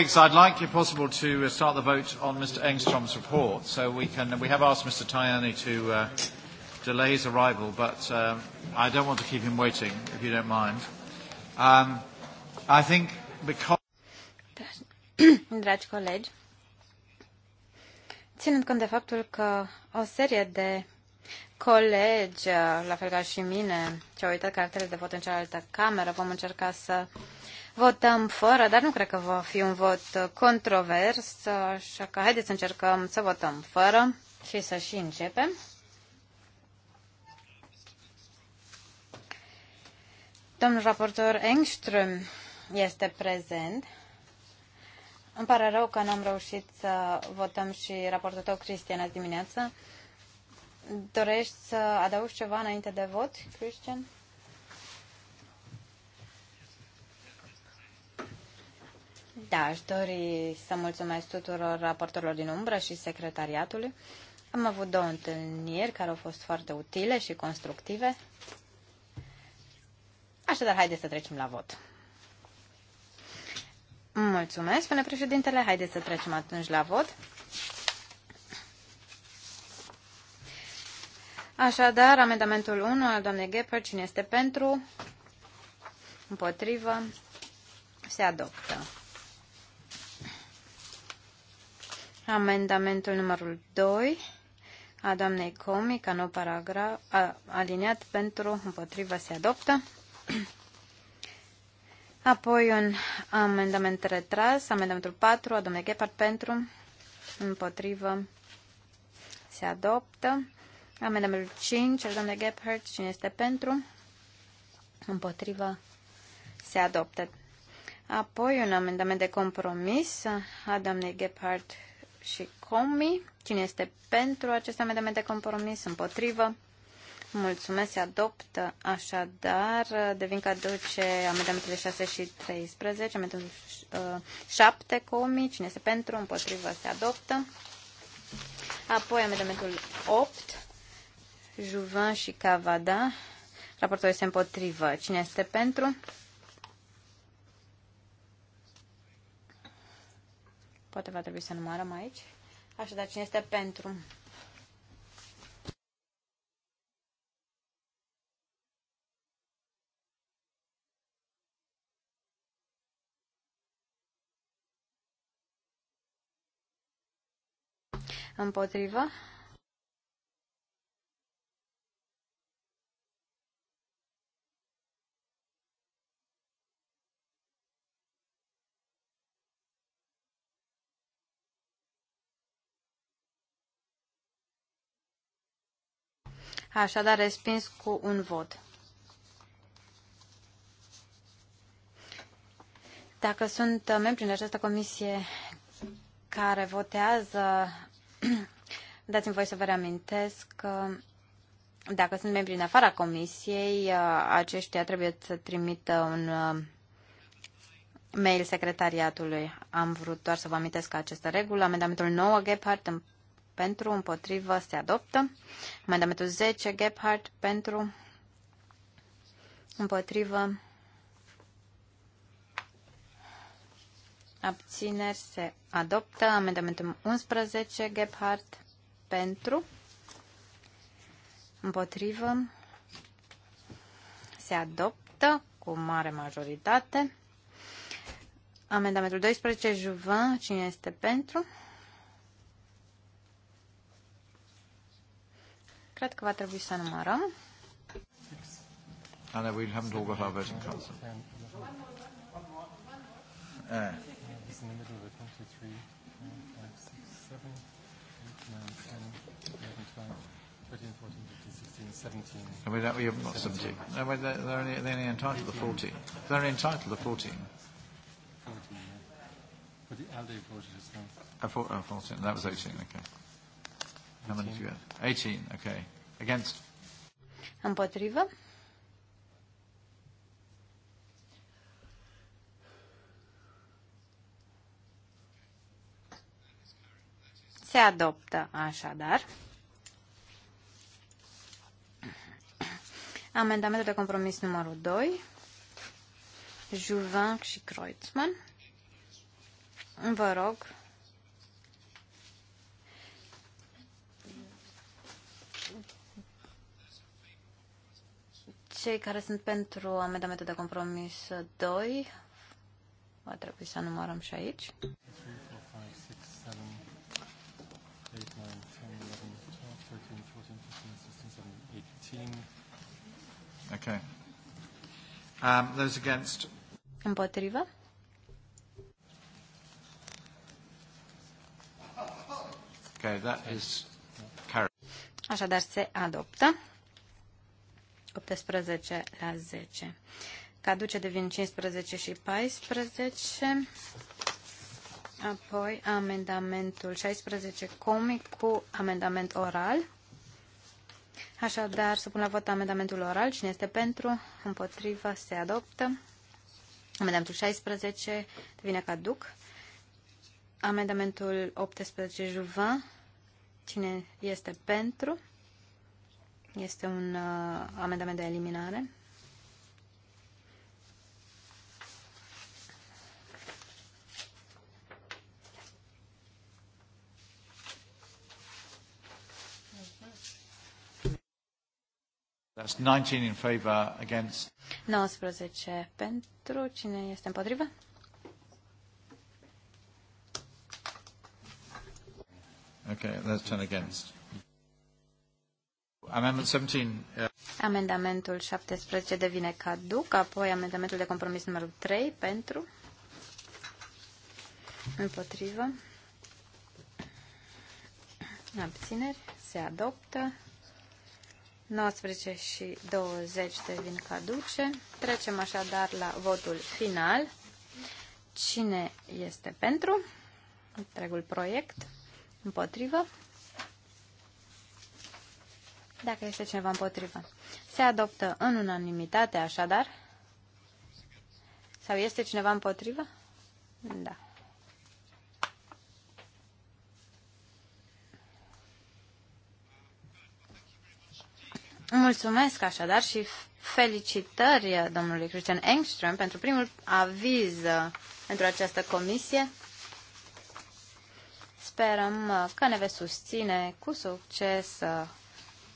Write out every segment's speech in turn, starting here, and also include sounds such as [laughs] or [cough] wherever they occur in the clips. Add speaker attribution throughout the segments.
Speaker 1: Colleagues, I'd like, if possible, to uh, start the vote on Mr. Engstrom's report. So we can, we have asked Mr. Tajani to uh, delay his arrival, but uh, I don't want to keep him waiting, if you don't mind. Um, I think because...
Speaker 2: [coughs] Dragi colegi, ținând cont de faptul că o serie de colegi, uh, la fel ca și mine, ce au uitat cartele de vot în cealaltă cameră, vom încerca să Votăm fără, dar nu cred că va fi un vot controvers, așa că haideți să încercăm să votăm fără și să și începem. Domnul raportor Engström este prezent. Îmi pare rău că n-am reușit să votăm și raportul tău, Cristian, azi dimineață. Dorești să adaugi ceva înainte de vot, Cristian? Da, aș dori să mulțumesc tuturor raportorilor din umbră și secretariatului. Am avut două întâlniri care au fost foarte utile și constructive. Așadar, haideți să trecem la vot. Mulțumesc, până președintele. Haideți să trecem atunci la vot. Așadar, amendamentul 1 al doamnei Gepper, cine este pentru? Împotrivă? Se adoptă. Amendamentul numărul 2 a doamnei Comi, ca nou paragraf, a, aliniat pentru împotriva se adoptă. [clears throat] Apoi un amendament retras, amendamentul 4 a doamnei Gepard pentru împotrivă se adoptă. Amendamentul 5 al doamnei Gephardt, cine este pentru? Împotrivă se adoptă. Apoi un amendament de compromis a doamnei Gephardt și Comi. Cine este pentru acest amendament de compromis? Împotrivă? Mulțumesc, se adoptă. Așadar, devin aduce amendamentele 6 și 13, amendamentul 7, comi, cine este pentru, împotrivă, se adoptă. Apoi, amendamentul 8, Juvin și Cavada, raportul este împotrivă, cine este pentru, Poate va trebui să numărăm aici. Așadar, cine este pentru? Împotrivă? Așadar, respins cu un vot. Dacă sunt membri în această comisie care votează, [clears throat] dați-mi voi să vă reamintesc că dacă sunt membri în afara comisiei, aceștia trebuie să trimită un uh, mail secretariatului. Am vrut doar să vă amintesc aceste regulă. Amendamentul 9, Gephardt, pentru, împotrivă, se adoptă. Amendamentul 10, Gebhardt, pentru, împotrivă, abțineri, se adoptă. Amendamentul 11, Gebhardt, pentru, împotrivă, se adoptă cu mare majoritate. Amendamentul 12, Juvin, cine este pentru? Cred că va trebui să numărăm.
Speaker 1: And then we haven't
Speaker 3: all got our voting cards. Uh.
Speaker 4: I mean, that, we have not 17.
Speaker 1: No, wait, they're, they're, only, they're only entitled to 14. They're only entitled to 14. 14,
Speaker 4: yeah. But the ALDE voted as
Speaker 1: well. Oh, 14. That was 18, okay. How many do you 18, okay. Against?
Speaker 2: Împotrivă? Se adoptă așadar. Amendamentul de compromis numărul 2. Juvin și Kreutzmann. Vă rog Cei care sunt pentru amendamentul de compromis 2, va trebui să numărăm și aici. Okay. Um, those against? Împotrivă?
Speaker 1: Okay, that is carried.
Speaker 2: Așadar se adoptă. 18 la 10. Caduce devin 15 și 14. Apoi amendamentul 16 comic cu amendament oral. Așadar, să pun la vot amendamentul oral. Cine este pentru? Împotriva? Se adoptă. Amendamentul 16 devine caduc. Amendamentul 18 juvan. Cine este pentru? Este un uh, amendament de eliminare.
Speaker 1: That's 19 in favor against.
Speaker 2: 19 pentru cine este împotrivă?
Speaker 1: Okay, that's 10 against. Amendment 17. Uh,
Speaker 2: amendamentul 17 devine caduc, apoi amendamentul de compromis numărul 3 pentru, împotrivă, abțineri, se adoptă, 19 și 20 devin caduce. Trecem așadar la votul final. Cine este pentru întregul proiect? Împotrivă? Dacă este ceva împotrivă. Se adoptă în unanimitate, așadar? Sau este cineva împotrivă? Da. Mulțumesc așadar și felicitări domnului Christian Engström pentru primul aviz uh, pentru această comisie. Sperăm uh, că ne veți susține cu succes uh,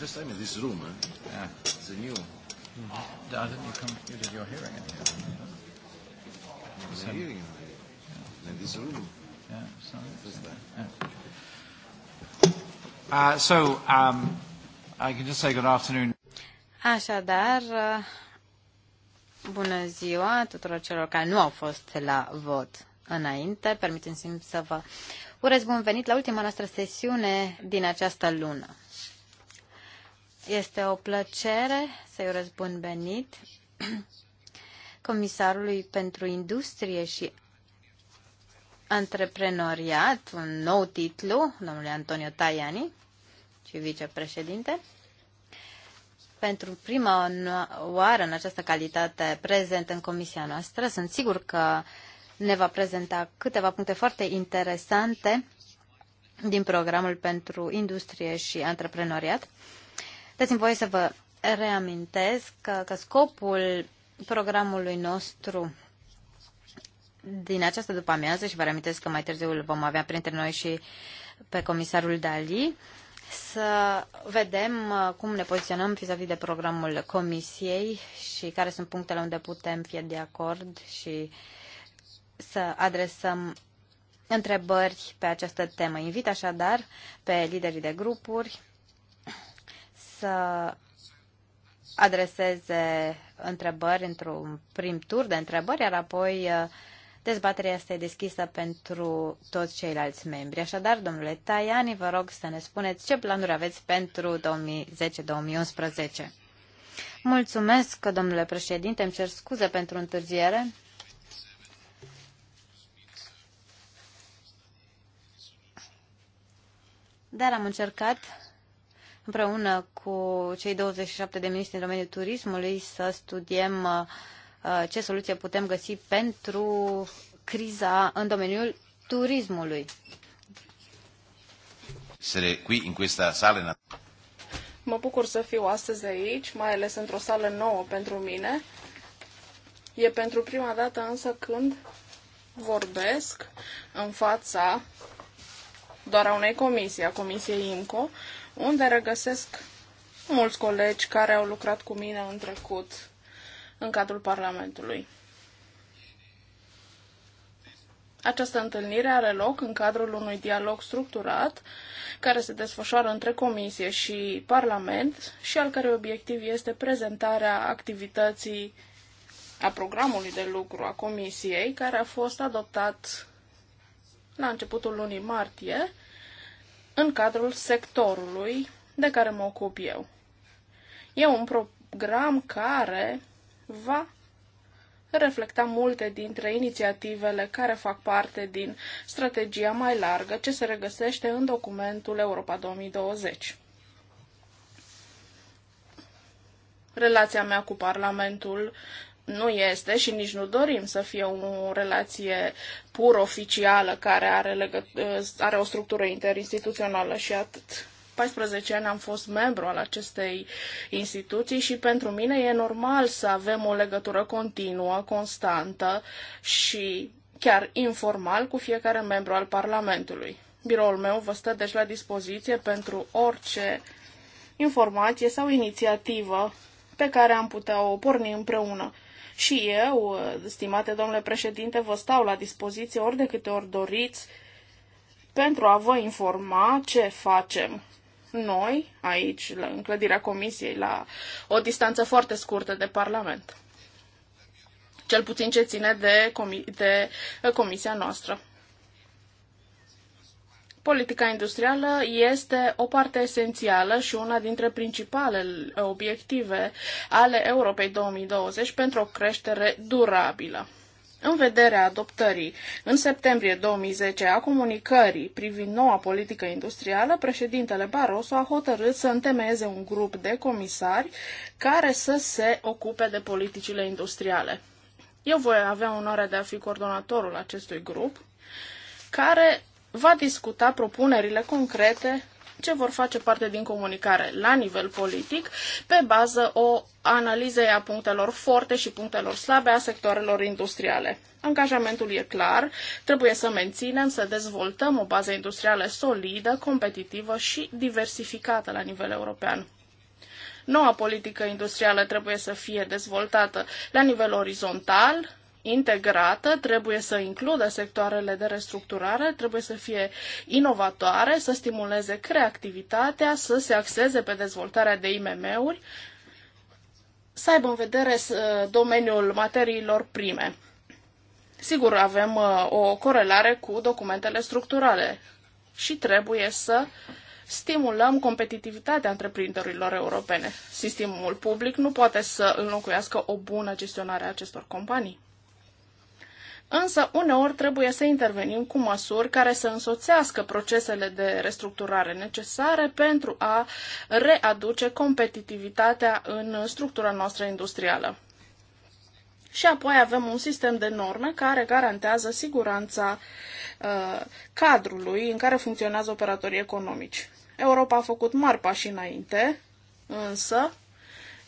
Speaker 1: first time in this room. Eh? Yeah. It's a new. Mm. I think you come you did your hearing in here. It was hearing in here. Yeah. In this room. Yeah. So, first time. Yeah. Uh, so um, I can just say good afternoon.
Speaker 2: Așadar, bună ziua tuturor celor care nu au fost la vot înainte. Permiteți-mi să vă urez bun venit la ultima noastră sesiune din această lună. Este o plăcere să-i urez bun venit [clears throat] Comisarului pentru Industrie și Antreprenoriat, un nou titlu, domnule Antonio Tajani, și vicepreședinte. Pentru prima oară în această calitate prezent în comisia noastră, sunt sigur că ne va prezenta câteva puncte foarte interesante din programul pentru industrie și antreprenoriat. Dați-mi voie să vă reamintesc că, că scopul programului nostru din această după amiază și vă reamintesc că mai târziu îl vom avea printre noi și pe comisarul Dali, să vedem uh, cum ne poziționăm vis-a-vis de programul comisiei și care sunt punctele unde putem fi de acord și să adresăm întrebări pe această temă. Invit așadar pe liderii de grupuri să adreseze întrebări într-un prim tur de întrebări, iar apoi uh, dezbaterea este deschisă pentru toți ceilalți membri. Așadar, domnule Taiani, vă rog să ne spuneți ce planuri aveți pentru 2010-2011. Mulțumesc, domnule președinte, îmi cer scuze pentru întârziere. Dar am încercat împreună cu cei 27 de miniștri în domeniul turismului să studiem uh, ce soluție putem găsi pentru criza în domeniul turismului. Mă bucur să fiu astăzi aici, mai ales într-o
Speaker 5: sală nouă pentru mine. E pentru prima dată însă când vorbesc în fața doar a unei comisii, a Comisiei IMCO, unde regăsesc mulți colegi care au lucrat cu mine în trecut în cadrul Parlamentului. Această întâlnire are loc în cadrul unui dialog structurat care se desfășoară între Comisie și Parlament și al cărui obiectiv este prezentarea activității a programului de lucru a Comisiei, care a fost adoptat la începutul lunii martie în cadrul sectorului de care mă ocup eu. E un program care va reflecta multe dintre inițiativele care fac parte din strategia mai largă ce se regăsește în documentul Europa 2020. Relația mea cu Parlamentul nu este și nici nu dorim să fie o relație pur oficială care are, legă- ă, are o structură interinstituțională și atât. 14 ani am fost membru al acestei instituții și pentru mine e normal să avem o legătură continuă, constantă și chiar informal cu fiecare membru al Parlamentului. Biroul meu vă stă deci la dispoziție pentru orice informație sau inițiativă pe care am putea o porni împreună. Și eu, stimate domnule președinte, vă stau la dispoziție ori de câte ori doriți pentru a vă informa ce facem noi, aici, în clădirea Comisiei, la o distanță foarte scurtă de Parlament. Cel puțin ce ține de, comi- de uh, comisia noastră. Politica industrială este o parte esențială și una dintre principalele obiective ale Europei 2020 pentru o creștere durabilă. În vederea adoptării în septembrie 2010 a comunicării privind noua politică industrială, președintele Barroso a hotărât să întemeieze un grup de comisari care să se ocupe de politicile industriale. Eu voi avea onoarea de a fi coordonatorul acestui grup, care va discuta propunerile concrete ce vor face parte din comunicare la nivel politic, pe bază o analize a punctelor forte și punctelor slabe a sectoarelor industriale. Angajamentul e clar, trebuie să menținem, să dezvoltăm o bază industrială solidă, competitivă și diversificată la nivel european. Noua politică industrială trebuie să fie dezvoltată la nivel orizontal, integrată, trebuie să includă sectoarele de restructurare, trebuie să fie inovatoare, să stimuleze creativitatea, să se axeze pe dezvoltarea de IMM-uri, să aibă în vedere uh, domeniul materiilor prime. Sigur, avem uh, o corelare cu documentele structurale și trebuie să stimulăm competitivitatea întreprinderilor europene. Sistemul public nu poate să înlocuiască o bună gestionare a acestor companii. Însă, uneori trebuie să intervenim cu măsuri care să însoțească procesele de restructurare necesare pentru a readuce competitivitatea în structura noastră industrială. Și apoi avem un sistem de norme care garantează siguranța uh, cadrului în care funcționează operatorii economici. Europa a făcut mari pași înainte, însă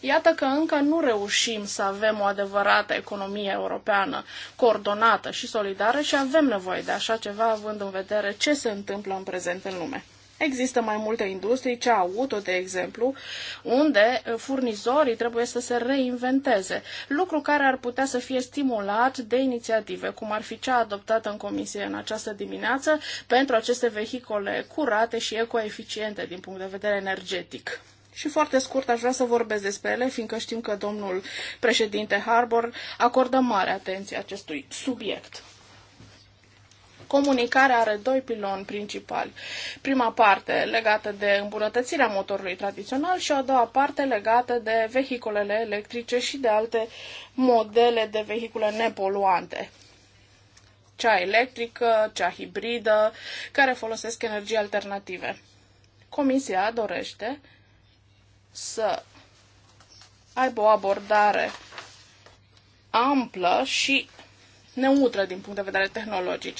Speaker 5: Iată că încă nu reușim să avem o adevărată economie europeană coordonată și solidară și avem nevoie de așa ceva având în vedere ce se întâmplă în prezent în lume. Există mai multe industrii, cea auto, de exemplu, unde uh, furnizorii trebuie să se reinventeze, lucru care ar putea să fie stimulat de inițiative, cum ar fi cea adoptată în comisie în această dimineață, pentru aceste vehicole curate și ecoeficiente din punct de vedere energetic și foarte scurt aș vrea să vorbesc despre ele, fiindcă știm că domnul președinte Harbour acordă mare atenție acestui subiect. Comunicarea are doi piloni principali. Prima parte legată de îmbunătățirea motorului tradițional și a doua parte legată de vehiculele electrice și de alte modele de vehicule nepoluante cea electrică, cea hibridă, care folosesc energii alternative. Comisia dorește să aibă o abordare amplă și neutră din punct de vedere tehnologic.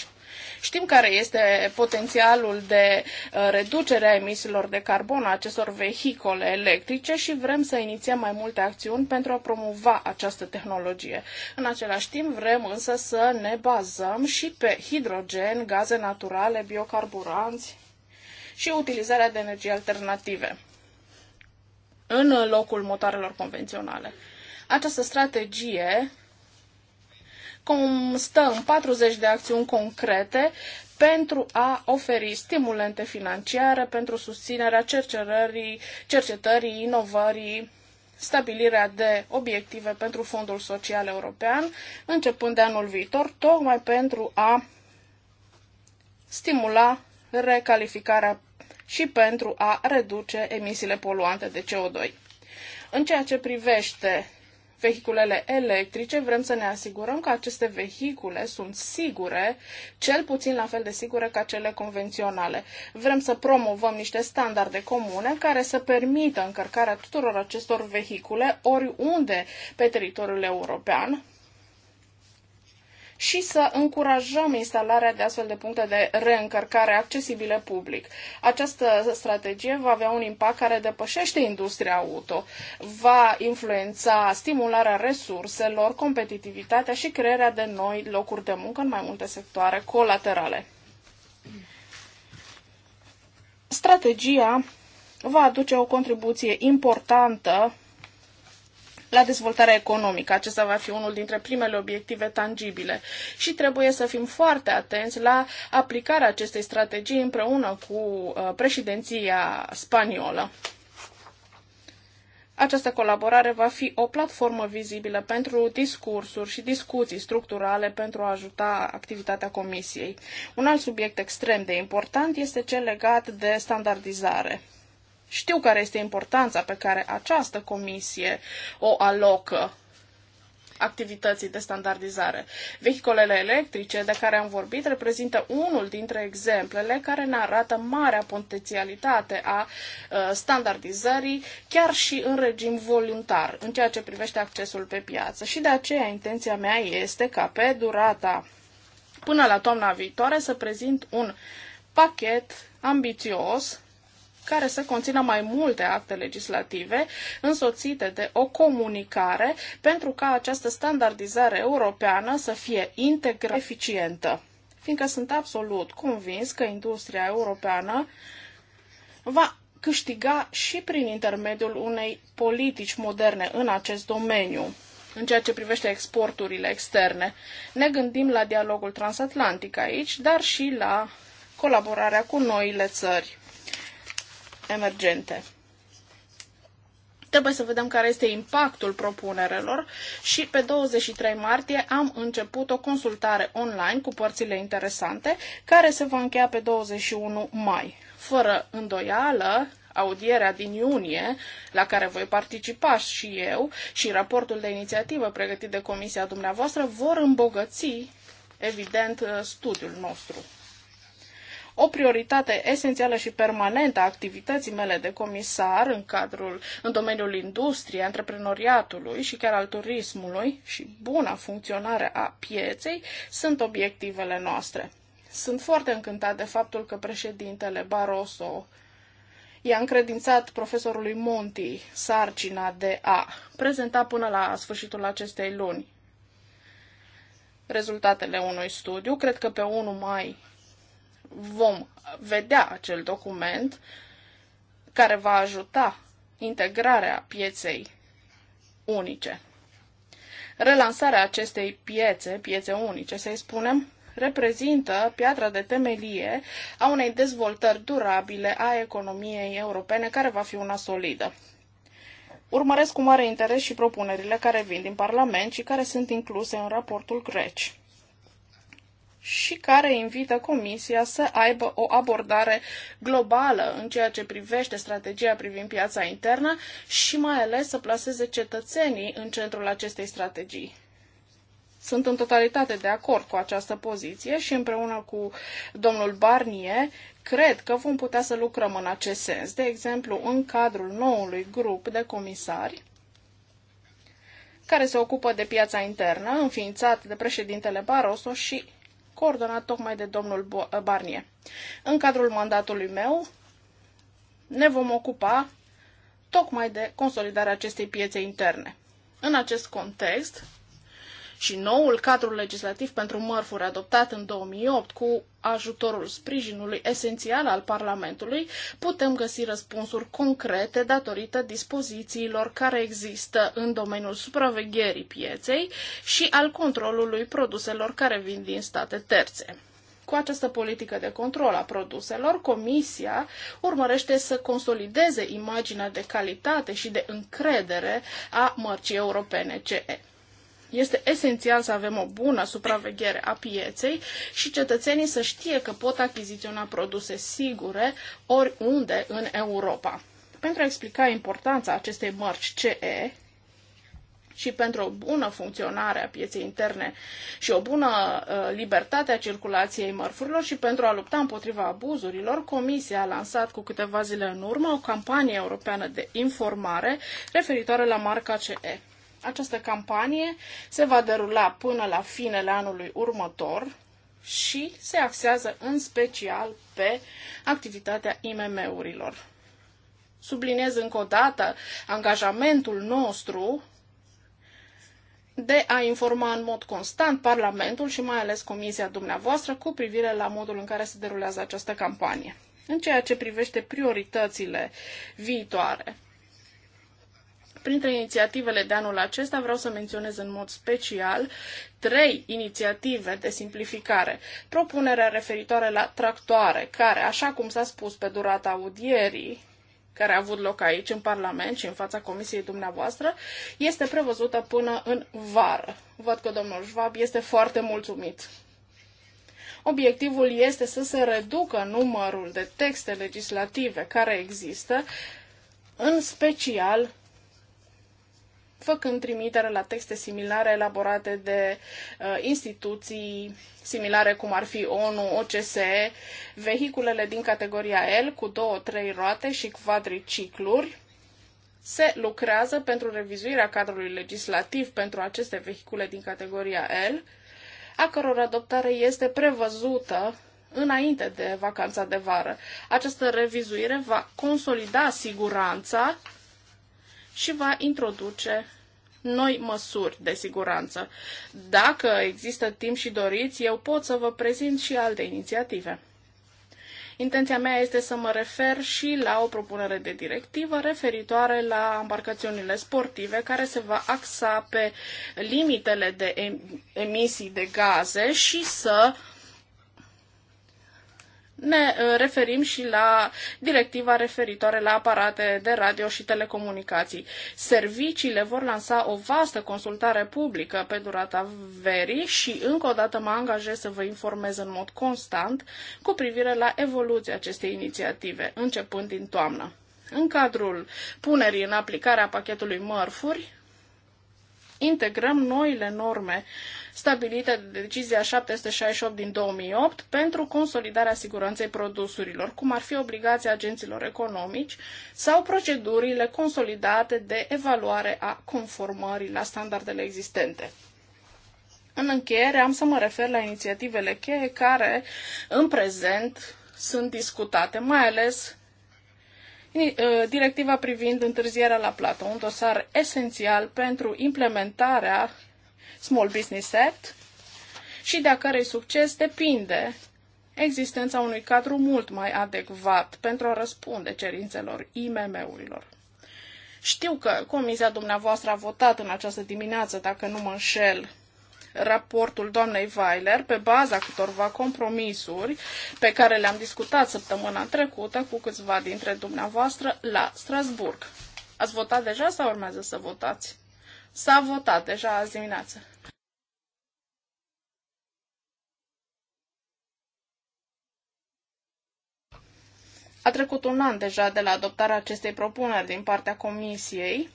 Speaker 5: Știm care este potențialul de uh, reducere a emisiilor de carbon a acestor vehicole electrice și vrem să inițiem mai multe acțiuni pentru a promova această tehnologie. În același timp, vrem însă să ne bazăm și pe hidrogen, gaze naturale, biocarburanți și utilizarea de energii alternative în locul motoarelor convenționale. Această strategie constă în 40 de acțiuni concrete pentru a oferi stimulente financiare pentru susținerea cercetării, cercetării inovării, stabilirea de obiective pentru Fondul Social European, începând de anul viitor, tocmai pentru a stimula recalificarea și pentru a reduce emisiile poluante de CO2. În ceea ce privește vehiculele electrice, vrem să ne asigurăm că aceste vehicule sunt sigure, cel puțin la fel de sigure ca cele convenționale. Vrem să promovăm niște standarde comune care să permită încărcarea tuturor acestor vehicule oriunde pe teritoriul european, și să încurajăm instalarea de astfel de puncte de reîncărcare accesibile public. Această strategie va avea un impact care depășește industria auto, va influența stimularea resurselor, competitivitatea și crearea de noi locuri de muncă în mai multe sectoare colaterale. Strategia va aduce o contribuție importantă la dezvoltarea economică. Acesta va fi unul dintre primele obiective tangibile și trebuie să fim foarte atenți la aplicarea acestei strategii împreună cu uh, președinția spaniolă. Această colaborare va fi o platformă vizibilă pentru discursuri și discuții structurale pentru a ajuta activitatea Comisiei. Un alt subiect extrem de important este cel legat de standardizare. Știu care este importanța pe care această comisie o alocă activității de standardizare. Vehiculele electrice de care am vorbit reprezintă unul dintre exemplele care ne arată marea potențialitate a uh, standardizării, chiar și în regim voluntar, în ceea ce privește accesul pe piață. Și de aceea intenția mea este ca pe durata până la toamna viitoare să prezint un pachet ambițios care să conțină mai multe acte legislative însoțite de o comunicare pentru ca această standardizare europeană să fie integrată eficientă. Fiindcă sunt absolut convins că industria europeană va câștiga și prin intermediul unei politici moderne în acest domeniu. În ceea ce privește exporturile externe, ne gândim la dialogul transatlantic aici, dar și la colaborarea cu noile țări emergente. Trebuie să vedem care este impactul propunerelor și pe 23 martie am început o consultare online cu părțile interesante care se va încheia pe 21 mai. Fără îndoială, audierea din iunie, la care voi participa și eu, și raportul de inițiativă pregătit de comisia dumneavoastră vor îmbogăți, evident, studiul nostru o prioritate esențială și permanentă a activității mele de comisar în cadrul, în domeniul industriei, antreprenoriatului și chiar al turismului și buna funcționare a pieței sunt obiectivele noastre. Sunt foarte încântat de faptul că președintele Barroso i-a încredințat profesorului Monti sarcina de a prezenta până la sfârșitul acestei luni rezultatele unui studiu. Cred că pe 1 mai vom vedea acel document care va ajuta integrarea pieței unice. Relansarea acestei piețe, piețe unice, să-i spunem, reprezintă piatra de temelie a unei dezvoltări durabile a economiei europene, care va fi una solidă. Urmăresc cu mare interes și propunerile care vin din Parlament și care sunt incluse în raportul Greci și care invită Comisia să aibă o abordare globală în ceea ce privește strategia privind piața internă și mai ales să plaseze cetățenii în centrul acestei strategii. Sunt în totalitate de acord cu această poziție și împreună cu domnul Barnier cred că vom putea să lucrăm în acest sens, de exemplu în cadrul noului grup de comisari care se ocupă de piața internă, înființat de președintele Barroso și coordonat tocmai de domnul eh, Barnier. În cadrul mandatului meu ne vom ocupa tocmai de consolidarea acestei piețe interne. În acest context, și noul cadru legislativ pentru mărfuri adoptat în 2008 cu ajutorul sprijinului esențial al Parlamentului, putem găsi răspunsuri concrete datorită dispozițiilor care există în domeniul supravegherii pieței și al controlului produselor care vin din state terțe. Cu această politică de control a produselor, Comisia urmărește să consolideze imaginea de calitate și de încredere a mărcii europene CE. Este esențial să avem o bună supraveghere a pieței și cetățenii să știe că pot achiziționa produse sigure oriunde în Europa. Pentru a explica importanța acestei mărci CE, și pentru o bună funcționare a pieței interne și o bună uh, libertate a circulației mărfurilor și pentru a lupta împotriva abuzurilor, Comisia a lansat cu câteva zile în urmă o campanie europeană de informare referitoare la marca CE. Această campanie se va derula până la finele anului următor și se axează în special pe activitatea IMM-urilor. Subliniez încă o dată angajamentul nostru de a informa în mod constant Parlamentul și mai ales Comisia dumneavoastră cu privire la modul în care se derulează această campanie. În ceea ce privește prioritățile viitoare, Printre inițiativele de anul acesta vreau să menționez în mod special trei inițiative de simplificare. Propunerea referitoare la tractoare, care, așa cum s-a spus pe durata audierii, care a avut loc aici în Parlament și în fața comisiei dumneavoastră, este prevăzută până în vară. Văd că domnul Schwab este foarte mulțumit. Obiectivul este să se reducă numărul de texte legislative care există, în special făcând trimitere la texte similare elaborate de uh, instituții similare cum ar fi ONU, OCSE, vehiculele din categoria L cu două, trei roate și quadricicluri, se lucrează pentru revizuirea cadrului legislativ pentru aceste vehicule din categoria L, a căror adoptare este prevăzută înainte de vacanța de vară. Această revizuire va consolida siguranța și va introduce noi măsuri de siguranță. Dacă există timp și doriți, eu pot să vă prezint și alte inițiative. Intenția mea este să mă refer și la o propunere de directivă referitoare la embarcațiunile sportive care se va axa pe limitele de emisii de gaze și să uh, ne uh, referim și la directiva referitoare la aparate de radio și telecomunicații. Serviciile vor lansa o vastă consultare publică pe durata verii și încă o dată mă angajez să vă informez în mod constant cu privire la evoluția acestei inițiative, începând din toamnă. În cadrul punerii în aplicare a pachetului mărfuri, integrăm noile norme stabilită de decizia 768 din 2008 pentru consolidarea siguranței produsurilor, cum ar fi obligația agenților economici sau procedurile consolidate de evaluare a conformării la standardele existente. În încheiere am să mă refer la inițiativele cheie care în prezent sunt discutate, mai ales eh, directiva privind întârzierea la plată, un dosar esențial pentru implementarea Small Business Act și de-a cărei succes depinde existența unui cadru mult mai adecvat pentru a răspunde cerințelor IMM-urilor. Știu că comisia dumneavoastră a votat în această dimineață, dacă nu mă înșel, raportul doamnei Weiler pe baza câtorva compromisuri pe care le-am discutat săptămâna trecută cu câțiva dintre dumneavoastră la Strasburg. Ați votat deja sau urmează să votați? S-a votat deja azi dimineață. A trecut un an deja de la adoptarea acestei propuneri din partea Comisiei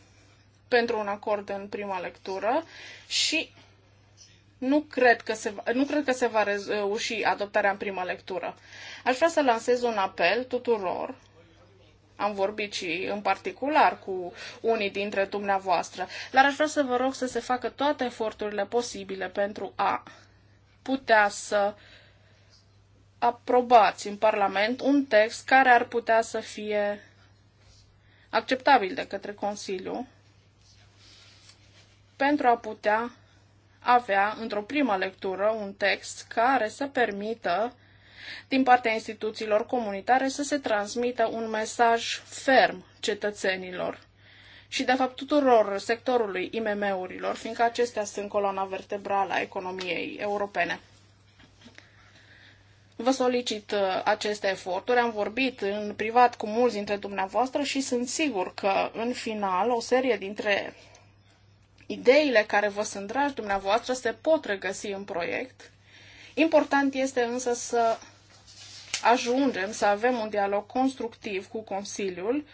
Speaker 5: pentru un acord în prima lectură și nu cred, că se, va, nu cred că se va reuși adoptarea în prima lectură. Aș vrea să lansez un apel tuturor am vorbit și în particular cu unii dintre dumneavoastră, dar aș vrea să vă rog să se facă toate eforturile posibile pentru a putea să aprobați în Parlament un text care ar putea să fie acceptabil de către Consiliu pentru a putea avea, într-o primă lectură, un text care să permită din partea instituțiilor comunitare să se transmită un mesaj ferm cetățenilor și, de fapt, tuturor sectorului IMM-urilor, fiindcă acestea sunt coloana vertebrală a economiei europene. Vă solicit uh, aceste eforturi. Am vorbit în privat cu mulți dintre dumneavoastră și sunt sigur că, în final, o serie dintre ideile care vă sunt dragi dumneavoastră se pot regăsi în proiect Important este însă să ajungem să avem un dialog constructiv cu Consiliul,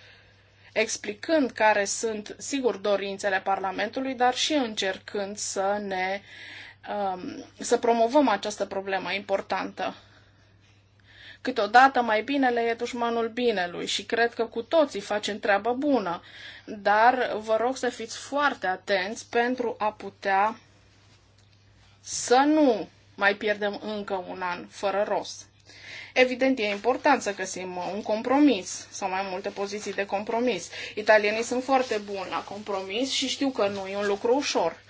Speaker 5: explicând care sunt, sigur, dorințele Parlamentului, dar și încercând să ne um, să promovăm această problemă importantă. Câteodată mai bine le e dușmanul binelui și cred că cu toții facem treabă bună, dar vă rog să fiți foarte atenți pentru a putea să nu mai pierdem încă un an fără rost. Evident, e important să găsim un compromis sau mai multe poziții de compromis. Italienii sunt foarte buni la compromis și știu că nu e un lucru ușor.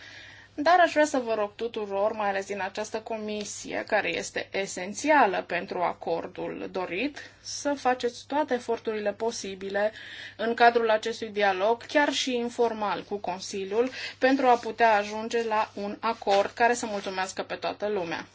Speaker 5: Dar aș vrea să vă rog tuturor, mai ales din această comisie, care este esențială pentru acordul dorit, să faceți toate eforturile posibile în cadrul acestui dialog, chiar și informal cu Consiliul, pentru a putea ajunge la un acord care să mulțumească pe toată lumea.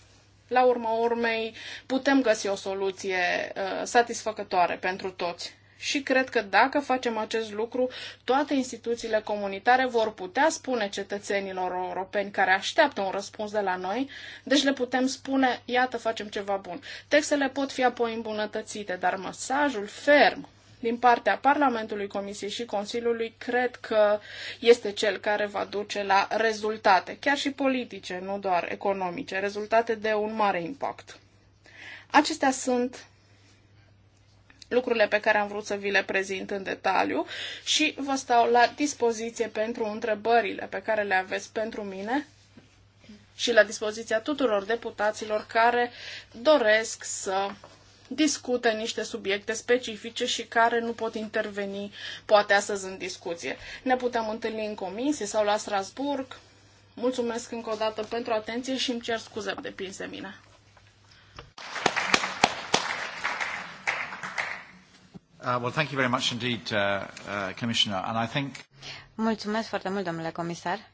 Speaker 5: La urma urmei, putem găsi o soluție uh, satisfăcătoare pentru toți și cred că dacă facem acest lucru, toate instituțiile comunitare vor putea spune cetățenilor europeni care așteaptă un răspuns de la noi, deci le putem spune, iată, facem ceva bun. Textele pot fi apoi îmbunătățite, dar mesajul ferm din partea Parlamentului, Comisiei și Consiliului, cred că este cel care va duce la rezultate, chiar și politice, nu doar economice, rezultate de un mare impact. Acestea sunt lucrurile pe care am vrut să vi le prezint în detaliu și vă stau la dispoziție pentru întrebările pe care le aveți pentru mine și la dispoziția tuturor deputaților care doresc să discute niște subiecte specifice și care nu pot interveni poate astăzi în discuție. Ne putem întâlni în comisie sau la Strasburg. Mulțumesc încă o dată pentru atenție și îmi cer scuze de prins de mine.
Speaker 1: Uh, well, thank you very much indeed, uh, uh, Commissioner. And I think...
Speaker 2: Mulțumesc foarte mult, domnule comisar.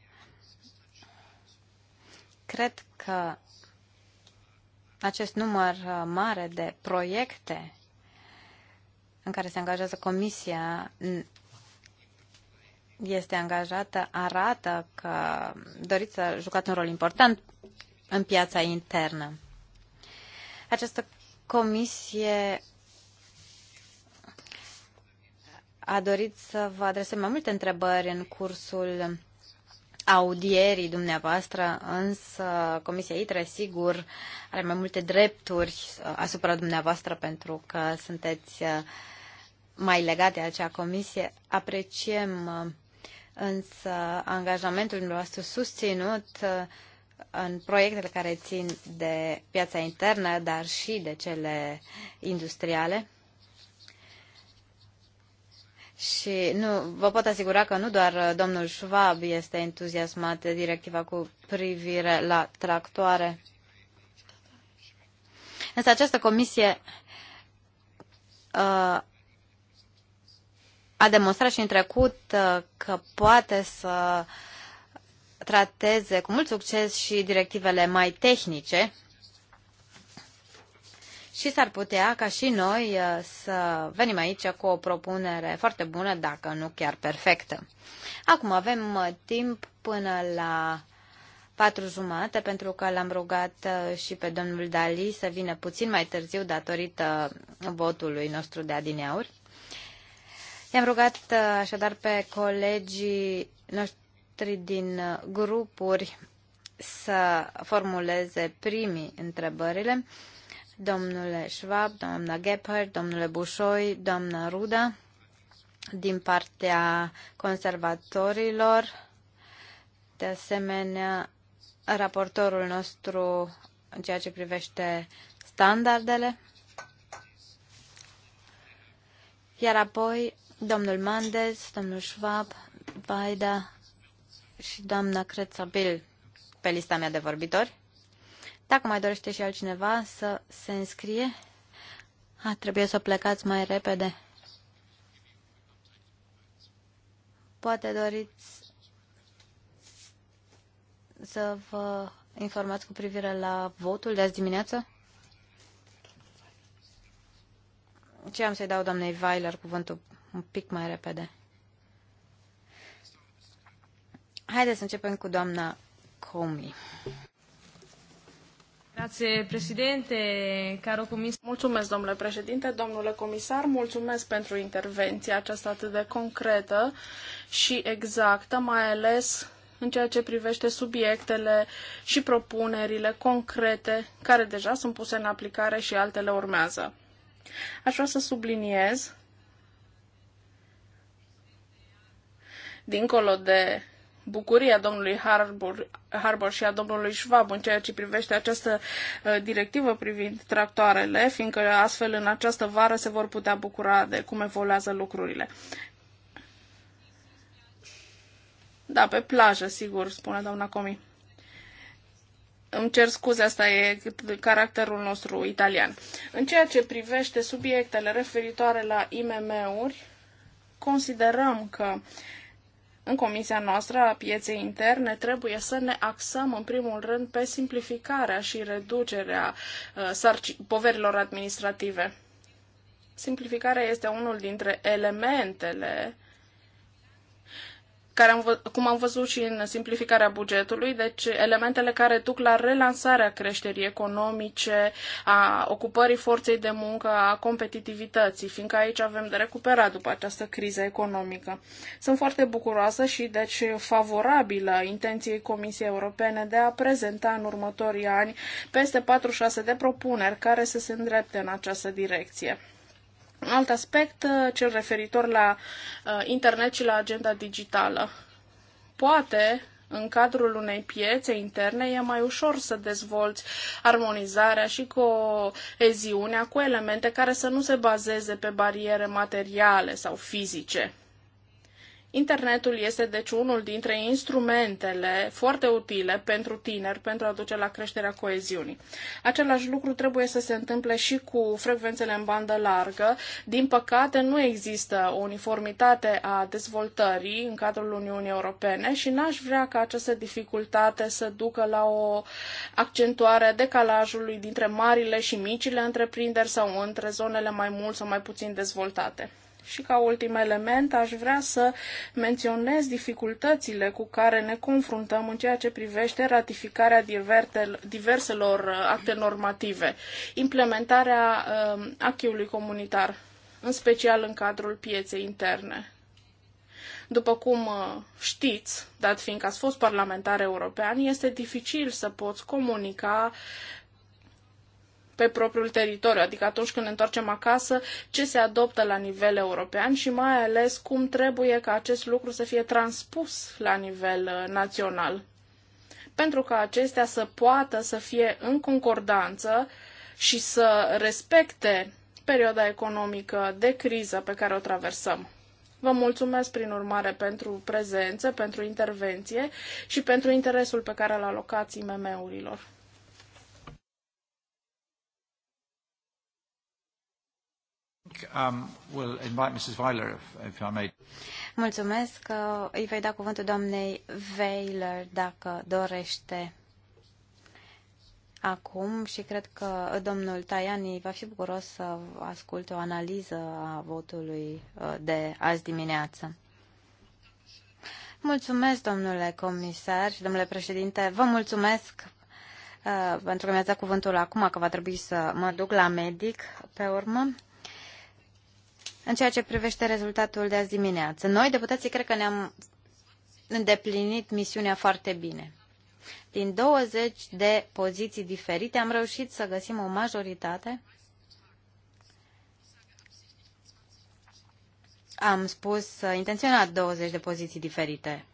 Speaker 2: Cred că acest număr uh, mare de proiecte în care se angajează Comisia este angajată arată că doriți să jucați un rol important în piața internă. Această comisie a dorit să vă adresez mai multe întrebări în cursul audierii dumneavoastră, însă Comisia ITRE, sigur, are mai multe drepturi uh, asupra dumneavoastră pentru că sunteți uh, mai legate de acea comisie. Apreciem uh, însă angajamentul dumneavoastră susținut în proiectele care țin de piața internă, dar și de cele industriale. Și nu, vă pot asigura că nu doar uh, domnul Schwab este entuziasmat de directiva cu privire la tractoare. Însă această comisie uh, a demonstrat și în trecut uh, că poate să trateze cu mult succes și directivele mai tehnice, și s-ar putea ca și noi uh, să venim aici cu o propunere foarte bună, dacă nu chiar perfectă. Acum avem uh, timp până la patru jumate, pentru că l-am rugat uh, și pe domnul Dali să vină puțin mai târziu datorită votului nostru de adineauri. I-am rugat așadar pe colegii noștri din grupuri să formuleze primii întrebările domnule Schwab, doamna Gephardt, domnule Bușoi, doamna Ruda, din partea conservatorilor, de asemenea, raportorul nostru în ceea ce privește standardele, iar apoi domnul Mandez, domnul Schwab, Vaida și doamna Crețabil pe lista mea de vorbitori. Dacă mai dorește și altcineva să se înscrie, a, trebuie să plecați mai repede. Poate doriți să vă informați cu privire la votul de azi dimineață? Ce am să-i dau doamnei Weiler cuvântul un pic mai repede? Haideți să începem cu doamna Comey. Grazie,
Speaker 5: caro comisar. Mulțumesc, domnule președinte, domnule comisar, mulțumesc pentru intervenția aceasta atât de concretă și exactă, mai ales în ceea ce privește subiectele și propunerile concrete care deja sunt puse în aplicare și altele urmează. Aș vrea să subliniez, dincolo de bucuria domnului Harbour, Harbour și a domnului Schwab în ceea ce privește această uh, directivă privind tractoarele, fiindcă astfel în această vară se vor putea bucura de cum evoluează lucrurile. Da, pe plajă, sigur, spune doamna Comi. Îmi cer scuze, asta e caracterul nostru italian. În ceea ce privește subiectele referitoare la IMM-uri, considerăm că în Comisia noastră a pieței interne trebuie să ne axăm în primul rând pe simplificarea și reducerea uh, sarci- poverilor administrative. Simplificarea este unul dintre elementele care am, cum am văzut și în simplificarea bugetului, deci elementele care duc la relansarea creșterii economice, a ocupării forței de muncă, a competitivității, fiindcă aici avem de recuperat după această criză economică. Sunt foarte bucuroasă și deci favorabilă intenției Comisiei Europene de a prezenta în următorii ani peste 46 de propuneri care să se îndrepte în această direcție. Un alt aspect, uh, cel referitor la uh, internet și la agenda digitală. Poate în cadrul unei piețe interne e mai ușor să dezvolți armonizarea și coeziunea cu elemente care să nu se bazeze pe bariere materiale sau fizice. Internetul este deci unul dintre instrumentele foarte utile pentru tineri pentru a duce la creșterea coeziunii. Același lucru trebuie să se întâmple și cu frecvențele în bandă largă. Din păcate, nu există o uniformitate a dezvoltării în cadrul Uniunii Europene și n-aș vrea ca această dificultate să ducă la o accentuare a decalajului dintre marile și micile întreprinderi sau între zonele mai mult sau mai puțin dezvoltate. Și ca ultim element, aș vrea să menționez dificultățile cu care ne confruntăm în ceea ce privește ratificarea diverselor uh, acte normative, implementarea um, acquis comunitar, în special în cadrul pieței interne. După cum uh, știți, dat fiindcă ați fost parlamentar european, este dificil să poți comunica pe propriul teritoriu, adică atunci când ne întoarcem acasă, ce se adoptă la nivel european și mai ales cum trebuie ca acest lucru să fie transpus la nivel uh, național. Pentru ca acestea să poată să fie în concordanță și să respecte perioada economică de criză pe care o traversăm. Vă mulțumesc prin urmare pentru prezență, pentru intervenție și pentru interesul pe care l a locat IMM-urilor.
Speaker 1: um, will invite Mrs. Weiler, if, if I may.
Speaker 2: Mulțumesc. Uh, îi voi da cuvântul doamnei Weiler dacă dorește acum și cred că uh, domnul Tajani va fi bucuros să asculte o analiză a votului uh, de azi dimineață. Mulțumesc, domnule comisar și domnule președinte. Vă mulțumesc pentru că mi-ați dat cuvântul acum, că va trebui să mă duc la medic pe urmă. În ceea ce privește rezultatul de azi dimineață, noi, deputații, cred că ne-am îndeplinit misiunea foarte bine. Din 20 de poziții diferite am reușit să găsim o majoritate. Am spus uh, intenționat 20 de poziții diferite.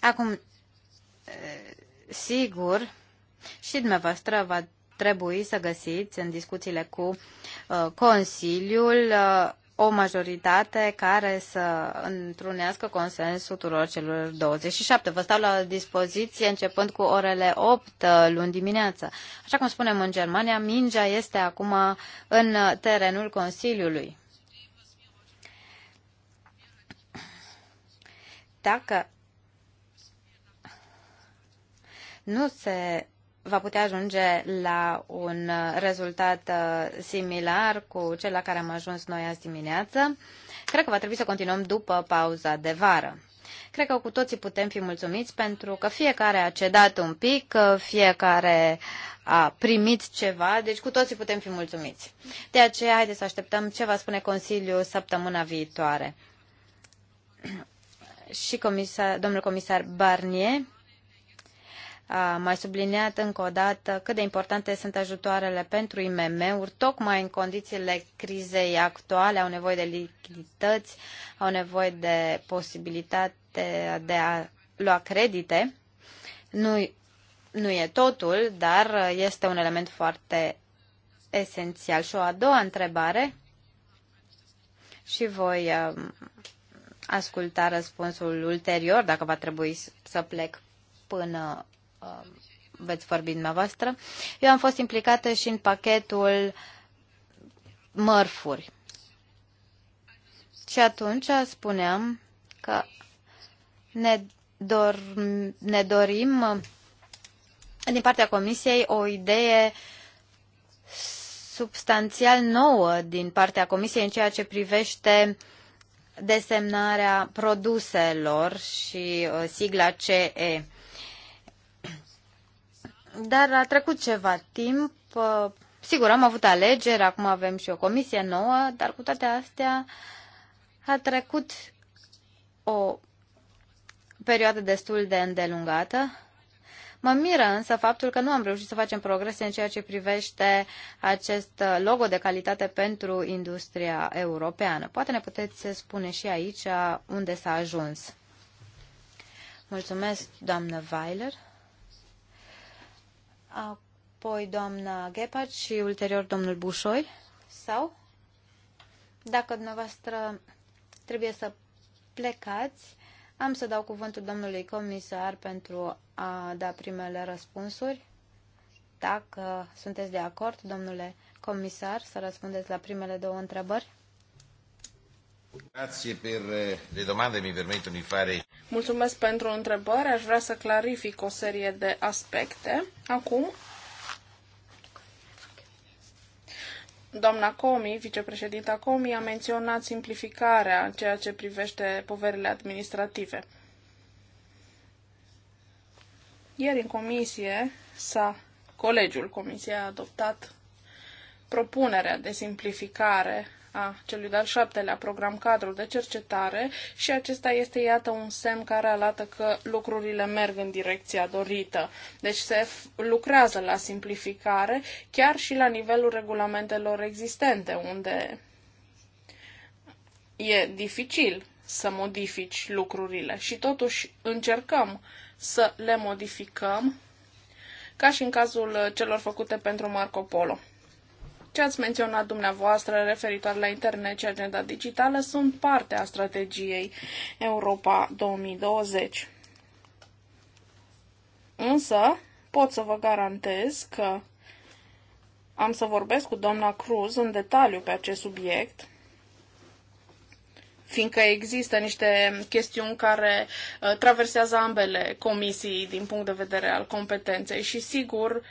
Speaker 2: Acum, uh, sigur, și dumneavoastră va trebui să găsiți în discuțiile cu Uh, Consiliul uh, o majoritate care să întrunească consensul tuturor celor 27. Vă stau la dispoziție începând cu orele 8 uh, luni dimineață. Așa cum spunem în Germania, mingea este acum în terenul Consiliului. Dacă nu se va putea ajunge la un rezultat uh, similar cu cel la care am ajuns noi azi dimineață. Cred că va trebui să continuăm după pauza de vară. Cred că cu toții putem fi mulțumiți pentru că fiecare a cedat un pic, fiecare a primit ceva, deci cu toții putem fi mulțumiți. De aceea, haideți să așteptăm ce va spune Consiliul săptămâna viitoare. [clears throat] Și comisar, domnul comisar Barnier mai subliniat încă o dată cât de importante sunt ajutoarele pentru IMM-uri, tocmai în condițiile crizei actuale, au nevoie de lichidități, au nevoie de posibilitate de a lua credite. Nu, nu e totul, dar este un element foarte esențial. Și o a doua întrebare și voi um, asculta răspunsul ulterior, dacă va trebui să plec până Um, veți vorbi dumneavoastră. Eu am fost implicată și în pachetul mărfuri. Și atunci spuneam că ne, dor, ne dorim din partea Comisiei o idee substanțial nouă din partea Comisiei în ceea ce privește desemnarea produselor și uh, sigla CE. Dar a trecut ceva timp, uh, sigur, am avut alegeri, acum avem și o comisie nouă, dar cu toate astea a trecut o perioadă destul de îndelungată. Mă miră însă faptul că nu am reușit să facem progrese în ceea ce privește acest logo de calitate pentru industria europeană. Poate ne puteți spune și aici unde s-a ajuns. Mulțumesc, doamnă Weiler apoi doamna Gephardt și ulterior domnul Bușoi? Sau, dacă dumneavoastră trebuie să plecați, am să dau cuvântul domnului comisar pentru a da primele răspunsuri. Dacă sunteți de acord, domnule comisar, să răspundeți la primele două întrebări.
Speaker 1: Eh,
Speaker 2: Mulțumesc
Speaker 5: pentru întrebare. Aș vrea să clarific o serie de aspecte. Acum, doamna Comi, vicepreședinta Comi, a menționat simplificarea în ceea ce privește poverile administrative. Ieri în comisie s-a, colegiul comisiei a adoptat propunerea de simplificare a celui de-al șaptelea program cadru de cercetare și acesta este, iată, un semn care arată că lucrurile merg în direcția dorită. Deci se lucrează la simplificare chiar și la nivelul regulamentelor existente, unde e dificil să modifici lucrurile și totuși încercăm să le modificăm ca și în cazul celor făcute pentru Marco Polo. Ce ați menționat dumneavoastră referitor la internet și agenda digitală sunt parte a strategiei Europa 2020. Însă, pot să vă garantez că am să vorbesc cu doamna Cruz în detaliu pe acest subiect, fiindcă există niște chestiuni care uh, traversează ambele comisii din punct de vedere al competenței și, sigur,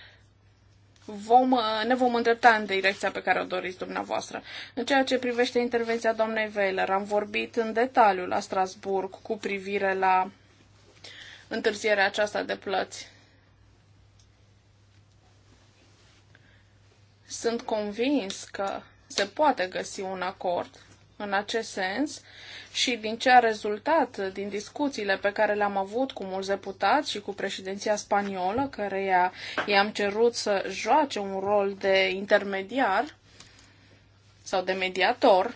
Speaker 5: vom, uh, ne vom îndrepta în direcția pe care o doriți dumneavoastră. În ceea ce privește intervenția doamnei Weiler, am vorbit în detaliu la Strasburg cu privire la întârzierea aceasta de plăți. Sunt convins că se poate găsi un acord în acest sens și din ce a rezultat din discuțiile pe care le-am avut cu mulți deputați și cu președinția spaniolă, care i-am cerut să joace un rol de intermediar sau de mediator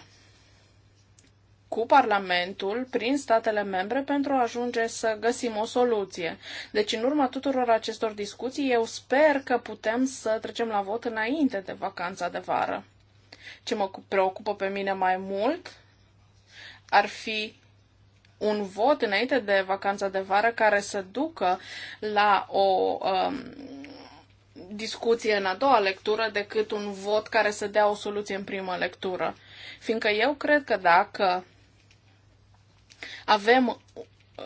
Speaker 5: cu Parlamentul prin statele membre pentru a ajunge să găsim o soluție. Deci, în urma tuturor acestor discuții, eu sper că putem să trecem la vot înainte de vacanța de vară. Ce mă preocupă pe mine mai mult ar fi un vot înainte de vacanța de vară care să ducă la o um, discuție în a doua lectură decât un vot care să dea o soluție în primă lectură. Fiindcă eu cred că dacă avem,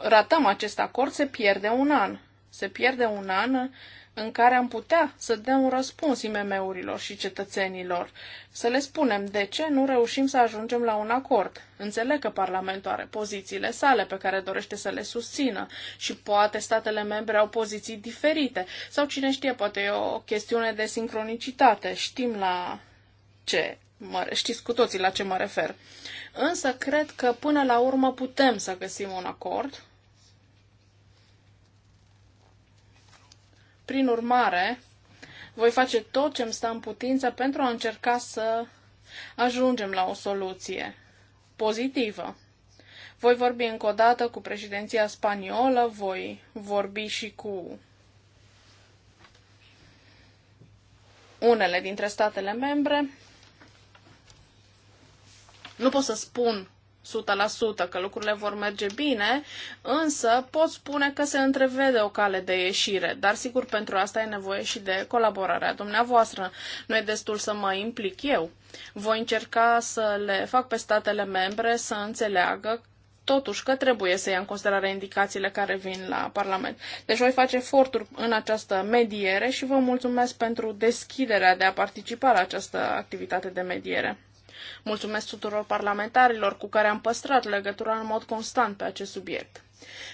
Speaker 5: ratăm acest acord, se pierde un an. Se pierde un an în care am putea să dăm un răspuns IMM-urilor și cetățenilor, să le spunem de ce nu reușim să ajungem la un acord. Înțeleg că Parlamentul are pozițiile sale pe care dorește să le susțină și poate statele membre au poziții diferite sau cine știe, poate e o chestiune de sincronicitate. Știm la ce mă, știți cu toții la ce mă refer. Însă cred că până la urmă putem să găsim un acord Prin urmare, voi face tot ce îmi stă în putință pentru a încerca să ajungem la o soluție pozitivă. Voi vorbi încă o dată cu președinția spaniolă, voi vorbi și cu unele dintre statele membre. Nu pot să spun 100% că lucrurile vor merge bine, însă pot spune că se întrevede o cale de ieșire, dar sigur pentru asta e nevoie și de colaborarea dumneavoastră. Nu e destul să mă implic eu. Voi încerca să le fac pe statele membre să înțeleagă totuși că trebuie să ia în considerare indicațiile care vin la Parlament. Deci voi face eforturi în această mediere și vă mulțumesc pentru deschiderea de a participa la această activitate de mediere. Mulțumesc tuturor parlamentarilor cu care am păstrat legătura în mod constant pe acest subiect.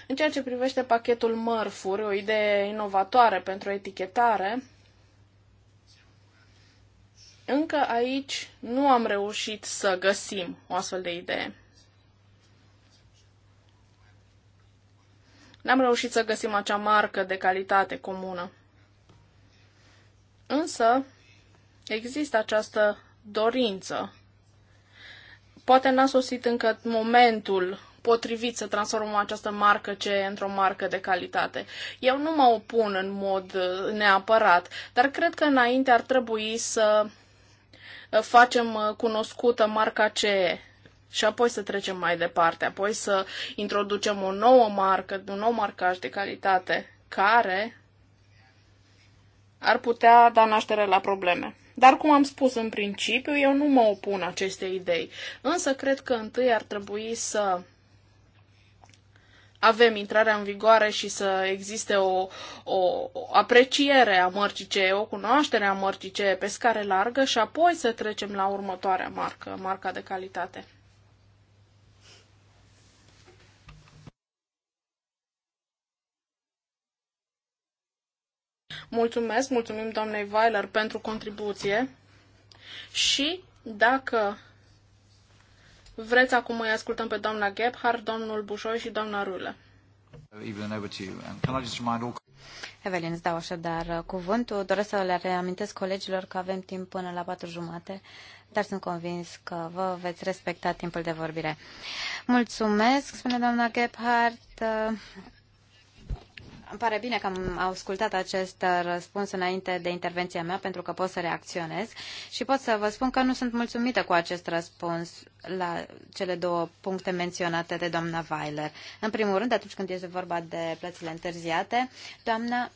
Speaker 5: În ceea ce privește pachetul mărfuri, o idee inovatoare pentru etichetare, încă aici nu am reușit să găsim o astfel de idee. N-am reușit să găsim acea marcă de calitate comună. Însă, există această dorință Poate n-a sosit încă momentul potrivit să transformăm această marcă ce într-o marcă de calitate. Eu nu mă opun în mod uh, neapărat, dar cred că înainte ar trebui să uh, facem uh, cunoscută marca CE și apoi să trecem mai departe, apoi să introducem o nouă marcă, un nou marcaj de calitate care ar putea da naștere la probleme. Dar, cum am spus în principiu, eu nu mă opun acestei idei. Însă, cred că întâi ar trebui să avem intrarea în vigoare și să existe o, o, o apreciere a mărcii CE, o cunoaștere a mărcii CE pe scară largă și apoi să trecem la următoarea marcă, marca de calitate. Mulțumesc, mulțumim doamnei Weiler pentru contribuție și dacă vreți acum îi ascultăm pe doamna Gebhardt, domnul Bușoi și doamna Rule.
Speaker 2: Evelyn, îți dau așadar uh, cuvântul. Doresc să le reamintesc colegilor că avem timp până la patru jumate, dar sunt convins că vă veți respecta timpul de vorbire. Mulțumesc, spune doamna Gebhardt. Uh, îmi pare bine că am ascultat acest răspuns înainte de intervenția mea, pentru că pot să reacționez și pot să vă spun că nu sunt mulțumită cu acest răspuns la cele două puncte menționate de doamna Weiler. În primul rând, atunci când este vorba de plățile întârziate, doamna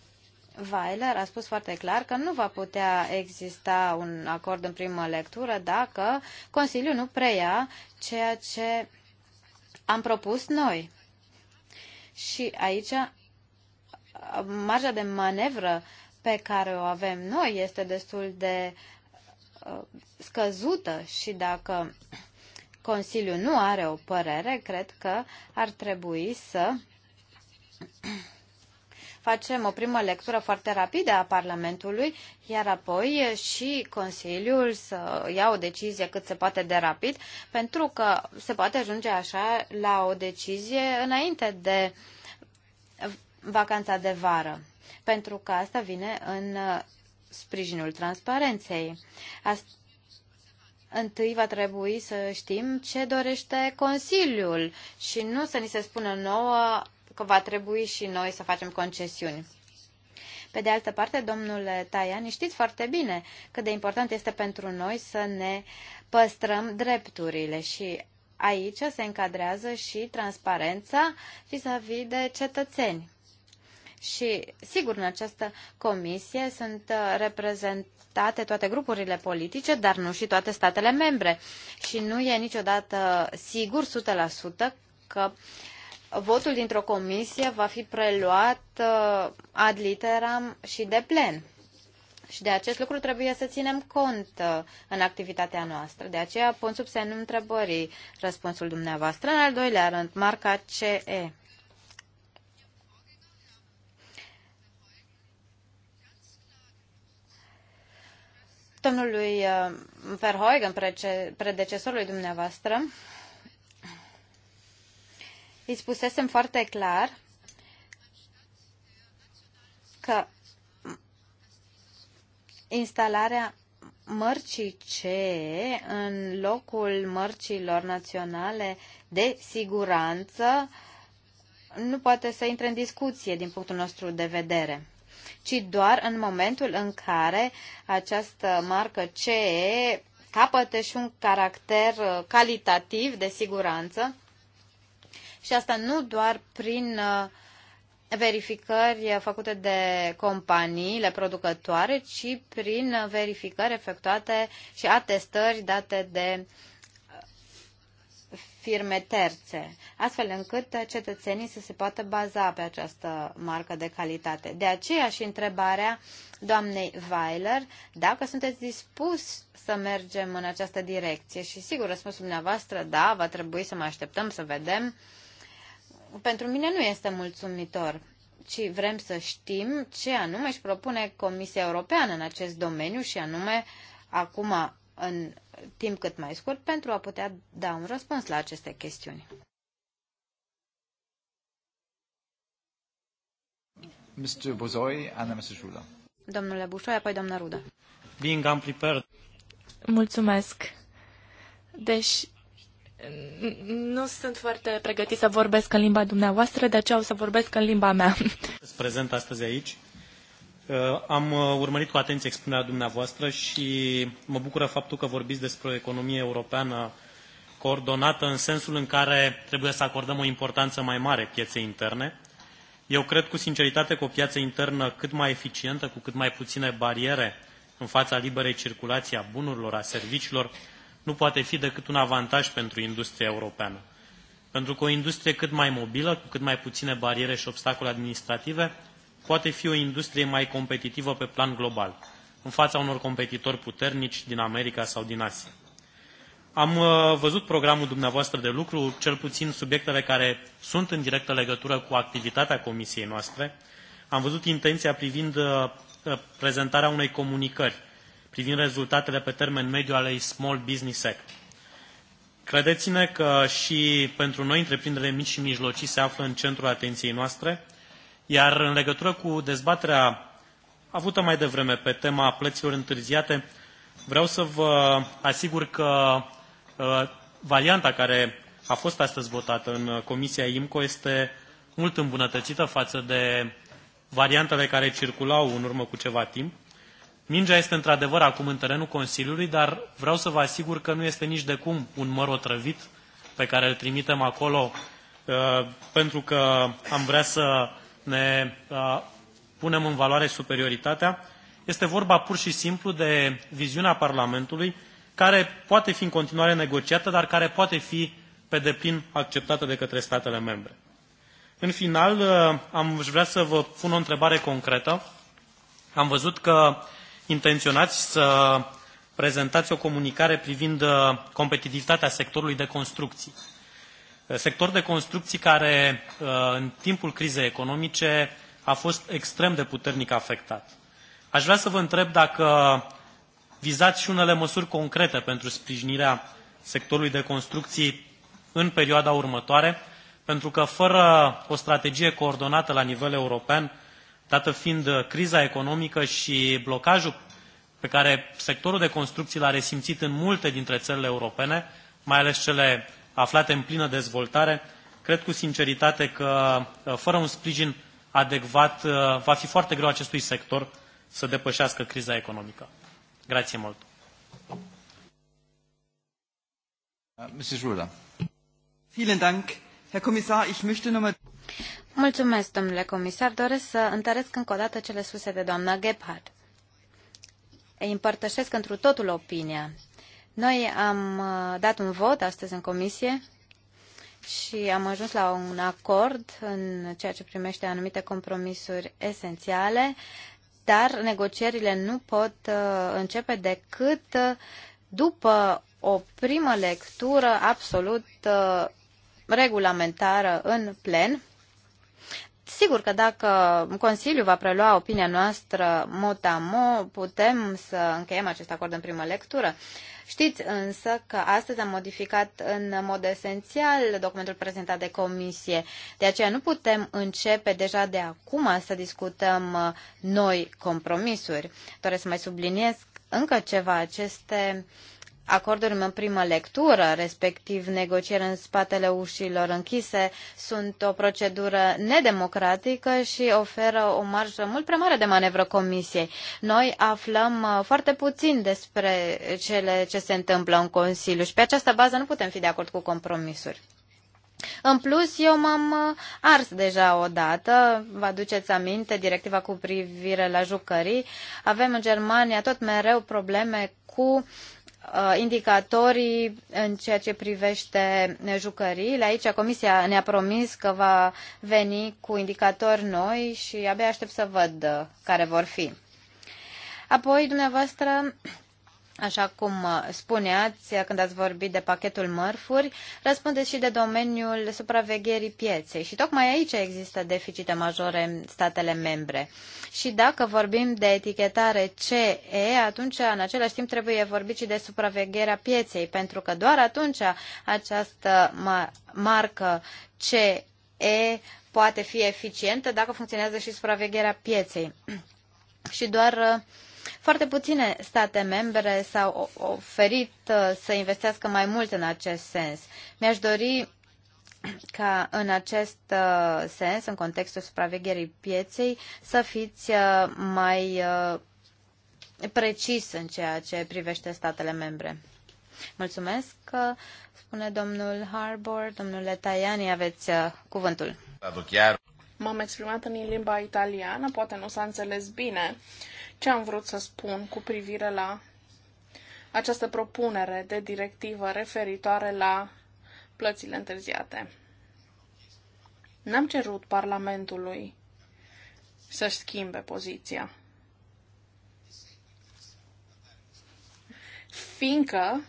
Speaker 2: Weiler a spus foarte clar că nu va putea exista un acord în primă lectură dacă Consiliul nu preia ceea ce am propus noi. Și aici marja de manevră pe care o avem noi este destul de uh, scăzută și dacă Consiliul nu are o părere, cred că ar trebui să facem o primă lectură foarte rapidă a Parlamentului, iar apoi și Consiliul să ia o decizie cât se poate de rapid, pentru că se poate ajunge așa la o decizie înainte de vacanța de vară, pentru că asta vine în uh, sprijinul transparenței. Asta Întâi va trebui să știm ce dorește Consiliul și nu să ni se spună nouă că va trebui și noi să facem concesiuni. Pe de altă parte, domnule Taian, știți foarte bine cât de important este pentru noi să ne păstrăm drepturile și aici se încadrează și transparența vis-a-vis -vis de cetățeni. Și, sigur, în această comisie sunt uh, reprezentate toate grupurile politice, dar nu și toate statele membre. Și nu e niciodată sigur 100% că votul dintr-o comisie va fi preluat uh, ad literam și de plen. Și de acest lucru trebuie să ținem cont uh, în activitatea noastră. De aceea pun sub semnul întrebării răspunsul dumneavoastră. În al doilea rând, marca CE. domnului uh, Verheugen, predecesorului dumneavoastră, îi spusesem foarte clar că instalarea mărcii CE în locul mărcilor naționale de siguranță nu poate să intre în discuție din punctul nostru de vedere ci doar în momentul în care această marcă CE capătă și un caracter uh, calitativ de siguranță și asta nu doar prin uh, verificări făcute de companiile producătoare, ci prin verificări efectuate și atestări date de uh, firme terțe, astfel încât cetățenii să se poată baza pe această marcă de calitate. De aceea și întrebarea doamnei Weiler, dacă sunteți dispus să mergem în această direcție și sigur răspunsul dumneavoastră, da, va trebui să mai așteptăm să vedem, pentru mine nu este mulțumitor ci vrem să știm ce anume își propune Comisia Europeană în acest domeniu și anume acum în timp cât mai scurt pentru a putea da un răspuns la aceste chestiuni.
Speaker 1: Mr. Buzoi, Anna Mr.
Speaker 2: Domnule Bușoi, apoi doamna Rudă.
Speaker 3: Being unprepared.
Speaker 2: Mulțumesc. Deci,
Speaker 6: nu sunt foarte pregătit să vorbesc în limba dumneavoastră, de aceea o să vorbesc în limba
Speaker 3: mea. Sunt prezent astăzi aici Uh, am uh, urmărit cu atenție expunerea dumneavoastră și mă bucură faptul că vorbiți despre o economie europeană coordonată în sensul în care trebuie să acordăm o importanță mai mare pieței interne. Eu cred cu sinceritate că o piață internă cât mai eficientă, cu cât mai puține bariere în fața liberei circulații a bunurilor, a serviciilor, nu poate fi decât un avantaj pentru industria europeană. Pentru că o industrie cât mai mobilă, cu cât mai puține bariere și obstacole administrative, poate fi o industrie mai competitivă pe plan global, în fața unor competitori puternici din America sau din Asia. Am uh, văzut programul dumneavoastră de lucru, cel puțin subiectele care sunt în directă legătură cu activitatea comisiei noastre. Am văzut intenția privind uh, uh, prezentarea unei comunicări privind rezultatele pe termen mediu ale Small Business Act. Credeți-ne că și pentru noi întreprinderile mici și mijlocii se află în centrul atenției noastre iar în legătură cu dezbaterea avută mai devreme pe tema plăților întârziate, vreau să vă asigur că uh, varianta care a fost astăzi votată în Comisia IMCO este mult îmbunătățită față de variantele care circulau în urmă cu ceva timp. Mingea este într-adevăr acum în terenul Consiliului, dar vreau să vă asigur că nu este nici de cum un măr otrăvit pe care îl trimitem acolo uh, pentru că am vrea să ne uh, punem în valoare superioritatea. Este vorba pur și simplu de viziunea Parlamentului, care poate fi în continuare negociată, dar care poate fi pe deplin acceptată de către statele membre. În final, uh, am vrea să vă pun o întrebare concretă. Am văzut că intenționați să prezentați o comunicare privind uh, competitivitatea sectorului de construcții sector de construcții care uh, în timpul crizei economice a fost extrem de puternic afectat. Aș vrea să vă întreb dacă vizați și unele măsuri concrete pentru sprijinirea sectorului de construcții în perioada următoare, pentru că fără o strategie coordonată la nivel european, dată fiind criza economică și blocajul pe care sectorul de construcții l-a resimțit în multe dintre țările europene, mai ales cele aflate în plină dezvoltare, cred cu sinceritate că uh, fără un sprijin adecvat uh, va fi foarte greu acestui sector să depășească criza economică. Grație mult! Uh,
Speaker 2: Mulțumesc, domnule comisar. Doresc să întăresc încă o dată cele spuse de doamna Gebhardt. Îi împărtășesc întru totul opinia noi am uh, dat un vot astăzi în comisie și am ajuns la un acord în ceea ce primește anumite compromisuri esențiale, dar negocierile nu pot uh, începe decât uh, după o primă lectură absolut regulamentară în plen Sigur că dacă Consiliul va prelua opinia noastră motamo, putem să încheiem acest acord în primă lectură. Știți însă că astăzi am modificat în mod esențial documentul prezentat de comisie. De aceea nu putem începe deja de acum să discutăm uh, noi compromisuri. Doresc să mai subliniez încă ceva. Aceste uh, acordurile în primă lectură, respectiv negocieri în spatele ușilor închise, sunt o procedură nedemocratică și oferă o marjă mult prea mare de manevră Comisiei. Noi aflăm uh, foarte puțin despre cele ce se întâmplă în Consiliu și pe această bază nu putem fi de acord cu compromisuri. În plus, eu m-am uh, ars deja o dată, vă aduceți aminte, directiva cu privire la jucării. Avem în Germania tot mereu probleme cu uh, Uh, indicatorii în ceea ce privește jucăriile. Aici Comisia ne-a promis că va veni cu indicatori noi și abia aștept să văd uh, care vor fi. Apoi, dumneavoastră, Așa cum uh, spuneați când ați vorbit de pachetul mărfuri, răspundeți și de domeniul supravegherii pieței. Și tocmai aici există deficite majore în statele membre. Și dacă vorbim de etichetare CE, atunci în același timp trebuie vorbit și de supravegherea pieței, pentru că doar atunci această marcă CE poate fi eficientă dacă funcționează și supravegherea pieței. [clears throat] Și doar uh, foarte puține state membre s-au oferit uh, să investească mai mult în acest sens. Mi-aș dori ca în acest uh, sens, în contextul supravegherii pieței, să fiți uh, mai precis în ceea ce privește statele membre. Mulțumesc, spune domnul Harbour. Domnule Tajani, aveți cuvântul. M-am exprimat
Speaker 5: în limba italiană, poate nu s-a înțeles bine ce am vrut să spun cu privire la această propunere de directivă referitoare la plățile întârziate? N-am cerut Parlamentului să-și schimbe poziția. Fiindcă,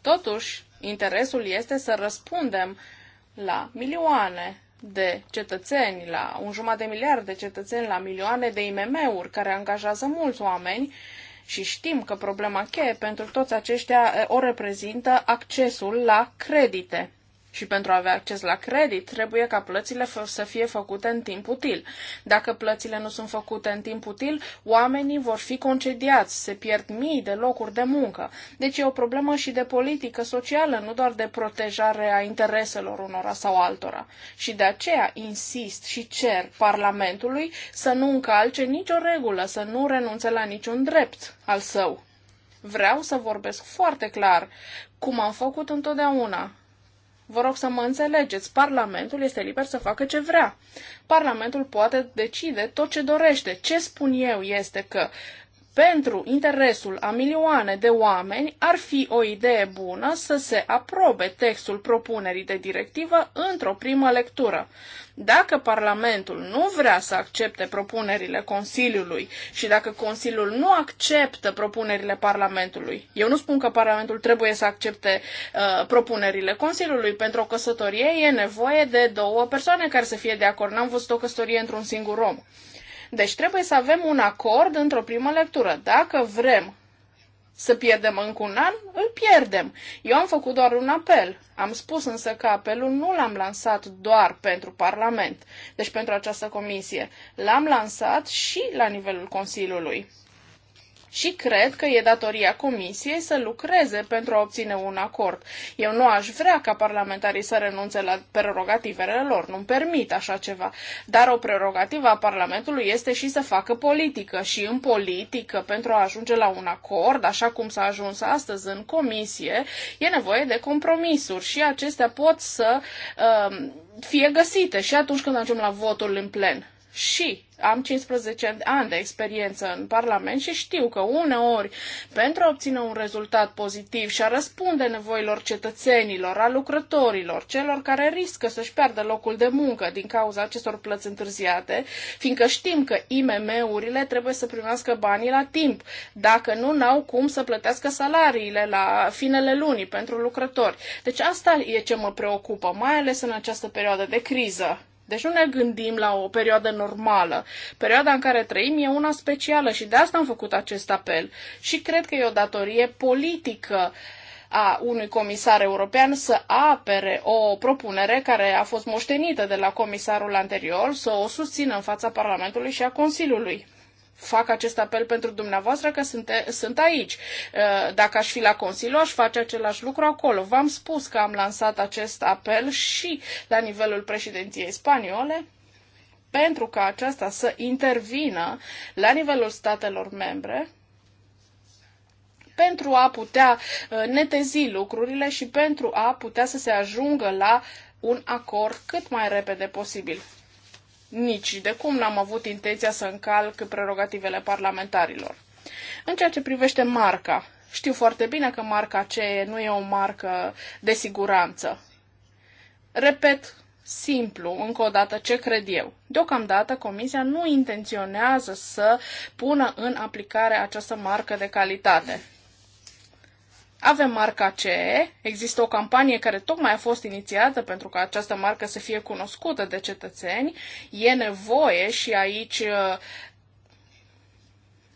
Speaker 5: totuși, interesul este să răspundem la milioane de cetățeni, la un jumătate de miliard de cetățeni, la milioane de IMM-uri care angajează mulți oameni și știm că problema cheie pentru toți aceștia o reprezintă accesul la credite. Și pentru a avea acces la credit, trebuie ca plățile să fie făcute în timp util. Dacă plățile nu sunt făcute în timp util, oamenii vor fi concediați, se pierd mii de locuri de muncă. Deci e o problemă și de politică socială, nu doar de protejare a intereselor unora sau altora. Și de aceea insist și cer Parlamentului să nu încalce nicio regulă, să nu renunțe la niciun drept al său. Vreau să vorbesc foarte clar, cum am făcut întotdeauna. Vă rog să mă înțelegeți, Parlamentul este liber să facă ce vrea. Parlamentul poate decide tot ce dorește. Ce spun eu este că pentru interesul a milioane de oameni, ar fi o idee bună să se aprobe textul propunerii de directivă într-o primă lectură. Dacă Parlamentul nu vrea să accepte propunerile Consiliului și dacă Consiliul nu acceptă propunerile Parlamentului, eu nu spun că Parlamentul trebuie să accepte uh, propunerile Consiliului, pentru o căsătorie e nevoie de două persoane care să fie de acord. N-am văzut o căsătorie într-un singur om. Uh, deci trebuie să avem un acord într-o primă lectură. Dacă vrem să pierdem încă un an, îl pierdem. Eu am făcut doar un apel. Am spus însă că apelul nu l-am lansat doar pentru Parlament, deci pentru această comisie. L-am lansat și la nivelul Consiliului și cred că e datoria Comisiei să lucreze pentru a obține un acord. Eu nu aș vrea ca parlamentarii să renunțe la prerogativele lor, nu-mi permit așa ceva. Dar o prerogativă a Parlamentului este și să facă politică și în politică pentru a ajunge la un acord, așa cum s-a ajuns astăzi în Comisie, e nevoie de compromisuri și acestea pot să uh, fie găsite și atunci când ajungem la votul în plen. Și am 15 ani de experiență în Parlament și știu că uneori, pentru a obține un rezultat pozitiv și a răspunde nevoilor cetățenilor, a lucrătorilor, celor care riscă să-și piardă locul de muncă din cauza acestor plăți întârziate, fiindcă știm că IMM-urile trebuie să primească banii la timp, dacă nu n-au cum să plătească salariile la finele lunii pentru lucrători. Deci asta e ce mă preocupă, mai ales în această perioadă de criză deci nu ne gândim la o perioadă normală. Perioada în care trăim e una specială și de asta am făcut acest apel. Și cred că e o datorie politică a unui comisar european să apere o propunere care a fost moștenită de la comisarul anterior, să o susțină în fața Parlamentului și a Consiliului fac acest apel pentru dumneavoastră că sunt, sunt aici. Uh, dacă aș fi la Consiliu, aș face același lucru acolo. V-am spus că am lansat acest apel și la nivelul președinției spaniole pentru ca aceasta să intervină la nivelul statelor membre pentru a putea uh, netezi lucrurile și pentru a putea să se ajungă la un acord cât mai repede posibil nici de cum n-am avut intenția să încalc prerogativele parlamentarilor. În ceea ce privește marca, știu foarte bine că marca CE nu e o marcă de siguranță. Repet simplu, încă o dată, ce cred eu. Deocamdată, Comisia nu intenționează să pună în aplicare această marcă de calitate. Avem marca CE, există o campanie care tocmai a fost inițiată pentru ca această marcă să fie cunoscută de cetățeni. E nevoie și aici uh,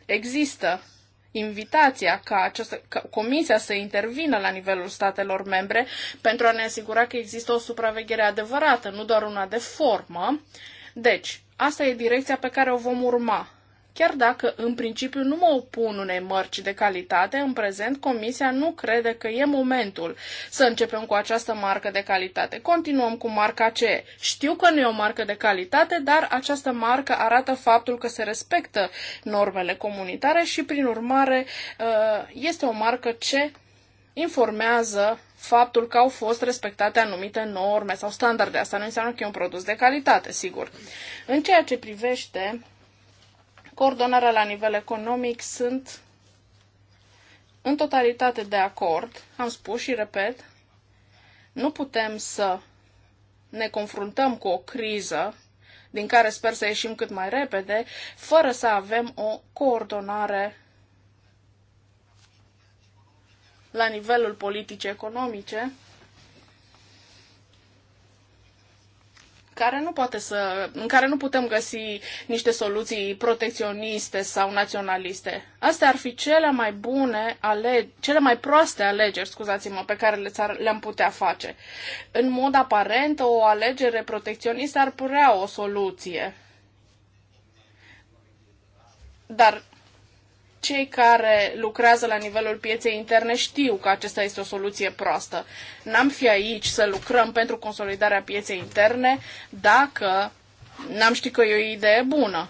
Speaker 5: există invitația ca această ca comisia să intervină la nivelul statelor membre pentru a ne asigura că există o supraveghere adevărată, nu doar una de formă. Deci, asta e direcția pe care o vom urma. Chiar dacă în principiu nu mă opun unei mărci de calitate, în prezent Comisia nu crede că e momentul să începem cu această marcă de calitate. Continuăm cu marca CE. Știu că nu e o marcă de calitate, dar această marcă arată faptul că se respectă normele comunitare și, prin urmare, uh, este o marcă ce informează faptul că au fost respectate anumite norme sau standarde. Asta nu înseamnă că e un produs de calitate, sigur. În ceea ce privește coordonarea la nivel economic sunt în totalitate de acord, am spus și repet, nu putem să ne confruntăm cu o criză din care sper să ieșim cât mai repede, fără să avem o coordonare la nivelul politice economice care nu, poate să, în care nu putem găsi niște soluții protecționiste sau naționaliste. Astea ar fi cele mai bune, ale, cele mai proaste alegeri, scuzați-mă, pe care le-am putea face. În mod aparent, o alegere protecționistă ar părea o soluție. Dar cei care lucrează la nivelul pieței interne știu că acesta este o soluție proastă. N-am fi aici să lucrăm pentru consolidarea pieței interne dacă n-am ști că e o idee bună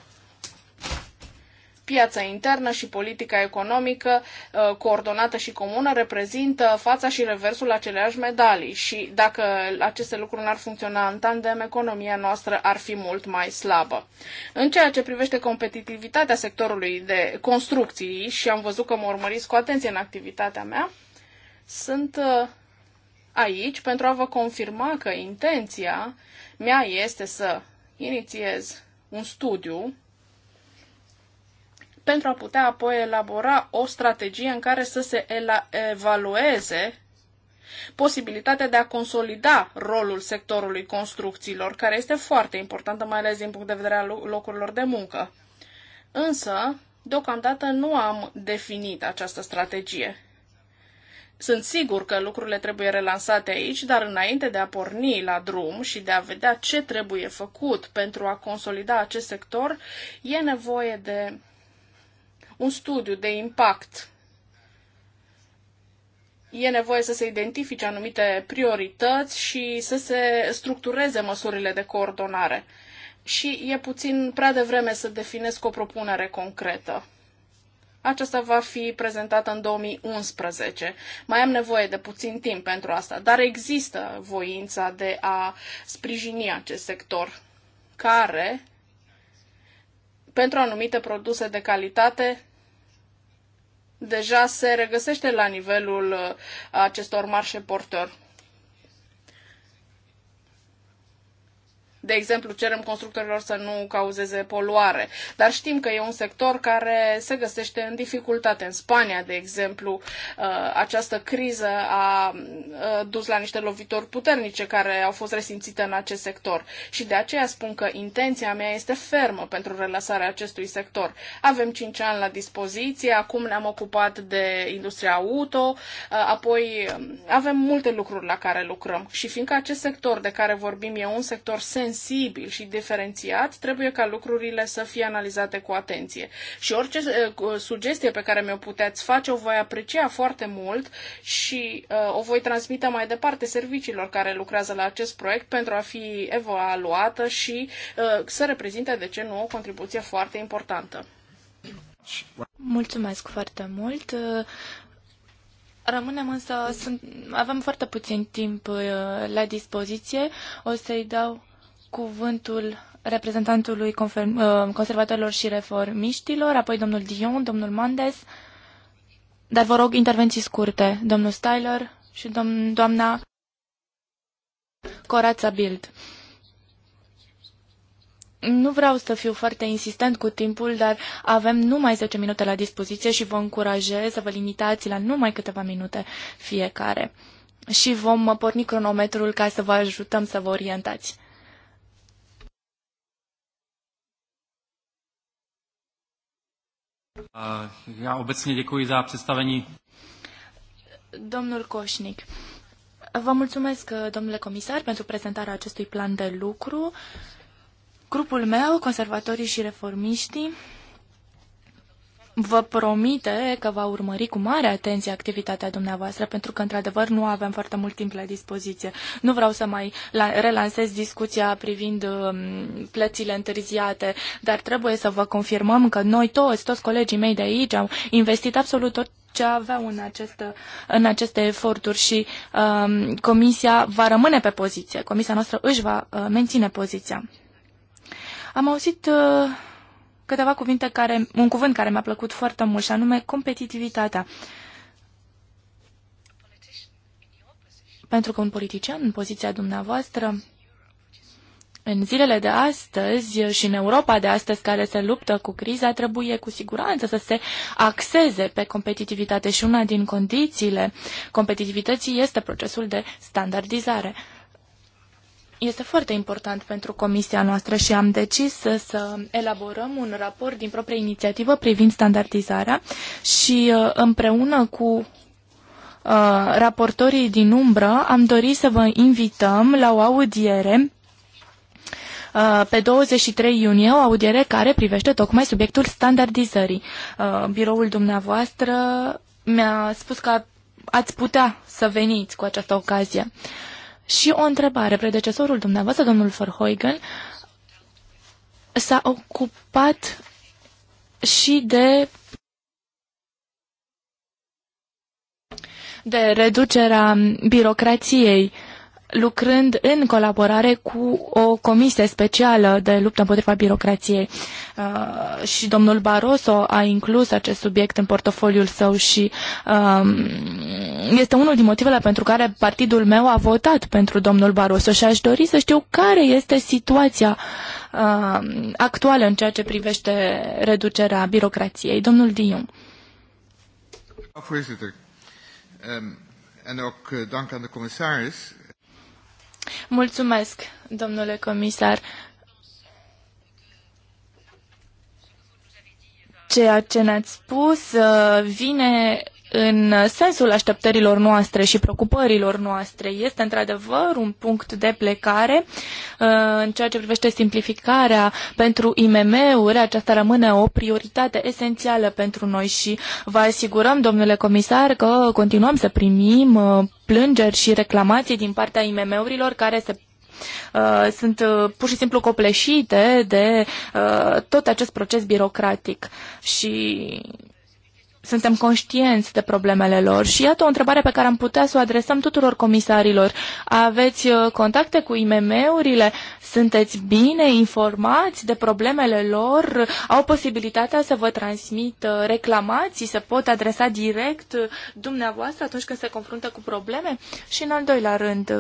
Speaker 5: piața internă și politica economică uh, coordonată și comună reprezintă fața și reversul aceleași medalii și dacă aceste lucruri n-ar funcționa în tandem, economia noastră ar fi mult mai slabă. În ceea ce privește competitivitatea sectorului de construcții și am văzut că mă urmăriți cu atenție în activitatea mea, sunt uh, aici pentru a vă confirma că intenția mea este să inițiez un studiu pentru a putea apoi elabora o strategie în care să se evalueze posibilitatea de a consolida rolul sectorului construcțiilor, care este foarte importantă, mai ales din punct de vedere al locurilor de muncă. Însă, deocamdată nu am definit această strategie. Sunt sigur că lucrurile trebuie relansate aici, dar înainte de a porni la drum și de a vedea ce trebuie făcut pentru a consolida acest sector, e nevoie de un studiu de impact. E nevoie să se identifice anumite priorități și să se structureze măsurile de coordonare. Și e puțin prea devreme să definesc o propunere concretă. Aceasta va fi prezentată în 2011. Mai am nevoie de puțin timp pentru asta, dar există voința de a sprijini acest sector care pentru anumite produse de calitate deja se regăsește la nivelul uh, acestor marșe portări. De exemplu, cerem constructorilor să nu cauzeze poluare. Dar știm că e un sector care se găsește în dificultate. În Spania, de exemplu, uh, această criză a uh, dus la niște lovitori puternice care au fost resimțite în acest sector. Și de aceea spun că intenția mea este fermă pentru relasarea acestui sector. Avem 5 ani la dispoziție, acum ne-am ocupat de industria auto, uh, apoi um, avem multe lucruri la care lucrăm. Și fiindcă acest sector de care vorbim e un sector sensibil, sensibil și diferențiat, trebuie ca lucrurile să fie analizate cu atenție. Și orice eh, sugestie pe care mi-o puteți face, o voi aprecia foarte mult și uh, o voi transmite mai departe serviciilor care lucrează la acest proiect pentru a fi evaluată și uh, să reprezinte, de ce nu, o contribuție foarte importantă.
Speaker 6: Mulțumesc foarte mult. Rămânem însă, sunt, avem foarte puțin timp la dispoziție. O să-i dau cuvântul reprezentantului uh, conservatorilor și reformiștilor, apoi domnul Dion, domnul Mandes, dar vă rog intervenții scurte, domnul Styler și domn doamna Corața Bild. Nu vreau să fiu foarte insistent cu timpul, dar avem numai 10 minute la dispoziție și vă încurajez să vă limitați la numai câteva minute fiecare. Și vom porni cronometrul ca să vă ajutăm să vă orientați.
Speaker 3: Ja obecnie děkuji za představení.
Speaker 6: Domnul Coșnic, vă mulțumesc, domnule comisar, pentru prezentarea acestui plan de lucru. Grupul meu, conservatorii și reformiștii, vă promite că va urmări cu mare atenție activitatea dumneavoastră, pentru că, într-adevăr, nu avem foarte mult timp la dispoziție. Nu vreau să mai relansez discuția privind um, plățile întârziate, dar trebuie să vă confirmăm că noi toți, toți colegii mei de aici, am investit absolut tot ce aveau în, acest, în aceste eforturi și um, comisia va rămâne pe poziție. Comisia noastră își va uh, menține poziția. Am auzit uh, câteva cuvinte care, un cuvânt care mi-a plăcut foarte mult și anume competitivitatea. Pentru că un politician în poziția dumneavoastră în zilele de astăzi și în Europa de astăzi care se luptă cu criza, trebuie cu siguranță să se axeze pe competitivitate și una din condițiile competitivității este procesul de standardizare este foarte important pentru comisia noastră și am decis să, să elaborăm un raport din proprie inițiativă privind standardizarea și uh, împreună cu uh, raportorii din umbră am dorit să vă invităm la o audiere uh, pe 23 iunie, o audiere care privește tocmai subiectul standardizării. Biroul dumneavoastră mi-a spus că ați putea să veniți cu această ocazie. Uh, și o întrebare. Predecesorul dumneavoastră, domnul Verhoeven, s-a ocupat și de de reducerea birocrației. Uh, lucrând în colaborare cu o comisie specială de luptă împotriva birocrației. Uh, și domnul Barroso a inclus acest subiect în portofoliul său și uh, este unul din motivele pentru care partidul meu a votat pentru domnul Barroso și aș dori să știu care este situația uh, actuală în ceea ce privește reducerea birocrației. Domnul Diu.
Speaker 2: Voorzitter, um, en ook uh, dank aan de commissaris.
Speaker 6: Mulțumesc, domnule comisar. Ceea ce ne-ați spus uh, vine în sensul așteptărilor noastre și preocupărilor noastre. Este într-adevăr un punct de plecare uh, în ceea ce privește simplificarea pentru IMM-uri. Aceasta rămâne o prioritate esențială pentru noi și vă asigurăm, domnule comisar, că continuăm să primim uh, plângeri și reclamații din partea IMM-urilor care se uh, sunt pur și simplu copleșite de tot acest proces birocratic și suntem conștienți de problemele lor. Și iată o întrebare pe care am putea să o adresăm tuturor comisarilor. Aveți uh, contacte cu IMM-urile? Sunteți bine informați de problemele lor? Au posibilitatea să vă transmit uh, reclamații? Se pot adresa direct uh, dumneavoastră atunci când se confruntă cu probleme? Și în al doilea rând,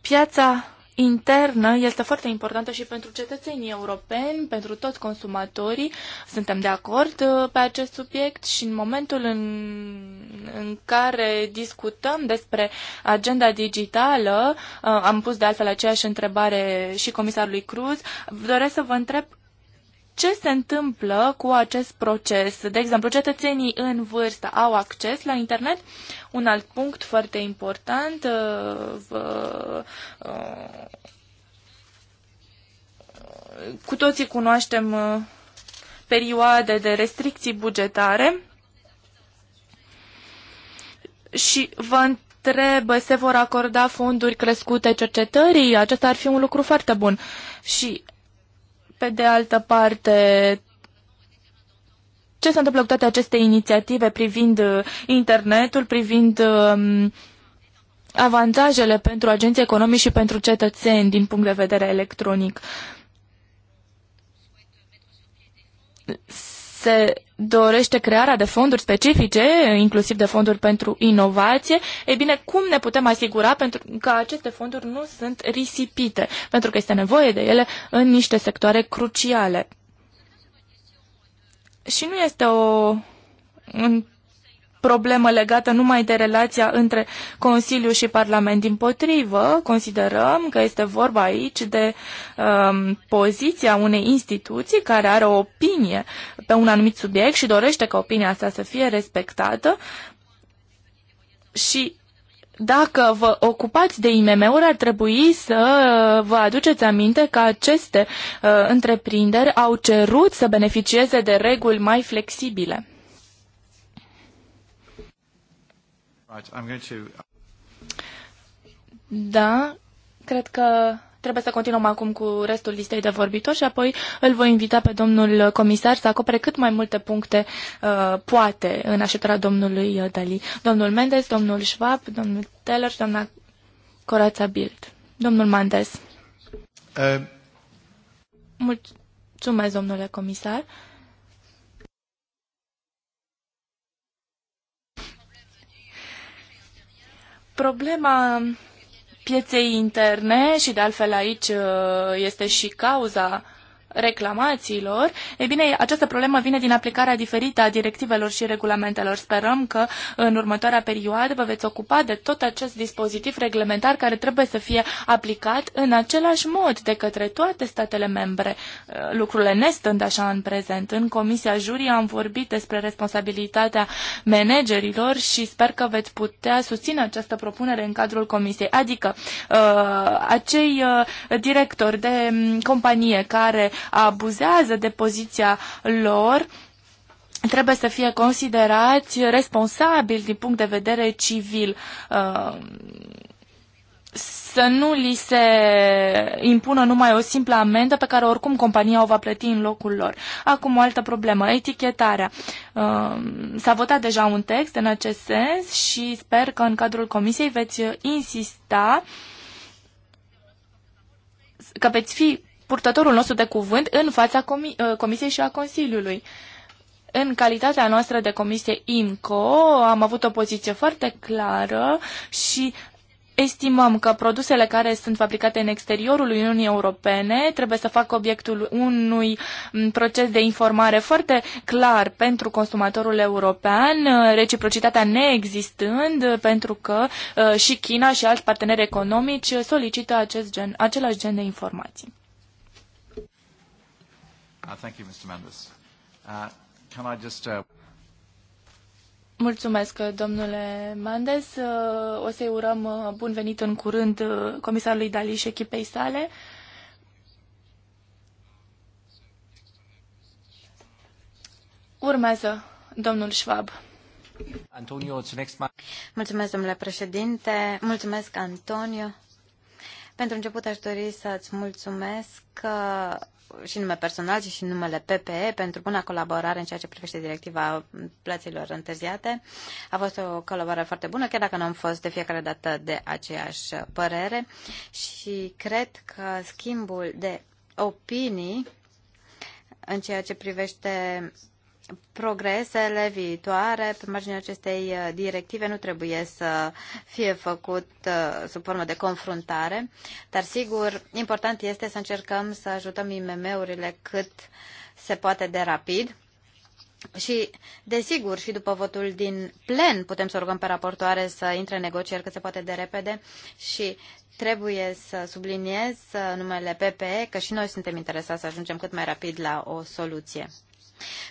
Speaker 6: piața internă este foarte importantă și pentru cetățenii europeni, pentru toți consumatorii. Suntem de acord uh, pe acest subiect și în momentul în, în care discutăm despre agenda digitală, uh, am pus de altfel aceeași întrebare și comisarului Cruz, doresc să vă întreb ce se întâmplă cu acest proces? De exemplu, cetățenii în vârstă au acces la internet? Un alt punct foarte important. Uh, uh, cu toții cunoaștem uh, perioade de restricții bugetare și vă întreb, se vor acorda fonduri crescute cercetării? Acesta ar fi un lucru foarte bun. Și pe de altă parte, ce se întâmplă cu toate aceste inițiative privind uh, internetul, privind um, avantajele pentru agenții economici și pentru cetățeni din punct de vedere electronic? se dorește crearea de fonduri specifice, inclusiv de fonduri pentru inovație, e bine, cum ne putem asigura pentru că aceste fonduri nu sunt risipite, pentru că este nevoie de ele în niște sectoare cruciale. Și nu este o problemă legată numai de relația între Consiliu și Parlament. Din potrivă, considerăm că este vorba aici de um, poziția unei instituții care are o opinie pe un anumit subiect și dorește ca opinia asta să fie respectată și dacă vă ocupați de IMM-uri, ar trebui să vă aduceți aminte că aceste uh, întreprinderi au cerut să beneficieze de reguli mai flexibile. Da, cred că trebuie să continuăm acum cu restul listei de vorbitori și apoi îl voi invita pe domnul comisar să acopere cât mai multe puncte uh, poate în așteptarea domnului uh, Dali. Domnul Mendes, domnul Schwab, domnul Teller și doamna Corața Bild. Domnul Mendes. Uh. Mulțumesc, domnule comisar. Uh, Problema pieței interne și de altfel aici uh, este și cauza reclamațiilor, e bine, această problemă vine din aplicarea diferită a directivelor și regulamentelor. Sperăm că în următoarea perioadă vă veți ocupa de tot acest dispozitiv reglementar care trebuie să fie aplicat în același mod de către toate statele membre. Uh, lucrurile nestând așa în prezent. În Comisia Jurii am vorbit despre responsabilitatea managerilor și sper că veți putea susține această propunere în cadrul Comisiei. Adică uh, acei uh, directori de mm, companie care abuzează de poziția lor trebuie să fie considerați responsabili din punct de vedere civil. Uh, să nu li se impună numai o simplă amendă pe care oricum compania o va plăti în locul lor. Acum o altă problemă, etichetarea. Uh, s-a votat deja un text în acest sens și sper că în cadrul comisiei veți insista că veți fi purtătorul nostru de cuvânt în fața comi uh, Comisiei și a Consiliului. În calitatea noastră de Comisie IMCO am avut o poziție foarte clară și Estimăm că produsele care sunt fabricate în exteriorul Uniunii Europene trebuie să facă obiectul unui mm, proces de informare foarte clar pentru consumatorul european, uh, reciprocitatea neexistând, uh, pentru că și China și alți parteneri economici solicită acest gen, același gen de informații.
Speaker 1: Uh, thank you, Mr. Mendes. Uh, can I just... Uh,
Speaker 6: mulțumesc, domnule Mendes. O să-i urăm bun venit în curând comisarului Dali și echipei sale.
Speaker 2: Urmează domnul Schwab. Antonio, Mulțumesc, domnule președinte. Mulțumesc, Antonio. Pentru început aș dori să-ți mulțumesc și nume personal, ci și numele PPE pentru buna colaborare în ceea ce privește directiva plăților întârziate. A fost o colaborare foarte bună, chiar dacă nu am fost de fiecare dată de aceeași părere și cred că schimbul de opinii în ceea ce privește progresele viitoare pe marginea acestei uh, directive nu trebuie să fie făcut uh, sub formă de confruntare, dar sigur, important este să încercăm să ajutăm IMM-urile cât se poate de rapid. Și, desigur, și după votul din plen putem să rugăm pe raportoare să intre în negocieri cât se poate de repede și trebuie să subliniez uh, numele PPE că și noi suntem interesați să ajungem cât mai rapid la o soluție.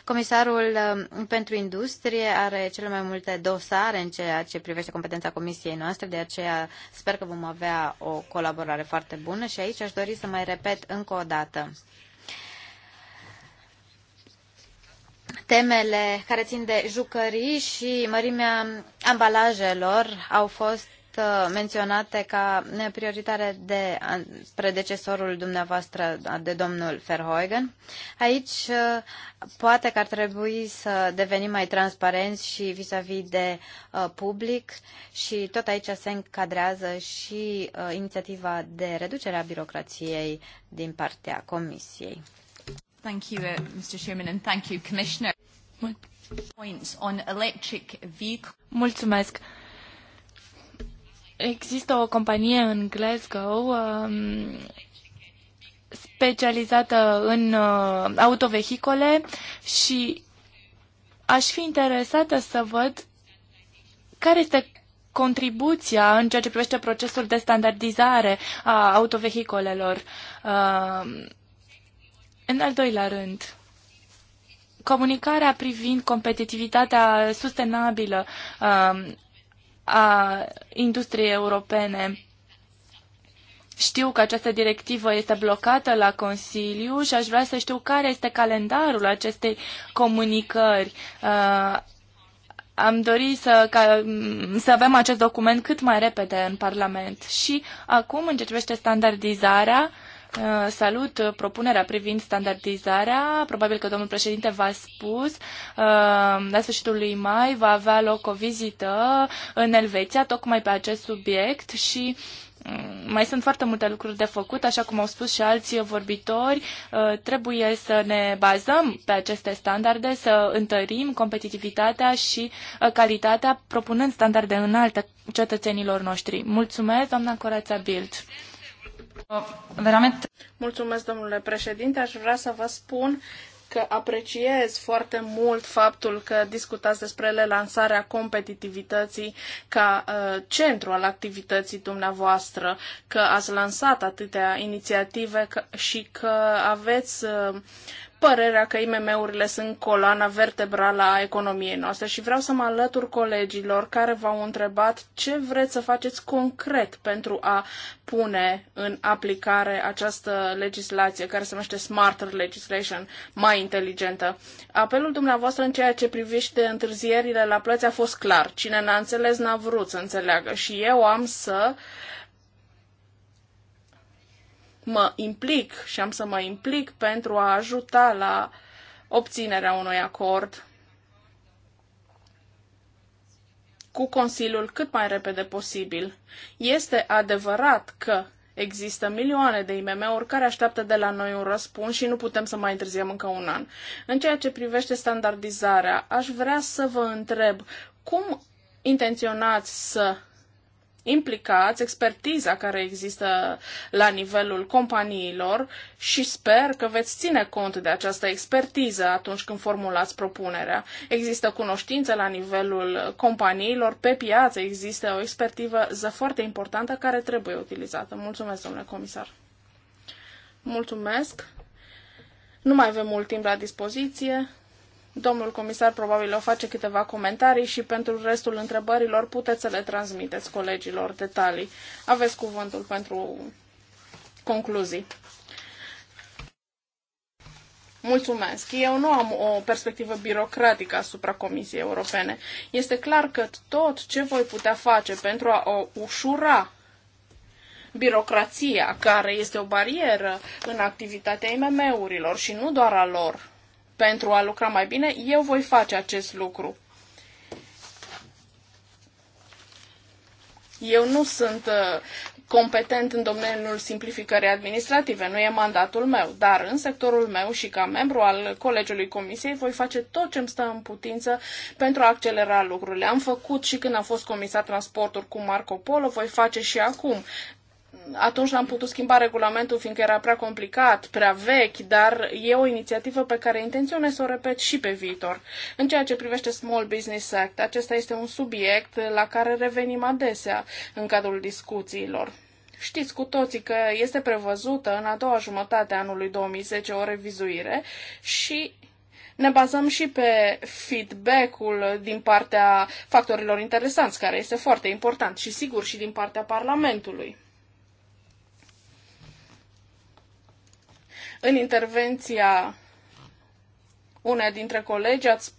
Speaker 2: Comisarul um, pentru Industrie are cele mai multe dosare în ceea ce privește competența comisiei noastre, de aceea sper că vom avea o colaborare foarte bună și aici aș dori să mai repet încă o dată. Temele care țin de jucării și mărimea ambalajelor au fost Uh, menționate ca prioritare de uh, predecesorul dumneavoastră, uh, de domnul Verheugen. Aici poate că ar trebui să devenim mai transparenți și vis-a-vis -vis de public și tot aici se încadrează și inițiativa de reducere a birocrației din partea Comisiei.
Speaker 6: Thank you, Mr. Chairman, and thank you, Commissioner. Points on electric Mulțumesc. Există o companie în Glasgow um, specializată în uh, autovehicole și aș fi interesată să văd care este contribuția în ceea ce privește procesul de standardizare a autovehicolelor. Um, în al doilea rând, comunicarea privind competitivitatea sustenabilă um, a industriei europene. Știu că această directivă este blocată la Consiliu și aș vrea să știu care este calendarul acestei comunicări. Uh, am dorit să, ca, să avem acest document cât mai repede în Parlament. Și acum, în ce privește standardizarea, uh, Uh, salut propunerea privind standardizarea. Probabil că domnul președinte v-a spus, uh, la sfârșitul lui mai va avea loc o vizită în Elveția, tocmai pe acest subiect și mm, mai sunt foarte multe lucruri de făcut, așa cum au spus și alții vorbitori. Uh, trebuie să ne bazăm pe aceste standarde, să întărim competitivitatea și calitatea, propunând standarde înalte cetățenilor noștri. Mulțumesc, doamna Corața Bild.
Speaker 5: Veramente. Mulțumesc, domnule președinte. Aș vrea să vă spun că apreciez foarte mult faptul că discutați despre relansarea competitivității ca uh, centru al activității dumneavoastră, că ați lansat atâtea inițiative că, și că aveți uh, părerea că IMM-urile sunt coloana vertebrală a economiei noastre și vreau să mă alătur colegilor care v-au întrebat ce vreți să faceți concret pentru a pune în aplicare această legislație care se numește Smarter Legislation, mai inteligentă. Apelul dumneavoastră în ceea ce privește întârzierile la plăți a fost clar. Cine n-a înțeles n-a vrut să înțeleagă și eu am să uh, mă implic și am să mă implic pentru a ajuta la obținerea unui acord cu Consiliul cât mai repede posibil. Este adevărat că există milioane de IMM-uri care așteaptă de la noi un răspuns și nu putem să mai întârziem încă un an. În ceea ce privește standardizarea, aș vrea să vă întreb cum intenționați să implicați, expertiza care există la nivelul companiilor și sper că veți ține cont de această expertiză atunci când formulați propunerea. Există cunoștință la nivelul companiilor, pe piață există o expertiză foarte importantă care trebuie utilizată. Mulțumesc, domnule comisar. Mulțumesc. Nu mai avem mult timp la dispoziție. Domnul comisar probabil o face câteva comentarii și pentru restul întrebărilor puteți să le transmiteți colegilor detalii. Aveți cuvântul pentru concluzii. Mulțumesc. Eu nu am o perspectivă birocratică asupra Comisiei Europene. Este clar că tot ce voi putea face pentru a o ușura birocrația, care este o barieră în activitatea IMM-urilor și nu doar a lor, pentru a lucra mai bine, eu voi face acest lucru. Eu nu sunt uh, competent în domeniul simplificării administrative, nu e mandatul meu, dar în sectorul meu și ca membru al Colegiului Comisiei voi face tot ce îmi stă în putință pentru a accelera lucrurile. Am făcut și când am fost comisar transporturi cu Marco Polo, voi face și acum atunci n-am putut schimba regulamentul fiindcă era prea complicat, prea vechi, dar e o inițiativă pe care intenționez să o repet și pe viitor. În ceea ce privește Small Business Act, acesta este un subiect la care revenim adesea în cadrul discuțiilor. Știți cu toții că este prevăzută în a doua jumătate a anului 2010 o revizuire și ne bazăm și pe feedback-ul din partea factorilor interesanți, care este foarte important, și sigur și din partea Parlamentului. În intervenția unei dintre colegi ați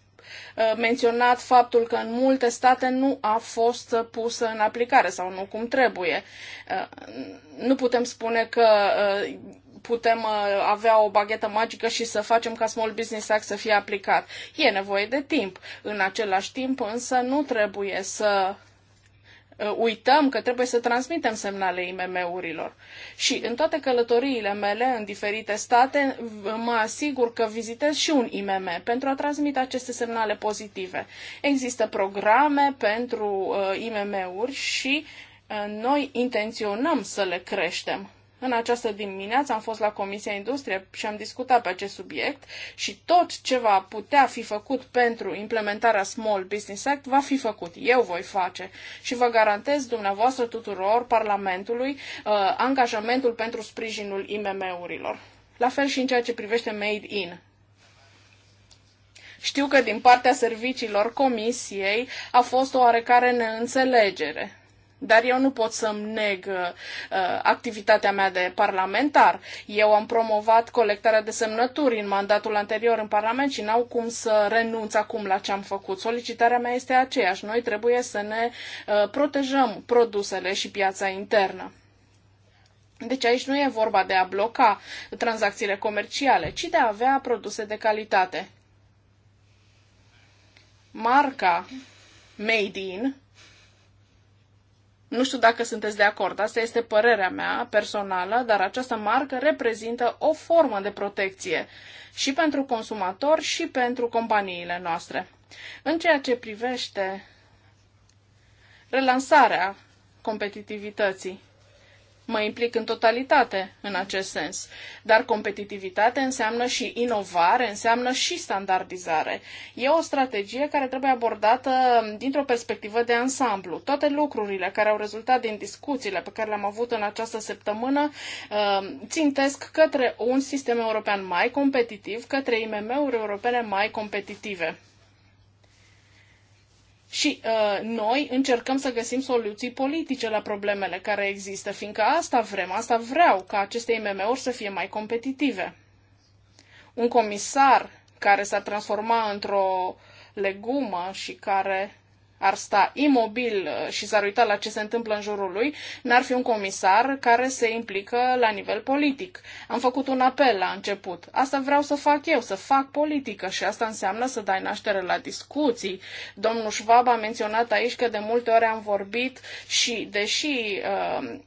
Speaker 5: uh, menționat faptul că în multe state nu a fost pusă în aplicare sau nu cum trebuie. Uh, nu putem spune că uh, putem avea o baghetă magică și să facem ca Small Business Act să fie aplicat. E nevoie de timp. În același timp, însă, nu trebuie să Uh, uităm că trebuie să transmitem semnale IMM-urilor. Și în toate călătoriile mele în diferite state mă asigur că vizitez și un IMM pentru a transmite aceste semnale pozitive. Există programe pentru uh, IMM-uri și uh, noi intenționăm să le creștem. În această dimineață am fost la Comisia Industrie și am discutat pe acest subiect și tot ce va putea fi făcut pentru implementarea Small Business Act va fi făcut. Eu voi face și vă garantez dumneavoastră tuturor Parlamentului uh, angajamentul pentru sprijinul IMM-urilor. La fel și în ceea ce privește Made In. Știu că din partea serviciilor comisiei a fost o oarecare neînțelegere. Dar eu nu pot să-mi neg uh, activitatea mea de parlamentar. Eu am promovat colectarea de semnături în mandatul anterior în Parlament și n-au cum să renunț acum la ce am făcut. Solicitarea mea este aceeași. Noi trebuie să ne uh, protejăm produsele și piața internă. Deci aici nu e vorba de a bloca tranzacțiile comerciale, ci de a avea produse de calitate. Marca Made in nu știu dacă sunteți de acord, asta este părerea mea personală, dar această marcă reprezintă o formă de protecție și pentru consumator și pentru companiile noastre. În ceea ce privește relansarea competitivității, mă implic în totalitate în acest sens. Dar competitivitate înseamnă și inovare, înseamnă și standardizare. E o strategie care trebuie abordată dintr-o perspectivă de ansamblu. Toate lucrurile care au rezultat din discuțiile pe care le-am avut în această săptămână uh, țintesc către un sistem european mai competitiv, către IMM-uri europene mai competitive. Și uh, noi încercăm să găsim soluții politice la problemele care există, fiindcă asta vrem, asta vreau, ca aceste IMM-uri să fie mai competitive. Un comisar care s-ar transforma într-o legumă și care ar sta imobil uh, și s-ar uita la ce se întâmplă în jurul lui, n-ar fi un comisar care se implică la nivel politic. Am făcut un apel la început. Asta vreau să fac eu, să fac politică și asta înseamnă să dai naștere la discuții. Domnul Schwab a menționat aici că de multe ori am vorbit și, deși uh,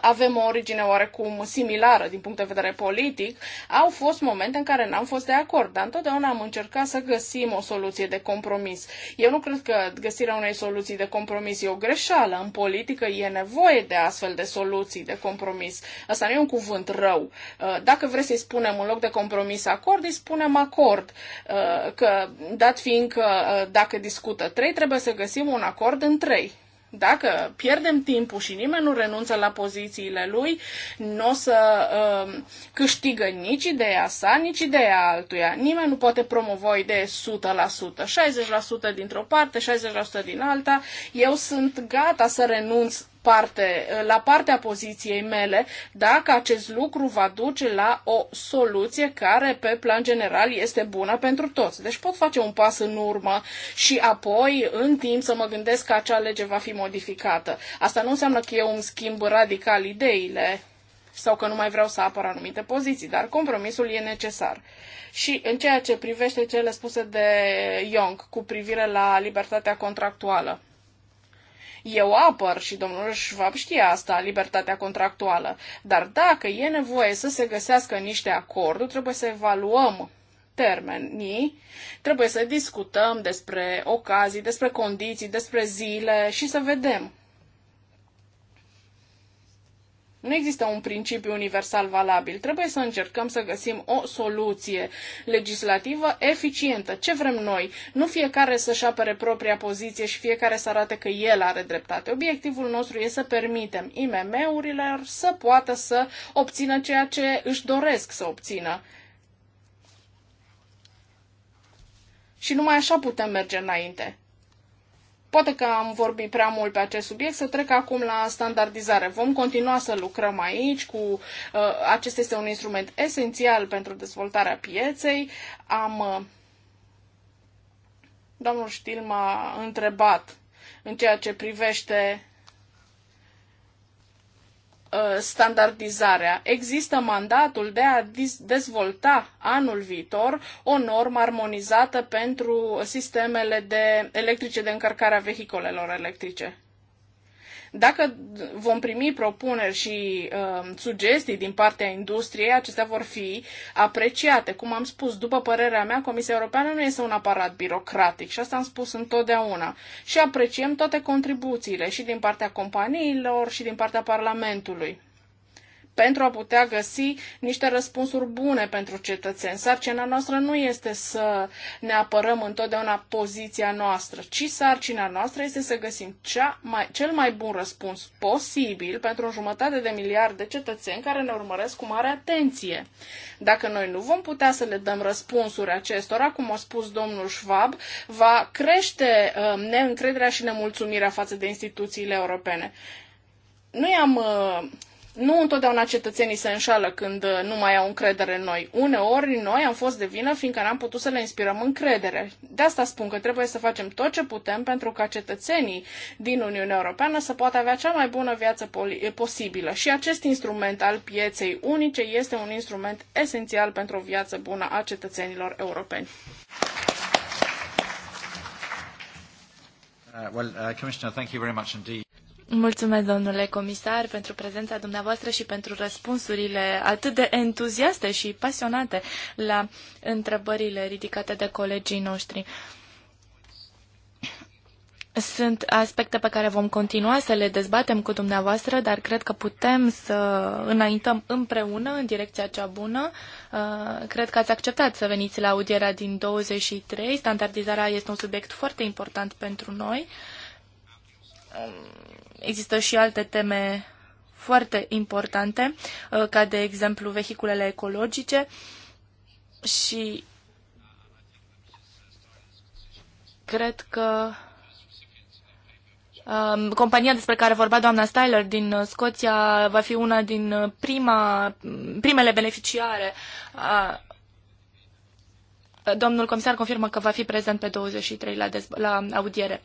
Speaker 5: avem o origine oarecum similară din punct de vedere politic, au fost momente în care n-am fost de acord, dar întotdeauna am încercat să găsim o soluție de compromis. Eu nu cred că găsirea unei soluții de compromis e o greșeală. În politică e nevoie de astfel de soluții de compromis. Asta nu e un cuvânt rău. Uh, dacă vreți să-i spunem în loc de compromis acord, îi spunem acord. Uh, că, dat fiind că uh, dacă discută trei, trebuie să găsim un acord în trei. Dacă pierdem timpul și nimeni nu renunță la pozițiile lui, nu o să uh, câștigă nici ideea sa, nici ideea altuia. Nimeni nu poate promova o idee 100%, 60% dintr-o parte, 60% din alta. Eu sunt gata să renunț parte, la partea poziției mele dacă acest lucru va duce la o soluție care pe plan general este bună pentru toți. Deci pot face un pas în urmă și apoi în timp să mă gândesc că acea lege va fi modificată. Asta nu înseamnă că eu îmi schimb radical ideile sau că nu mai vreau să apăr anumite poziții, dar compromisul e necesar. Și în ceea ce privește cele spuse de Young cu privire la libertatea contractuală, eu apăr și domnul Schwab știe asta, libertatea contractuală. Dar dacă e nevoie să se găsească niște acorduri, trebuie să evaluăm termenii, trebuie să discutăm despre ocazii, despre condiții, despre zile și să vedem nu există un principiu universal valabil. Trebuie să încercăm să găsim o soluție legislativă eficientă. Ce vrem noi? Nu fiecare să-și apere propria poziție și fiecare să arate că el are dreptate. Obiectivul nostru este să permitem IMM-urilor să poată să obțină ceea ce își doresc să obțină. Și numai așa putem merge înainte. Poate că am vorbit prea mult pe acest subiect, să trec acum la standardizare. Vom continua să lucrăm aici cu uh, acest este un instrument esențial pentru dezvoltarea pieței. Am uh, domnul Știl m-a întrebat în ceea ce privește Uh, standardizarea. Există mandatul de a dezvolta anul viitor o normă armonizată pentru sistemele de electrice de încărcare a vehiculelor electrice. Dacă vom primi propuneri și uh, sugestii din partea industriei, acestea vor fi apreciate. Cum am spus, după părerea mea, Comisia Europeană nu este un aparat birocratic și asta am spus întotdeauna. Și apreciem toate contribuțiile și din partea companiilor și din partea Parlamentului pentru a putea găsi niște răspunsuri bune pentru cetățeni. Sarcina noastră nu este să ne apărăm întotdeauna poziția noastră, ci sarcina noastră este să găsim cea mai, cel mai bun răspuns posibil pentru o jumătate de miliard de cetățeni care ne urmăresc cu mare atenție. Dacă noi nu vom putea să le dăm răspunsuri acestora, cum a spus domnul Schwab, va crește uh, neîncrederea și nemulțumirea față de instituțiile europene. Nu i-am uh, nu întotdeauna cetățenii se înșală când uh, nu mai au încredere în noi. Uneori noi am fost de vină fiindcă n-am putut să le inspirăm încredere. De asta spun că trebuie să facem tot ce putem pentru ca cetățenii din Uniunea Europeană să poată avea cea mai bună viață eh, posibilă. Și acest instrument al pieței unice este un instrument esențial pentru o viață bună a cetățenilor europeni.
Speaker 1: Uh, well, uh, Commissioner, thank you very much indeed.
Speaker 6: Mulțumesc, domnule comisar, pentru prezența dumneavoastră și pentru răspunsurile atât de entuziaste și pasionate la întrebările ridicate de colegii noștri. Sunt aspecte pe care vom continua să le dezbatem cu dumneavoastră, dar cred că putem să înaintăm împreună în direcția cea bună. Uh, cred că ați acceptat să veniți la audierea din 23. Standardizarea este un subiect foarte important pentru noi um, există și alte teme foarte importante, uh, ca de exemplu vehiculele ecologice și cred că um, compania despre care vorbea doamna Styler din uh, Scoția va fi una din uh, prima, primele beneficiare. domnul comisar confirmă că va fi prezent pe 23 la, la audiere.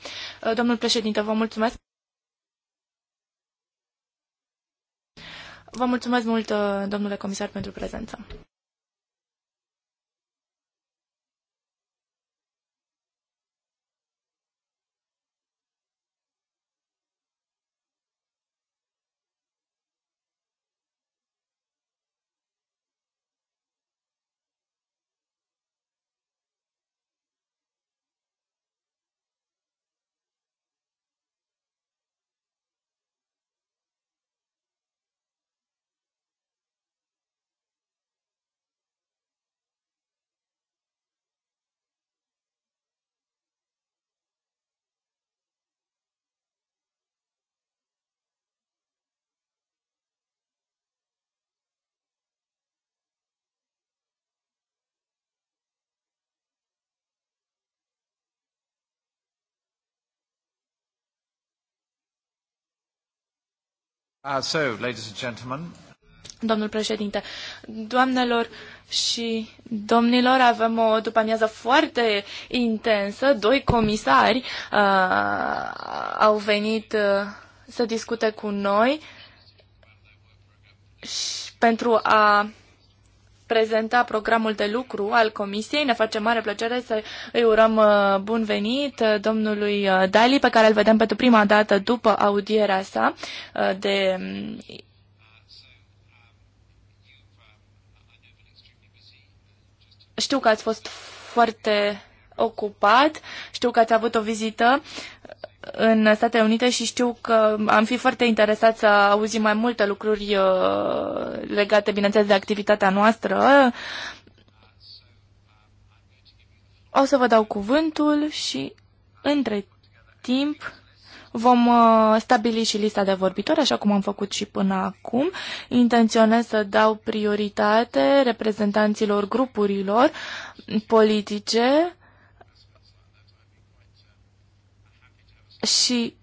Speaker 6: Domnul președinte, vă mulțumesc. Vă mulțumesc mult, domnule comisar, pentru prezență.
Speaker 1: Uh, so, ladies and gentlemen.
Speaker 6: Domnul președinte, doamnelor și domnilor, avem o după-amiază foarte intensă. Doi comisari uh, au venit uh, să discute cu noi și pentru a prezenta programul de lucru al Comisiei. Ne face mare plăcere să îi urăm uh, bun venit uh, domnului uh, Dali, pe care îl vedem pentru prima dată după audierea sa de Știu că ați fost foarte ocupat, știu că ați avut o vizită în Statele Unite și știu că am fi foarte interesat să auzim mai multe lucruri uh, legate, bineînțeles, de activitatea noastră. O să vă dau cuvântul și între timp vom uh, stabili și lista de vorbitori, așa cum am făcut și până acum. Intenționez să dau prioritate reprezentanților grupurilor politice și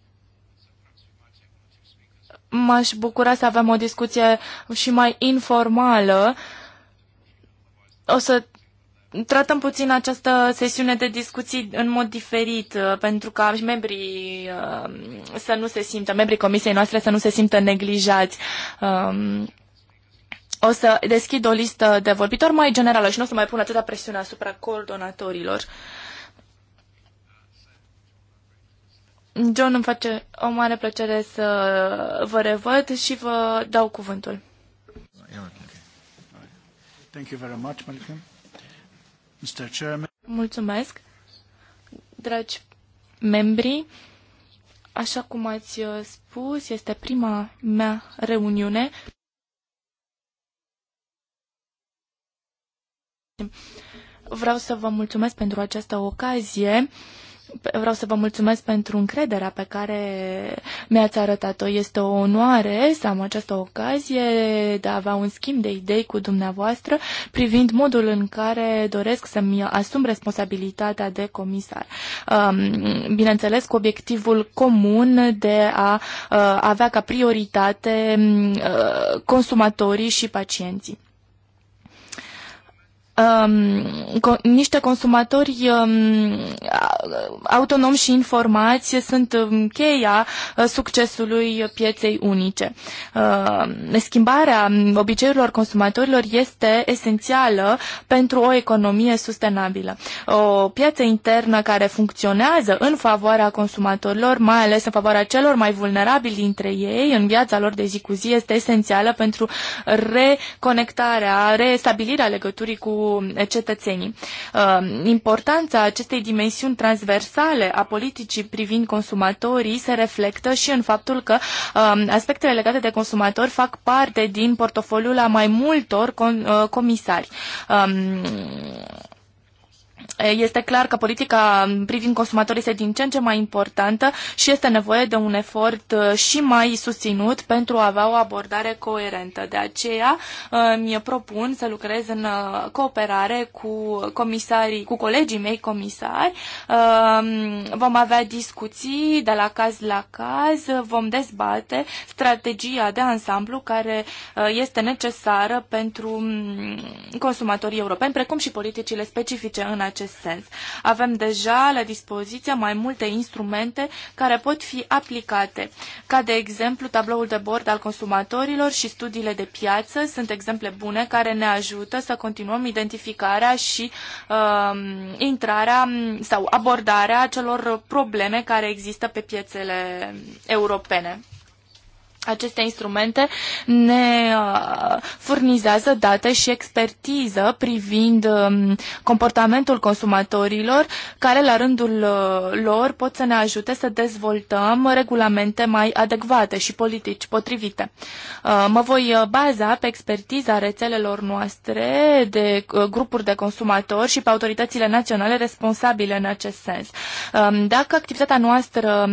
Speaker 6: m-aș bucura să avem o discuție și mai informală. O să tratăm puțin această sesiune de discuții în mod diferit, uh, pentru ca membrii uh, să nu se simtă, membrii comisiei noastre să nu se simtă neglijați. Um, o să deschid o listă de vorbitori mai generală și nu o să mai pun atâta presiune asupra coordonatorilor. John, îmi face o mare plăcere să vă revăd și vă dau cuvântul.
Speaker 1: Thank you very much, Malcolm. Mr. Chairman.
Speaker 6: Mulțumesc, dragi membri. Așa cum ați uh, spus, este prima mea reuniune. Vreau să vă mulțumesc pentru această ocazie. Vreau să vă mulțumesc pentru încrederea pe care mi-ați arătat-o. Este o onoare să am această ocazie de a avea un schimb de idei cu dumneavoastră privind modul în care doresc să-mi asum responsabilitatea de comisar. Um, bineînțeles, cu obiectivul comun de a uh, avea ca prioritate um, uh, consumatorii și pacienții um, co- niște consumatori um, autonomi și informați sunt um, cheia uh, succesului pieței unice. Uh, schimbarea obiceiurilor consumatorilor este esențială pentru o economie sustenabilă. O piață internă care funcționează în favoarea consumatorilor, mai ales în favoarea celor mai vulnerabili dintre ei în viața lor de zi cu zi, este esențială pentru reconectarea, restabilirea legăturii cu cetățenii. Uh, importanța acestei dimensiuni transversale a politicii privind consumatorii se reflectă și în faptul că um, aspectele legate de consumatori fac parte din portofoliul a mai multor uh, comisari. Um, este clar că politica privind consumatorii este din ce în ce mai importantă și este nevoie de un efort uh, și mai susținut pentru a avea o abordare coerentă. De aceea uh, mi propun să lucrez în uh, cooperare cu comisarii, cu colegii mei comisari. Vom avea discuții de la caz la caz, vom dezbate strategia de ansamblu care este necesară pentru mm, consumatorii europeni, precum și politicile specifice în acest acest sens. Avem deja la dispoziție mai multe instrumente care pot fi aplicate, ca de exemplu tabloul de bord al consumatorilor și studiile de piață sunt exemple bune care ne ajută să continuăm identificarea și uh, intrarea sau abordarea celor probleme care există pe piețele europene aceste instrumente ne uh, furnizează date și expertiză privind um, comportamentul consumatorilor, care la rândul uh, lor pot să ne ajute să dezvoltăm regulamente mai adecvate și politici potrivite. Uh, mă voi baza pe expertiza rețelelor noastre de grupuri de consumatori și pe autoritățile naționale responsabile în acest sens. Um, dacă activitatea noastră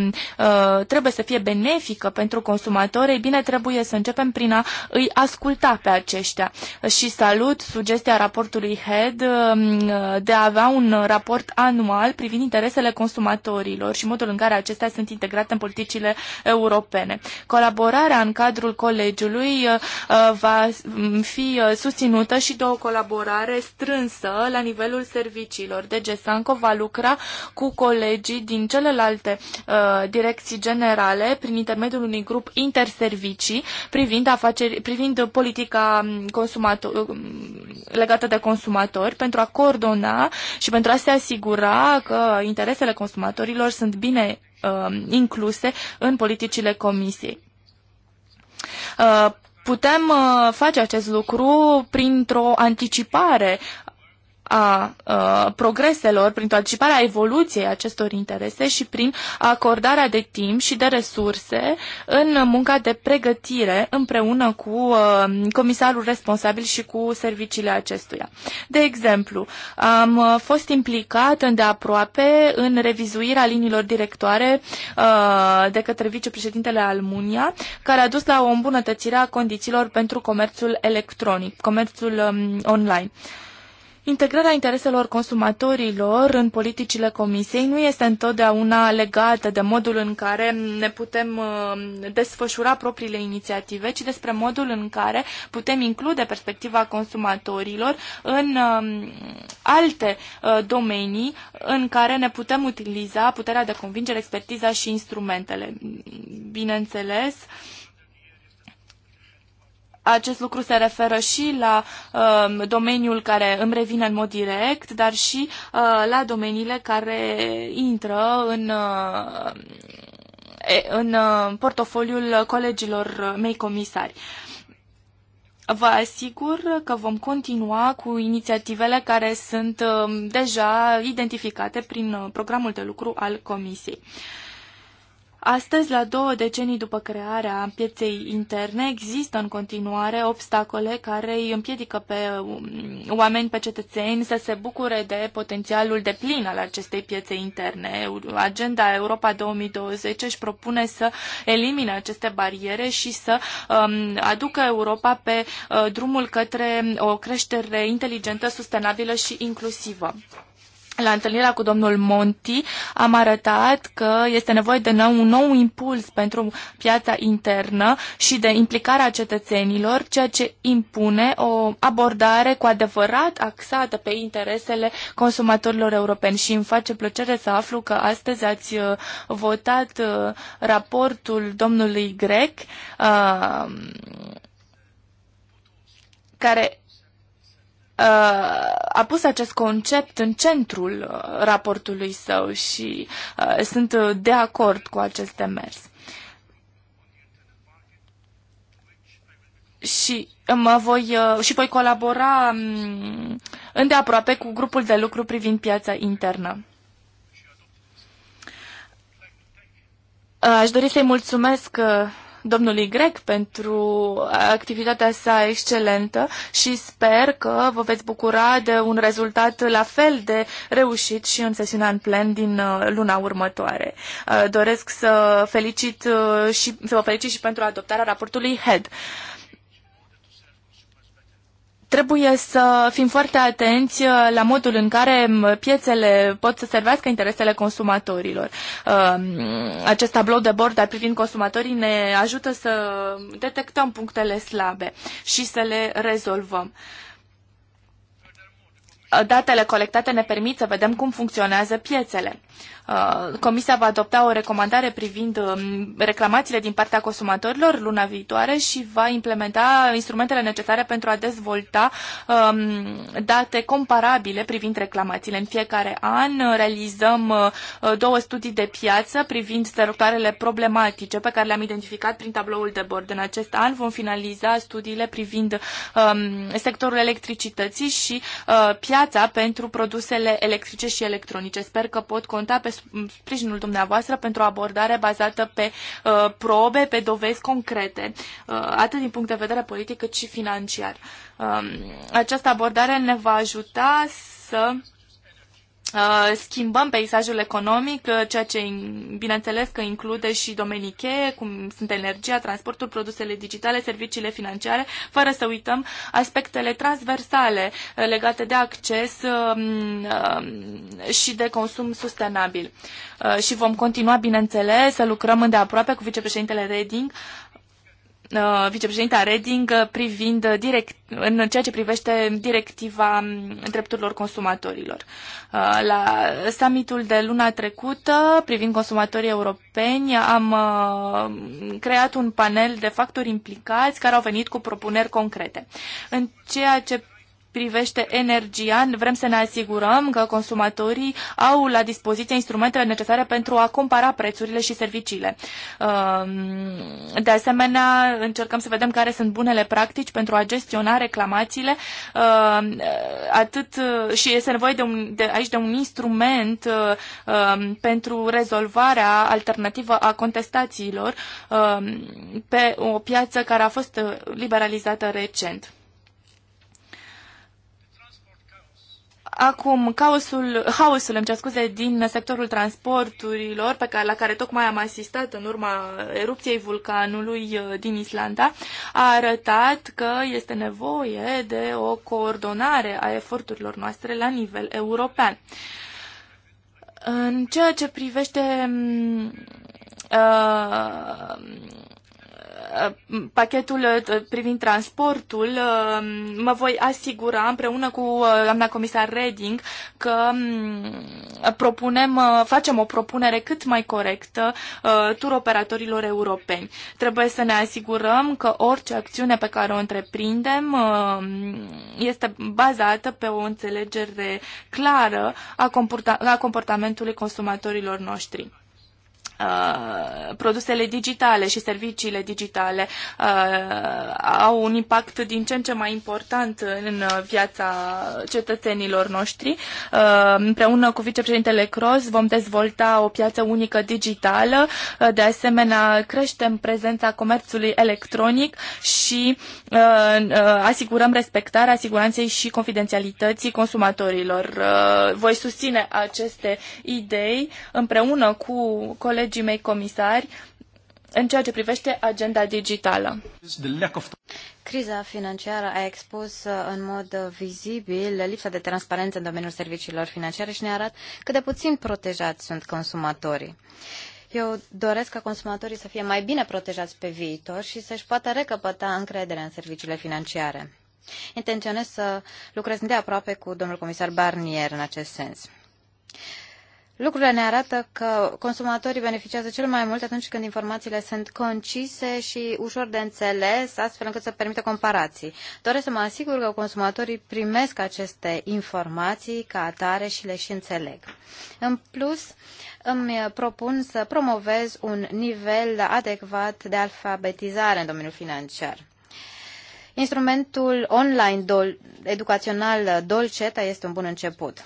Speaker 6: trebuie să fie benefică pentru consumatori, lor, ei bine, trebuie să începem prin a îi asculta pe aceștia. Și salut sugestia raportului HED um, de a avea un raport anual privind interesele consumatorilor și modul în care acestea sunt integrate în politicile europene. Colaborarea în cadrul colegiului uh, va fi uh, susținută și de o colaborare strânsă la nivelul serviciilor. DG Sanco va lucra cu colegii din celelalte uh, direcții generale prin intermediul unui grup inter per servicii privind, afaceri, privind politica um, consumator, um, legată de consumatori pentru a coordona și pentru a se asigura că interesele consumatorilor sunt bine uh, incluse în politicile comisiei. Uh, putem uh, face acest lucru printr-o anticipare a, a progreselor, prin participarea evoluției acestor interese și prin acordarea de timp și de resurse în munca de pregătire împreună cu a, comisarul responsabil și cu serviciile acestuia. De exemplu, am fost implicat îndeaproape în revizuirea liniilor directoare a, de către vicepreședintele Almunia, care a dus la o îmbunătățire a condițiilor pentru comerțul electronic, comerțul a, um, online. Integrarea intereselor consumatorilor în politicile comisiei nu este întotdeauna legată de modul în care ne putem uh, desfășura propriile inițiative, ci despre modul în care putem include perspectiva consumatorilor în um, alte uh, domenii în care ne putem utiliza puterea de convingere, expertiza și instrumentele. Bineînțeles, acest lucru se referă și la uh, domeniul care îmi revine în mod direct, dar și uh, la domeniile care intră în, uh, în uh, portofoliul colegilor mei comisari. Vă asigur că vom continua cu inițiativele care sunt um, deja identificate prin uh, programul de lucru al Comisiei. Astăzi, la două decenii după crearea pieței interne, există în continuare obstacole care îi împiedică pe um, oameni, pe cetățeni să se bucure de potențialul de plin al acestei piețe interne. Agenda Europa 2020 își propune să elimine aceste bariere și să um, aducă Europa pe uh, drumul către o creștere inteligentă, sustenabilă și inclusivă la întâlnirea cu domnul Monti am arătat că este nevoie de nou, un nou impuls pentru piața internă și de implicarea cetățenilor, ceea ce impune o abordare cu adevărat axată pe interesele consumatorilor europeni. Și îmi face plăcere să aflu că astăzi ați uh, votat uh, raportul domnului Grec, uh, care Uh, a pus acest concept în centrul uh, raportului său și uh, sunt de acord cu acest demers. Și mă voi și voi colabora um, îndeaproape cu grupul de lucru privind piața internă. Aș dori să-i mulțumesc domnului Grec pentru activitatea sa excelentă și sper că vă veți bucura de un rezultat la fel de reușit și în sesiunea în plen din uh, luna următoare. Uh, doresc să felicit uh, și să vă felicit și pentru adoptarea raportului HED. Trebuie să fim foarte atenți uh, la modul în care piețele pot să servească interesele consumatorilor. Uh, acest tablou de bord al privind consumatorii ne ajută să detectăm punctele slabe și să le rezolvăm. Uh, datele colectate ne permit să vedem cum funcționează piețele. Uh, Comisia va adopta o recomandare privind um, reclamațiile din partea consumatorilor luna viitoare și va implementa instrumentele necesare pentru a dezvolta um, date comparabile privind reclamațiile. În fiecare an realizăm uh, două studii de piață privind sărătoarele problematice pe care le-am identificat prin tabloul de bord. În acest an vom finaliza studiile privind um, sectorul electricității și piața piața pentru produsele electrice și electronice. Sper că pot conta pe sprijinul dumneavoastră pentru o abordare bazată pe uh, probe, pe dovezi concrete, uh, atât din punct de vedere politic cât și financiar. Uh, această abordare ne va ajuta să Uh, schimbăm peisajul economic, uh, ceea ce bineînțeles că include și domenii cheie, cum sunt energia, transportul, produsele digitale, serviciile financiare, fără să uităm aspectele transversale uh, legate de acces um, um, și de consum sustenabil. Și vom continua, bineînțeles, să lucrăm îndeaproape cu vicepreședintele Reding Uh, vicepreședinta Reding uh, privind uh, direct, în ceea ce privește directiva um, drepturilor consumatorilor. La summitul de luna trecută privind consumatorii europeni am creat un panel de factori implicați care au venit cu propuneri concrete. În ceea ce privește energia, vrem să ne asigurăm că consumatorii au la dispoziție instrumentele necesare pentru a compara prețurile și serviciile. Um, de asemenea, încercăm să vedem care sunt bunele practici pentru a gestiona reclamațiile um, atât uh, și este nevoie de un, de, aici de un instrument uh, um, pentru rezolvarea alternativă a contestațiilor pe o piață care a fost uh, liberalizată recent. Acum, caosul, haosul, îmi cer scuze, din sectorul transporturilor, pe care, la care tocmai am asistat în urma erupției vulcanului uh, din Islanda, a arătat că este nevoie de o coordonare a eforturilor noastre la nivel european. În ceea ce privește mm, uh, Uh, pachetul uh, privind transportul, uh, mă voi asigura împreună cu doamna comisar Reding că um, propunem, facem o propunere cât mai corectă tur operatorilor europeni. Trebuie să ne asigurăm că orice acțiune pe care o întreprindem este bazată pe o înțelegere clară a, a comportamentului consumatorilor noștri. Uh, produsele digitale și serviciile digitale uh, au un impact din ce în ce mai important în viața cetățenilor noștri. Uh, împreună cu vicepreședintele Cross vom dezvolta o piață unică digitală, uh, de asemenea creștem prezența comerțului electronic și uh, uh, asigurăm respectarea siguranței și confidențialității consumatorilor. Uh, voi susține aceste idei împreună cu
Speaker 2: colegii colegii mei comisari în ceea ce privește agenda digitală. Criza financiară a expus uh, în mod vizibil lipsa de transparență în domeniul serviciilor financiare și ne arată cât de puțin protejați sunt consumatorii. Eu doresc ca consumatorii să fie mai bine protejați pe viitor și să-și poată recăpăta încrederea în serviciile financiare. Intenționez să lucrez de aproape cu domnul comisar Barnier în acest sens. Lucrurile ne arată că consumatorii beneficiază cel mai mult atunci când informațiile sunt concise și ușor de înțeles, astfel încât să permită comparații. Doresc să mă asigur că consumatorii primesc aceste informații ca atare și le și înțeleg. În plus, îmi propun să promovez un nivel adecvat de alfabetizare în domeniul financiar. Instrumentul online educațional Dolceta este un bun început.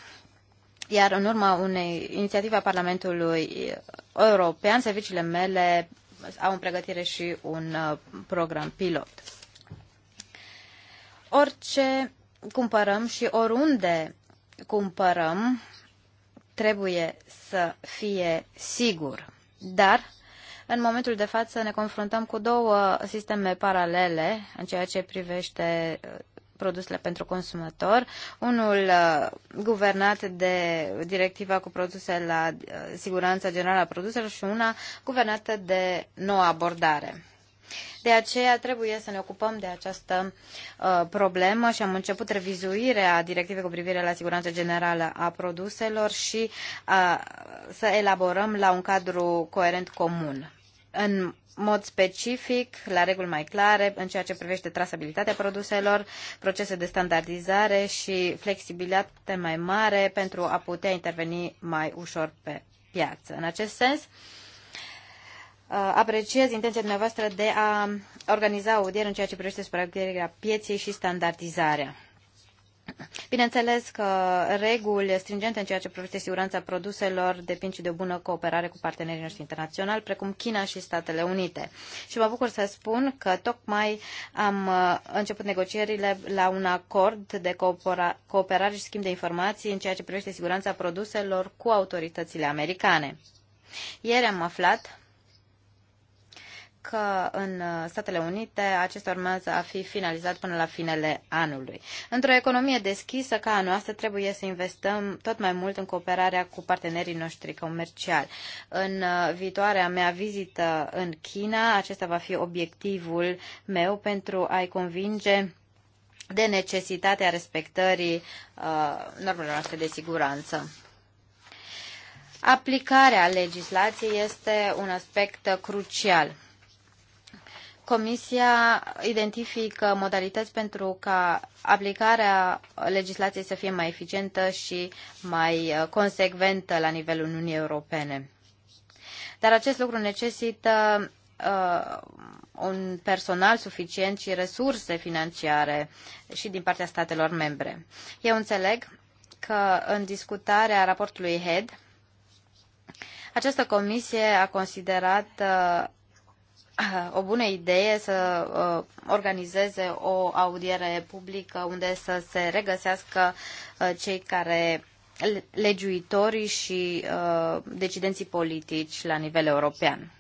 Speaker 2: Iar în urma unei inițiative a Parlamentului European, serviciile mele au în pregătire și un uh, program pilot. Orice cumpărăm și oriunde cumpărăm trebuie să fie sigur. Dar, în momentul de față, ne confruntăm cu două sisteme paralele în ceea ce privește uh, produsele pentru consumator, unul uh, guvernat de directiva cu produse la uh, siguranța generală a produselor și una guvernată de noua abordare. De aceea trebuie să ne ocupăm de această uh, problemă și am început revizuirea directivei cu privire la siguranța generală a produselor și uh, să elaborăm la un cadru coerent comun în mod specific, la reguli mai clare, în ceea ce privește trasabilitatea produselor, procese de standardizare și flexibilitate mai mare pentru a putea interveni mai ușor pe piață. În acest sens, uh, apreciez intenția dumneavoastră de a organiza audieri în ceea ce privește supravegherea pieței și standardizarea. Bineînțeles că reguli stringente în ceea ce privește siguranța produselor depind și de o bună cooperare cu partenerii noștri internaționali, precum China și Statele Unite. Și mă bucur să spun că tocmai am uh, început negocierile la un acord de cooperare și schimb de informații în ceea ce privește siguranța produselor cu autoritățile americane. Ieri am aflat că în uh, Statele Unite acesta urmează a fi finalizat până la finele anului. Într-o economie deschisă ca a noastră trebuie să investăm tot mai mult în cooperarea cu partenerii noștri comerciali. În uh, viitoarea mea vizită în China, acesta va fi obiectivul meu pentru a-i convinge de necesitatea respectării uh, normelor noastre de siguranță. Aplicarea legislației este un aspect crucial. Comisia identifică modalități pentru ca aplicarea legislației să fie mai eficientă și mai uh, consecventă la nivelul Uniunii Europene. Dar acest lucru necesită uh, un personal suficient și resurse financiare și din partea statelor membre. Eu înțeleg că în discutarea raportului HED, această comisie a considerat uh, o bună idee să uh, organizeze o audiere publică unde să se regăsească uh, cei care legiuitorii și uh, decidenții politici la nivel european.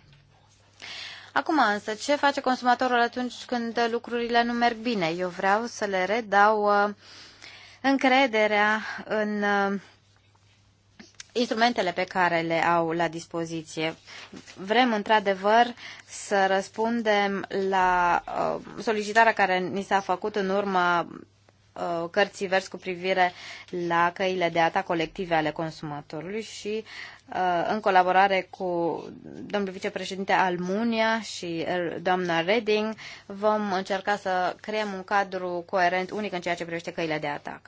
Speaker 2: Acum însă, ce face consumatorul atunci când lucrurile nu merg bine? Eu vreau să le redau încrederea în instrumentele pe care le au la dispoziție. Vrem, într-adevăr, să răspundem la uh, solicitarea care ni s-a făcut în urma uh, cărții vers cu privire la căile de atac colective ale consumatorului și uh, în colaborare cu domnul vicepreședinte Almunia și uh, doamna Reding vom încerca să creăm un cadru coerent unic în ceea ce privește căile de atac.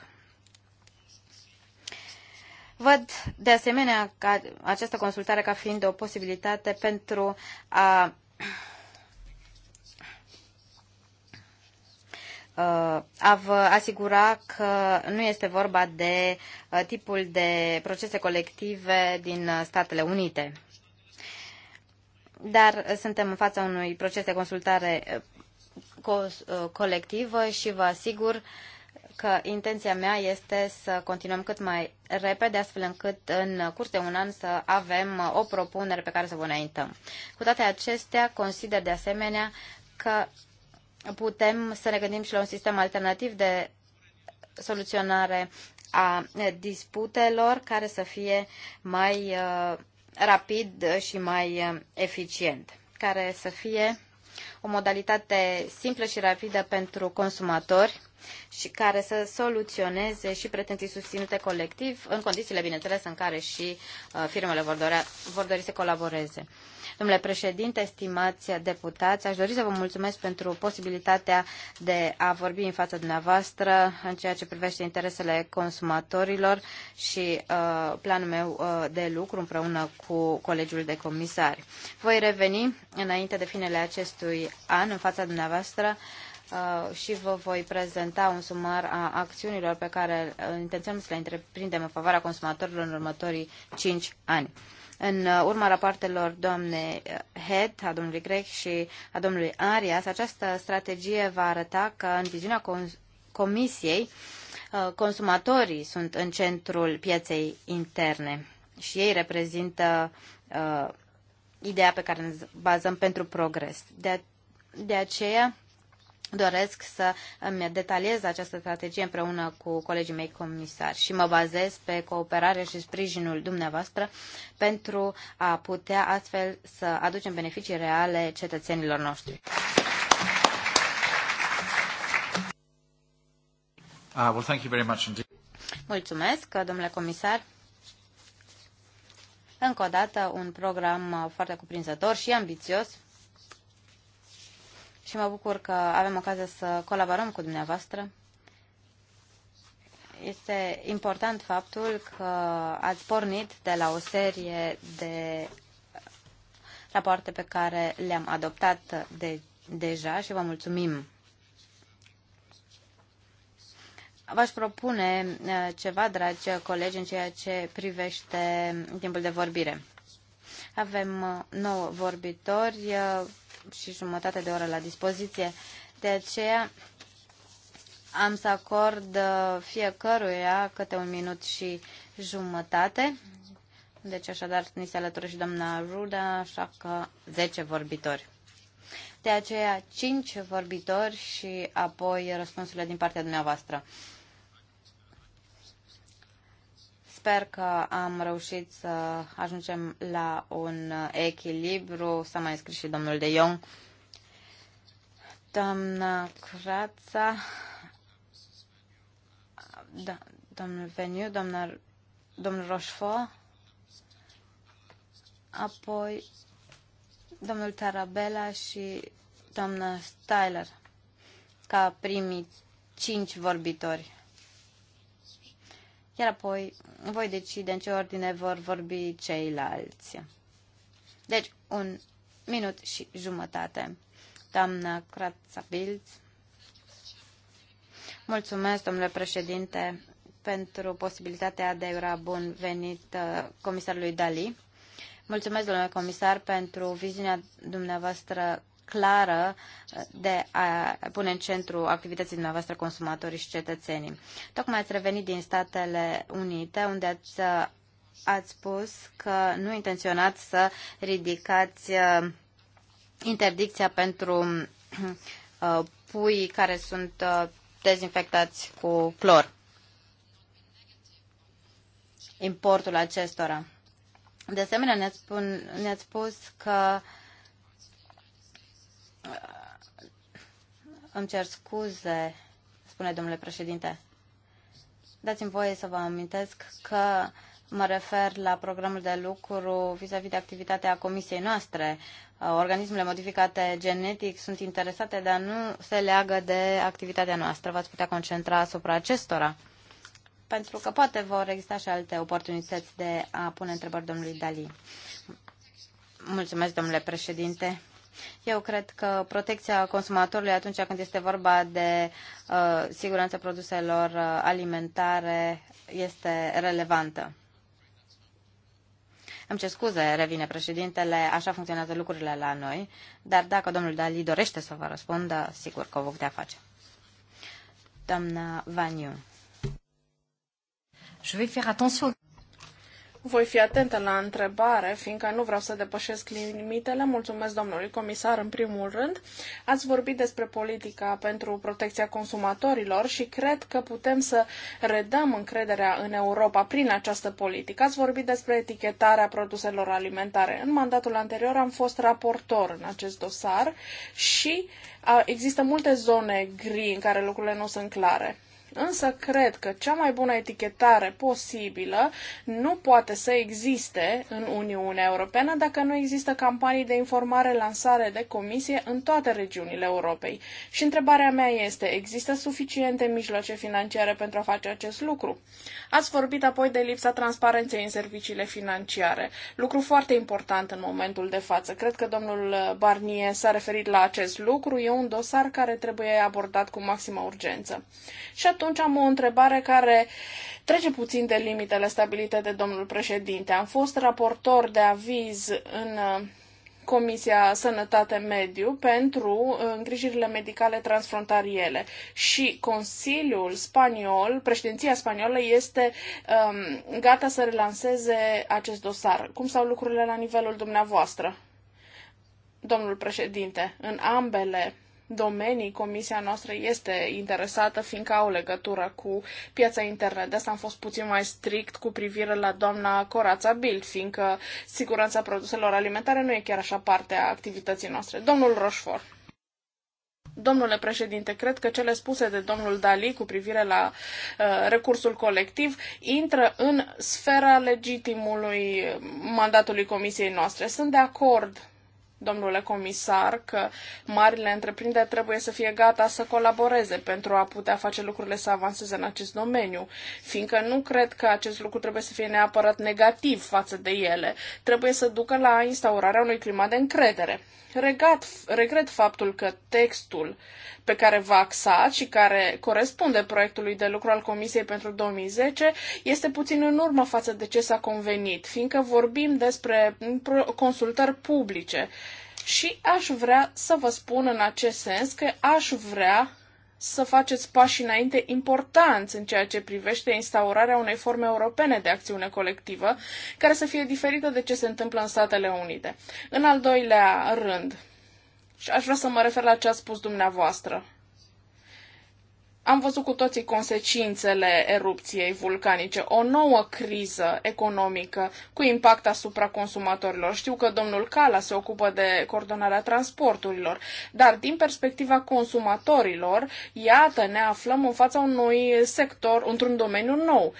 Speaker 2: Văd de asemenea ca această consultare ca fiind o posibilitate pentru a a vă asigura că nu este vorba de uh, tipul de procese colective din Statele Unite. Dar suntem în fața unui proces de consultare uh, co uh, colectivă și vă asigur că intenția mea este să continuăm cât mai repede, astfel încât în curs de un an să avem o propunere pe care să vă înaintăm. Cu toate acestea, consider de asemenea că putem să ne gândim și la un sistem alternativ de soluționare a disputelor care să fie mai uh, rapid și mai uh, eficient, care să fie o modalitate simplă și rapidă pentru consumatori și care să soluționeze și pretenții susținute colectiv, în condițiile, bineînțeles, în care și uh, firmele vor, dorea, vor dori să colaboreze. Domnule președinte, stimați deputați, aș dori să vă mulțumesc pentru posibilitatea de a vorbi în fața dumneavoastră în ceea ce privește interesele consumatorilor și uh, planul meu uh, de lucru împreună cu Colegiul de Comisari. Voi reveni înainte de finele acestui an în fața dumneavoastră uh, și vă voi prezenta un sumar a acțiunilor pe care uh, intenționăm să le întreprindem în favoarea consumatorilor în următorii 5 ani. În uh, urma rapoartelor doamnei uh, Head, a domnului Grec și a domnului Arias, această strategie va arăta că în viziunea Comisiei uh, consumatorii sunt în centrul pieței interne și ei reprezintă uh, ideea pe care ne bazăm pentru progres. De, de aceea doresc să îmi detaliez această strategie împreună cu colegii mei comisari și mă bazez pe cooperare și sprijinul dumneavoastră pentru a putea astfel să aducem beneficii reale cetățenilor noștri.
Speaker 1: Uh, well, thank you very much indeed.
Speaker 2: Mulțumesc, domnule comisar. Încă o dată, un program foarte cuprinzător și ambițios și mă bucur că avem ocazia să colaborăm cu dumneavoastră. Este important faptul că ați pornit de la o serie de rapoarte pe care le-am adoptat de, deja și vă mulțumim. V-aș propune uh, ceva, dragi colegi, în ceea ce privește timpul de vorbire. Avem uh, nouă vorbitori uh, și jumătate de oră la dispoziție. De aceea am să acord uh, fiecăruia câte un minut și jumătate. Deci așadar ni se alătură și doamna Ruda, așa că 10 vorbitori. De aceea 5 vorbitori și apoi răspunsurile din partea dumneavoastră. Sper că am reușit să ajungem la un echilibru. S-a mai scris și domnul De Ion. Doamna Crața, da, domnul Veniu, doamna, domnul Roșfo, apoi domnul Tarabella și doamna Styler, ca primii cinci vorbitori iar apoi voi decide în ce ordine vor vorbi ceilalți. Deci, un minut și jumătate. Doamna Crațabilț. Mulțumesc, domnule președinte, pentru posibilitatea de a ura bun venit uh, comisarului Dali. Mulțumesc, domnule comisar, pentru viziunea dumneavoastră clară uh, de a pune în centru activității dumneavoastră consumatorii și cetățenii. Tocmai ați revenit din Statele Unite, unde ați, uh, ați spus că nu intenționați să ridicați uh, interdicția pentru pui care sunt dezinfectați cu clor. Importul acestora. De asemenea, ne-ați, spus că uh, îmi cer scuze, spune domnule președinte. Dați-mi voie să vă amintesc că mă refer la programul de lucru vis-a-vis -vis de activitatea comisiei noastre. Uh, organismele modificate genetic sunt interesate, dar nu se leagă de activitatea noastră. V-ați putea concentra asupra acestora, pentru că poate vor exista și alte oportunități de a pune întrebări domnului Dali. Mulțumesc, domnule președinte. Eu cred că protecția consumatorului atunci când este vorba de uh, siguranța produselor uh, alimentare este relevantă. Îmi ce scuze, revine președintele, așa funcționează lucrurile la noi, dar dacă domnul Dali dorește să vă răspundă, sigur că o vom putea face. Doamna Vaniu. Je vais faire attention.
Speaker 5: Voi fi atentă la întrebare, fiindcă nu vreau să depășesc limitele. Mulțumesc domnului comisar în primul rând. Ați vorbit despre politica pentru protecția consumatorilor și cred că putem să redăm încrederea în Europa prin această politică. Ați vorbit despre etichetarea produselor alimentare. În mandatul anterior am fost raportor în acest dosar și există multe zone gri în care lucrurile nu sunt clare. Însă cred că cea mai bună etichetare posibilă nu poate să existe în Uniunea Europeană dacă nu există campanii de informare lansare de comisie în toate regiunile Europei. Și întrebarea mea este, există suficiente mijloace financiare pentru a face acest lucru? Ați vorbit apoi de lipsa transparenței în serviciile financiare, lucru foarte important în momentul de față. Cred că domnul Barnier s-a referit la acest lucru, e un dosar care trebuie abordat cu maximă urgență. Și atunci, atunci am o întrebare care trece puțin de limitele stabilite de domnul președinte. Am fost raportor de aviz în uh, Comisia Sănătate Mediu pentru uh, îngrijirile medicale transfrontaliere și Consiliul Spaniol, președinția spaniolă este um, gata să relanseze acest dosar. Cum stau lucrurile la nivelul dumneavoastră? Domnul președinte, în ambele domenii comisia noastră este interesată, fiindcă au legătură cu piața internă. De asta am fost puțin mai strict cu privire la doamna Corața Bild, fiindcă siguranța produselor alimentare nu e chiar așa parte a activității noastre. Domnul Roșfor. Domnule președinte, cred că cele spuse de domnul Dali cu privire la uh, recursul colectiv intră în sfera legitimului mandatului comisiei noastre. Sunt de acord domnule comisar, că marile întreprinderi trebuie să fie gata să colaboreze pentru a putea face lucrurile să avanseze în acest domeniu, fiindcă nu cred că acest lucru trebuie să fie neapărat negativ față de ele. Trebuie să ducă la instaurarea unui climat de încredere. Regat, regret faptul că textul pe care v-a axat și care corespunde proiectului de lucru al Comisiei pentru 2010 este puțin în urmă față de ce s-a convenit, fiindcă vorbim despre consultări publice și aș vrea să vă spun în acest sens că aș vrea să faceți pași înainte importanți în ceea ce privește instaurarea unei forme europene de acțiune colectivă, care să fie diferită de ce se întâmplă în Statele Unite. În al doilea rând, și aș vrea să mă refer la ce a spus dumneavoastră, am văzut cu toții consecințele erupției vulcanice, o nouă criză economică cu impact asupra consumatorilor. Știu că domnul Cala se ocupă de coordonarea transporturilor, dar din perspectiva consumatorilor, iată, ne aflăm în fața unui sector, într-un domeniu nou.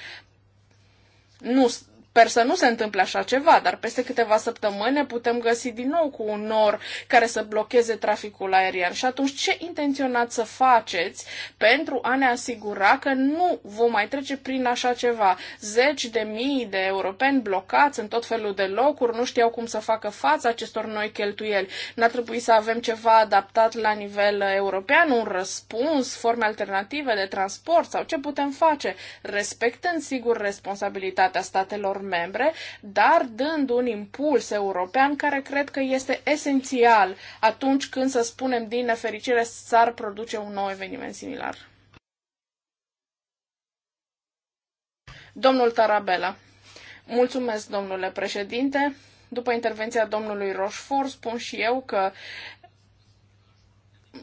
Speaker 5: Nu Sper să nu se întâmple așa ceva, dar peste câteva săptămâni ne putem găsi din nou cu un nor care să blocheze traficul aerian. Și atunci ce intenționați să faceți pentru a ne asigura că nu vom mai trece prin așa ceva? Zeci de mii de europeni blocați în tot felul de locuri, nu știau cum să facă față acestor noi cheltuieli. N-ar trebui să avem ceva adaptat la nivel european, un răspuns, forme alternative de transport sau ce putem face, respectând sigur responsabilitatea statelor membre, dar dând un impuls european care cred că este esențial atunci când, să spunem, din nefericire s-ar produce un nou eveniment similar. Domnul Tarabela. Mulțumesc, domnule președinte. După intervenția domnului Rochefort, spun și eu că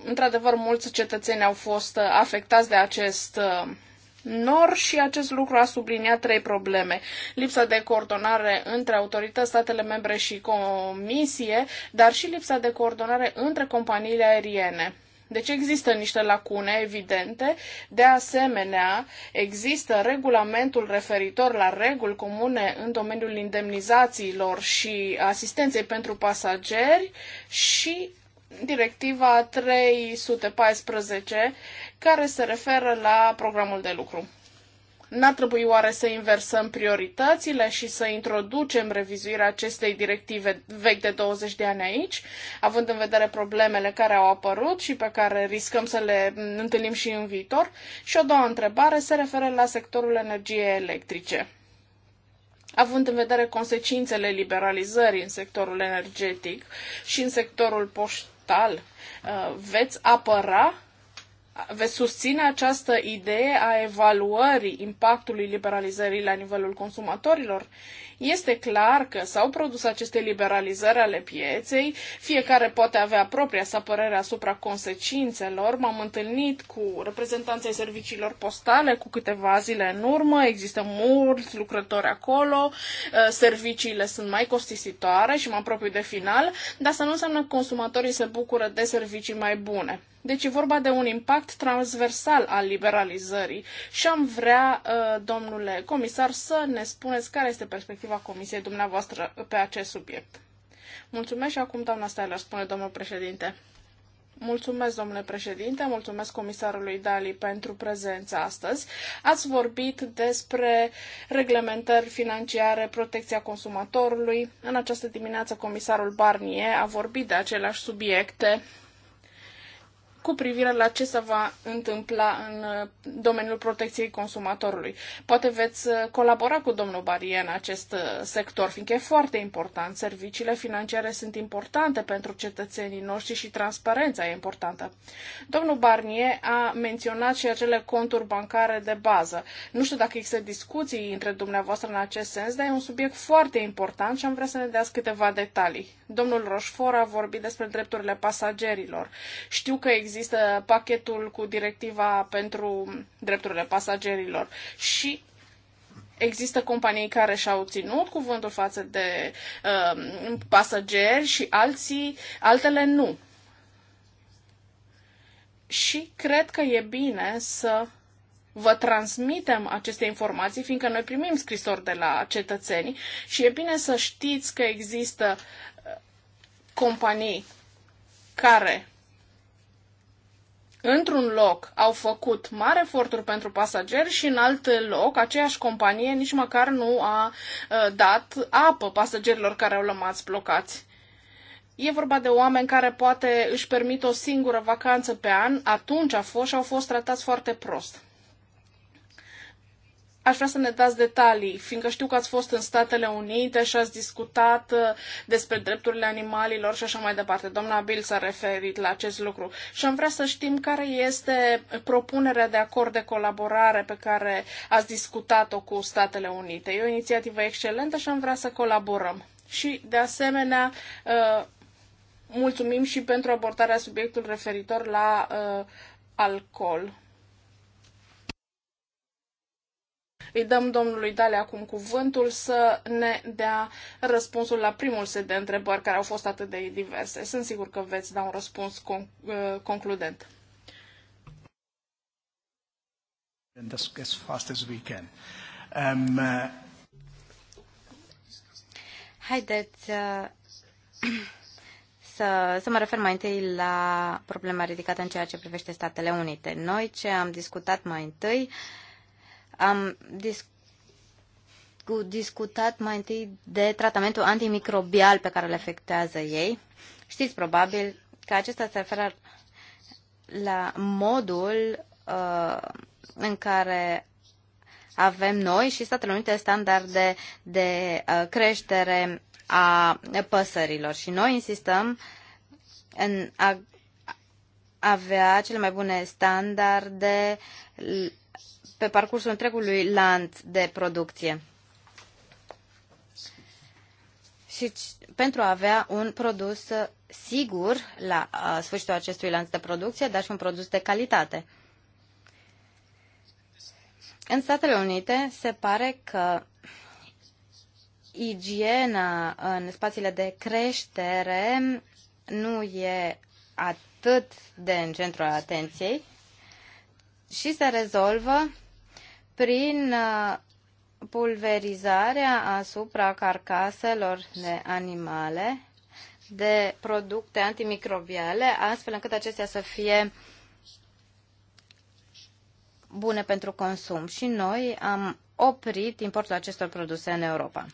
Speaker 5: într-adevăr mulți cetățeni au fost afectați de acest uh, nor și acest lucru a subliniat trei probleme. Lipsa de coordonare între autorități, statele membre și comisie, dar și lipsa de coordonare între companiile aeriene. Deci există niște lacune evidente. De asemenea, există regulamentul referitor la reguli comune în domeniul indemnizațiilor și asistenței pentru pasageri și directiva 314 care se referă la programul de lucru. N-ar trebui oare să inversăm prioritățile și să introducem revizuirea acestei directive vechi de 20 de ani aici, având în vedere problemele care au apărut și pe care riscăm să le întâlnim și în viitor? Și o doua întrebare se referă la sectorul energiei electrice. Având în vedere consecințele liberalizării în sectorul energetic și în sectorul poștal, uh, veți apăra veți susține această idee a evaluării impactului liberalizării la nivelul consumatorilor? Este clar că s-au produs aceste liberalizări ale pieței, fiecare poate avea propria sa părere asupra consecințelor. M-am întâlnit cu reprezentanții serviciilor postale cu câteva zile în urmă, există mulți lucrători acolo, uh, serviciile sunt mai costisitoare și mă apropiu de final, dar să nu înseamnă că consumatorii se bucură de servicii mai bune. Deci e vorba de un impact transversal al liberalizării și am vrea, uh, domnule comisar, să ne spuneți care este perspectiva comisiei dumneavoastră pe acest subiect. Mulțumesc și acum, doamna Steiler, spune domnul președinte. Mulțumesc, domnule președinte, mulțumesc comisarului Dali pentru prezența astăzi. Ați vorbit despre reglementări financiare, protecția consumatorului. În această dimineață, comisarul Barnier a vorbit de aceleași subiecte cu privire la ce se va întâmpla în uh, domeniul protecției consumatorului. Poate veți uh, colabora cu domnul Barie în acest uh, sector, fiindcă e foarte important. Serviciile financiare sunt importante pentru cetățenii noștri și transparența e importantă. Domnul Barnier a menționat și acele conturi bancare de bază. Nu știu dacă există discuții între dumneavoastră în acest sens, dar e un subiect foarte important și am vrea să ne dați câteva detalii. Domnul Roșfor a vorbit despre drepturile pasagerilor. Știu că există există pachetul cu directiva pentru drepturile pasagerilor și există companii care și-au ținut cuvântul față de uh, pasageri și alții, altele nu. Și cred că e bine să vă transmitem aceste informații, fiindcă noi primim scrisori de la cetățeni și e bine să știți că există uh, companii care într-un loc au făcut mari eforturi pentru pasageri și în alt loc aceeași companie nici măcar nu a ă, dat apă pasagerilor care au rămas blocați. E vorba de oameni care poate își permit o singură vacanță pe an, atunci a fost și au fost tratați foarte prost. Aș vrea să ne dați detalii, fiindcă știu că ați fost în Statele Unite și ați discutat uh, despre drepturile animalilor și așa mai departe. Doamna Bill s-a referit la acest lucru și am vrea să știm care este propunerea de acord de colaborare pe care ați discutat-o cu Statele Unite. E o inițiativă excelentă și am vrea să colaborăm. Și, de asemenea, uh, mulțumim și pentru abordarea subiectului referitor la uh, alcool Îi dăm domnului Dale acum cuvântul să ne dea răspunsul la primul set de întrebări care au fost atât de diverse. Sunt sigur că veți da un răspuns uh, concludent.
Speaker 1: As fast as we can. Um, uh...
Speaker 2: Haideți uh, să, să mă refer mai întâi la problema ridicată în ceea ce privește Statele Unite. Noi ce am discutat mai întâi uh, am discutat mai întâi de tratamentul antimicrobial pe care îl efectează ei. Știți probabil că acesta se referă la modul uh, în care avem noi și Statele Unite standarde de uh, creștere a păsărilor și noi insistăm în a avea cele mai bune standarde pe parcursul întregului lanț de producție. Și pentru a avea un produs sigur la sfârșitul acestui lanț de producție, dar și un produs de calitate. În Statele Unite se pare că igiena în spațiile de creștere nu e atât de în centrul atenției și se rezolvă prin uh, pulverizarea asupra carcaselor de animale de producte antimicrobiale, astfel încât acestea să fie bune pentru consum. Și noi am oprit importul acestor produse în Europa.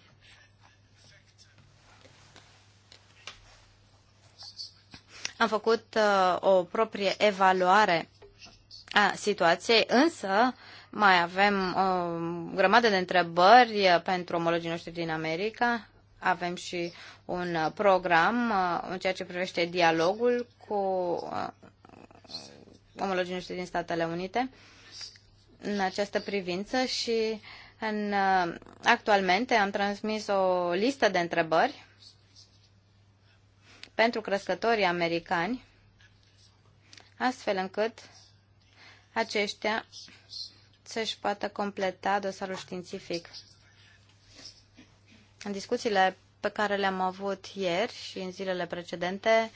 Speaker 2: Am făcut uh, o proprie evaluare a situației, însă mai avem o grămadă de întrebări uh, pentru omologii noștri din America. Avem și un uh, program uh, în ceea ce privește dialogul cu omologii noștri din Statele Unite în această privință și în, actualmente am transmis o listă de întrebări pentru crescătorii americani, astfel încât aceștia să își poată completa dosarul științific. În discuțiile pe care le-am avut ieri și în zilele precedente,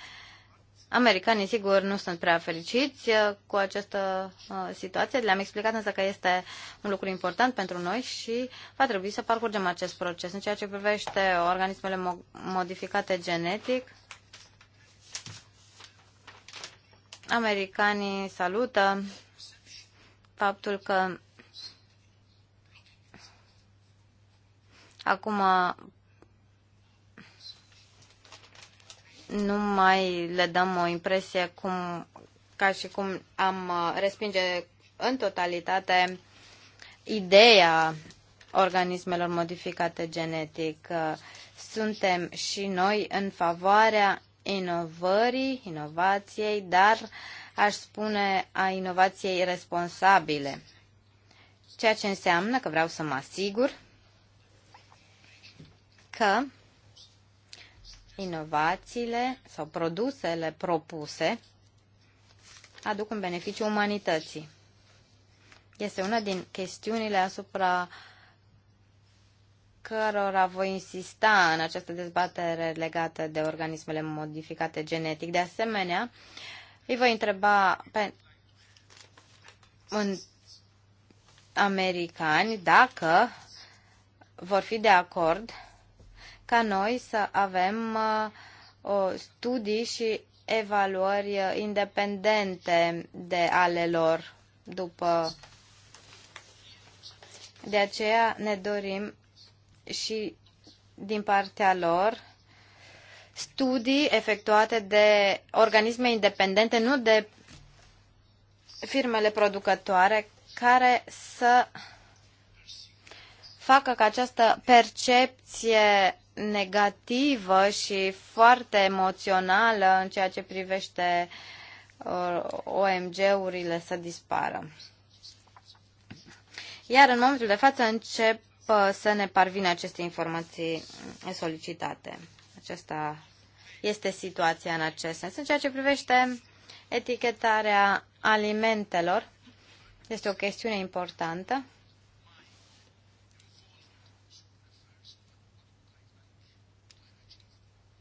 Speaker 2: americanii, sigur, nu sunt prea fericiți uh, cu această uh, situație. Le-am explicat însă că este un lucru important pentru noi și va trebui să parcurgem acest proces. În ceea ce privește organismele modificate genetic, americanii salută faptul că acum nu mai le dăm o impresie cum, ca și cum am uh, respinge în totalitate ideea organismelor modificate genetic. Uh, suntem și noi în favoarea inovării, inovației, dar uh, aș spune, a inovației responsabile. Ceea ce înseamnă că vreau să mă asigur că inovațiile sau produsele propuse aduc un beneficiu umanității. Este una din chestiunile asupra cărora voi insista în această dezbatere legată de organismele modificate genetic. De asemenea, uh, îi voi întreba pe în americani dacă vor fi de acord ca noi să avem uh, studii și evaluări independente de ale lor după. De aceea ne dorim și din partea lor studii efectuate de organisme independente, nu de firmele producătoare, care să facă ca această percepție negativă și foarte emoțională în ceea ce privește uh, OMG-urile să dispară. Iar în momentul de față încep uh, să ne parvină aceste informații solicitate. Aceasta este situația în acest sens. În ceea ce privește etichetarea alimentelor, este o chestiune importantă.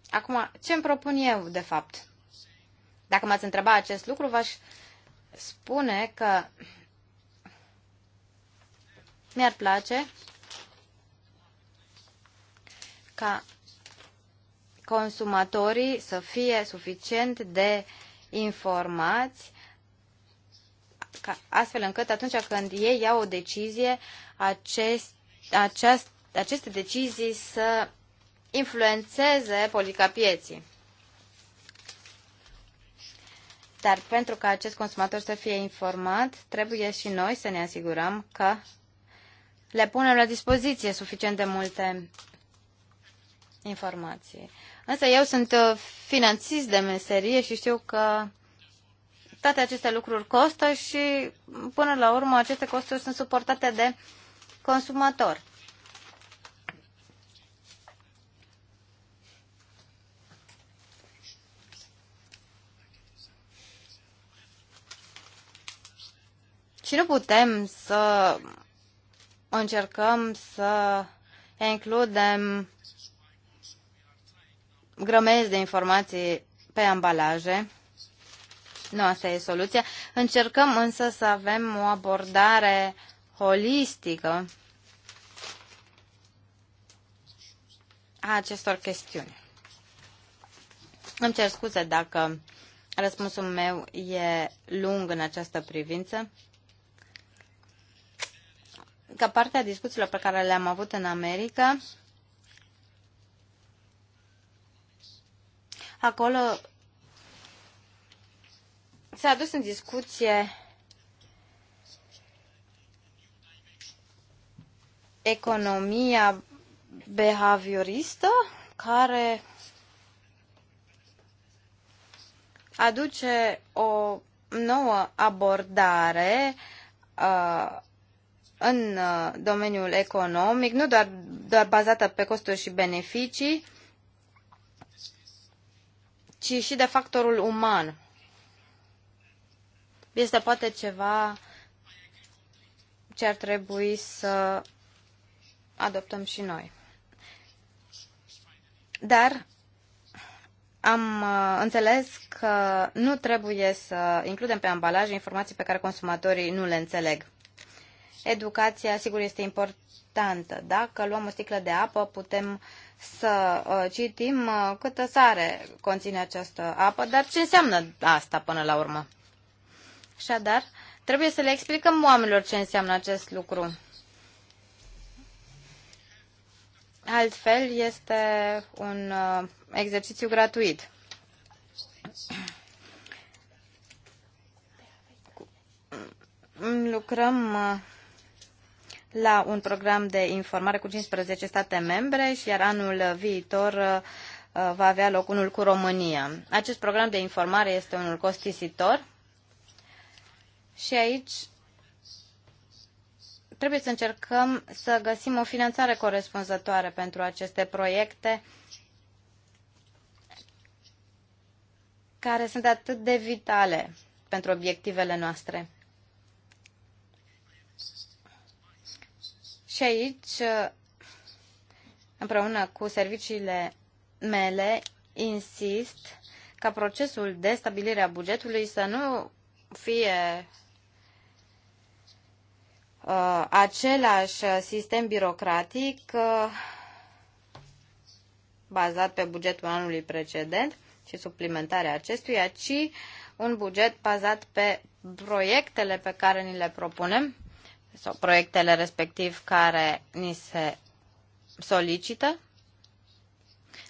Speaker 2: Acum, ce îmi propun eu, de fapt? Dacă m-ați întrebat acest lucru, v-aș spune că mi-ar place ca consumatorii să fie suficient de informați ca, astfel încât atunci când ei iau o decizie, acest, aceast, aceste decizii să influențeze politica pieții. Dar pentru ca acest consumator să fie informat, trebuie și noi să ne asigurăm că le punem la dispoziție suficient de multe informații. Însă eu sunt uh, finanțist de meserie și știu că toate aceste lucruri costă și până la urmă aceste costuri sunt suportate de consumator. Și nu putem să încercăm să includem grămezi de informații pe ambalaje. Nu asta e soluția. Încercăm însă să avem o abordare holistică a acestor chestiuni. Îmi cer scuze dacă răspunsul meu e lung în această privință. Ca parte a discuțiilor pe care le-am avut în America, Acolo s-a adus în discuție economia behavioristă care aduce o nouă abordare uh, în uh, domeniul economic, nu doar, doar bazată pe costuri și beneficii, ci și de factorul uman. Este poate ceva ce ar trebui să adoptăm și noi. Dar am uh, înțeles că nu trebuie să includem pe ambalaje informații pe care consumatorii nu le înțeleg. Educația, sigur, este importantă. Dacă luăm o sticlă de apă, putem uh, să uh, citim uh, câtă sare conține această apă, dar ce înseamnă asta până la urmă? Așadar, trebuie să le explicăm oamenilor ce înseamnă acest lucru. Altfel, este un uh, exercițiu gratuit. Lucrăm la un program de informare cu 15 state membre și iar anul viitor uh, uh, va avea loc unul cu România. Acest program de informare este unul costisitor și aici trebuie să încercăm să găsim o finanțare corespunzătoare pentru aceste proiecte care sunt atât de vitale pentru obiectivele noastre. Și aici, împreună cu serviciile mele, insist ca procesul de stabilire a bugetului să nu fie uh, același sistem birocratic uh, bazat pe bugetul anului precedent și suplimentarea acestuia, ci un buget bazat pe proiectele pe care ni le propunem sau proiectele respectiv care ni se solicită,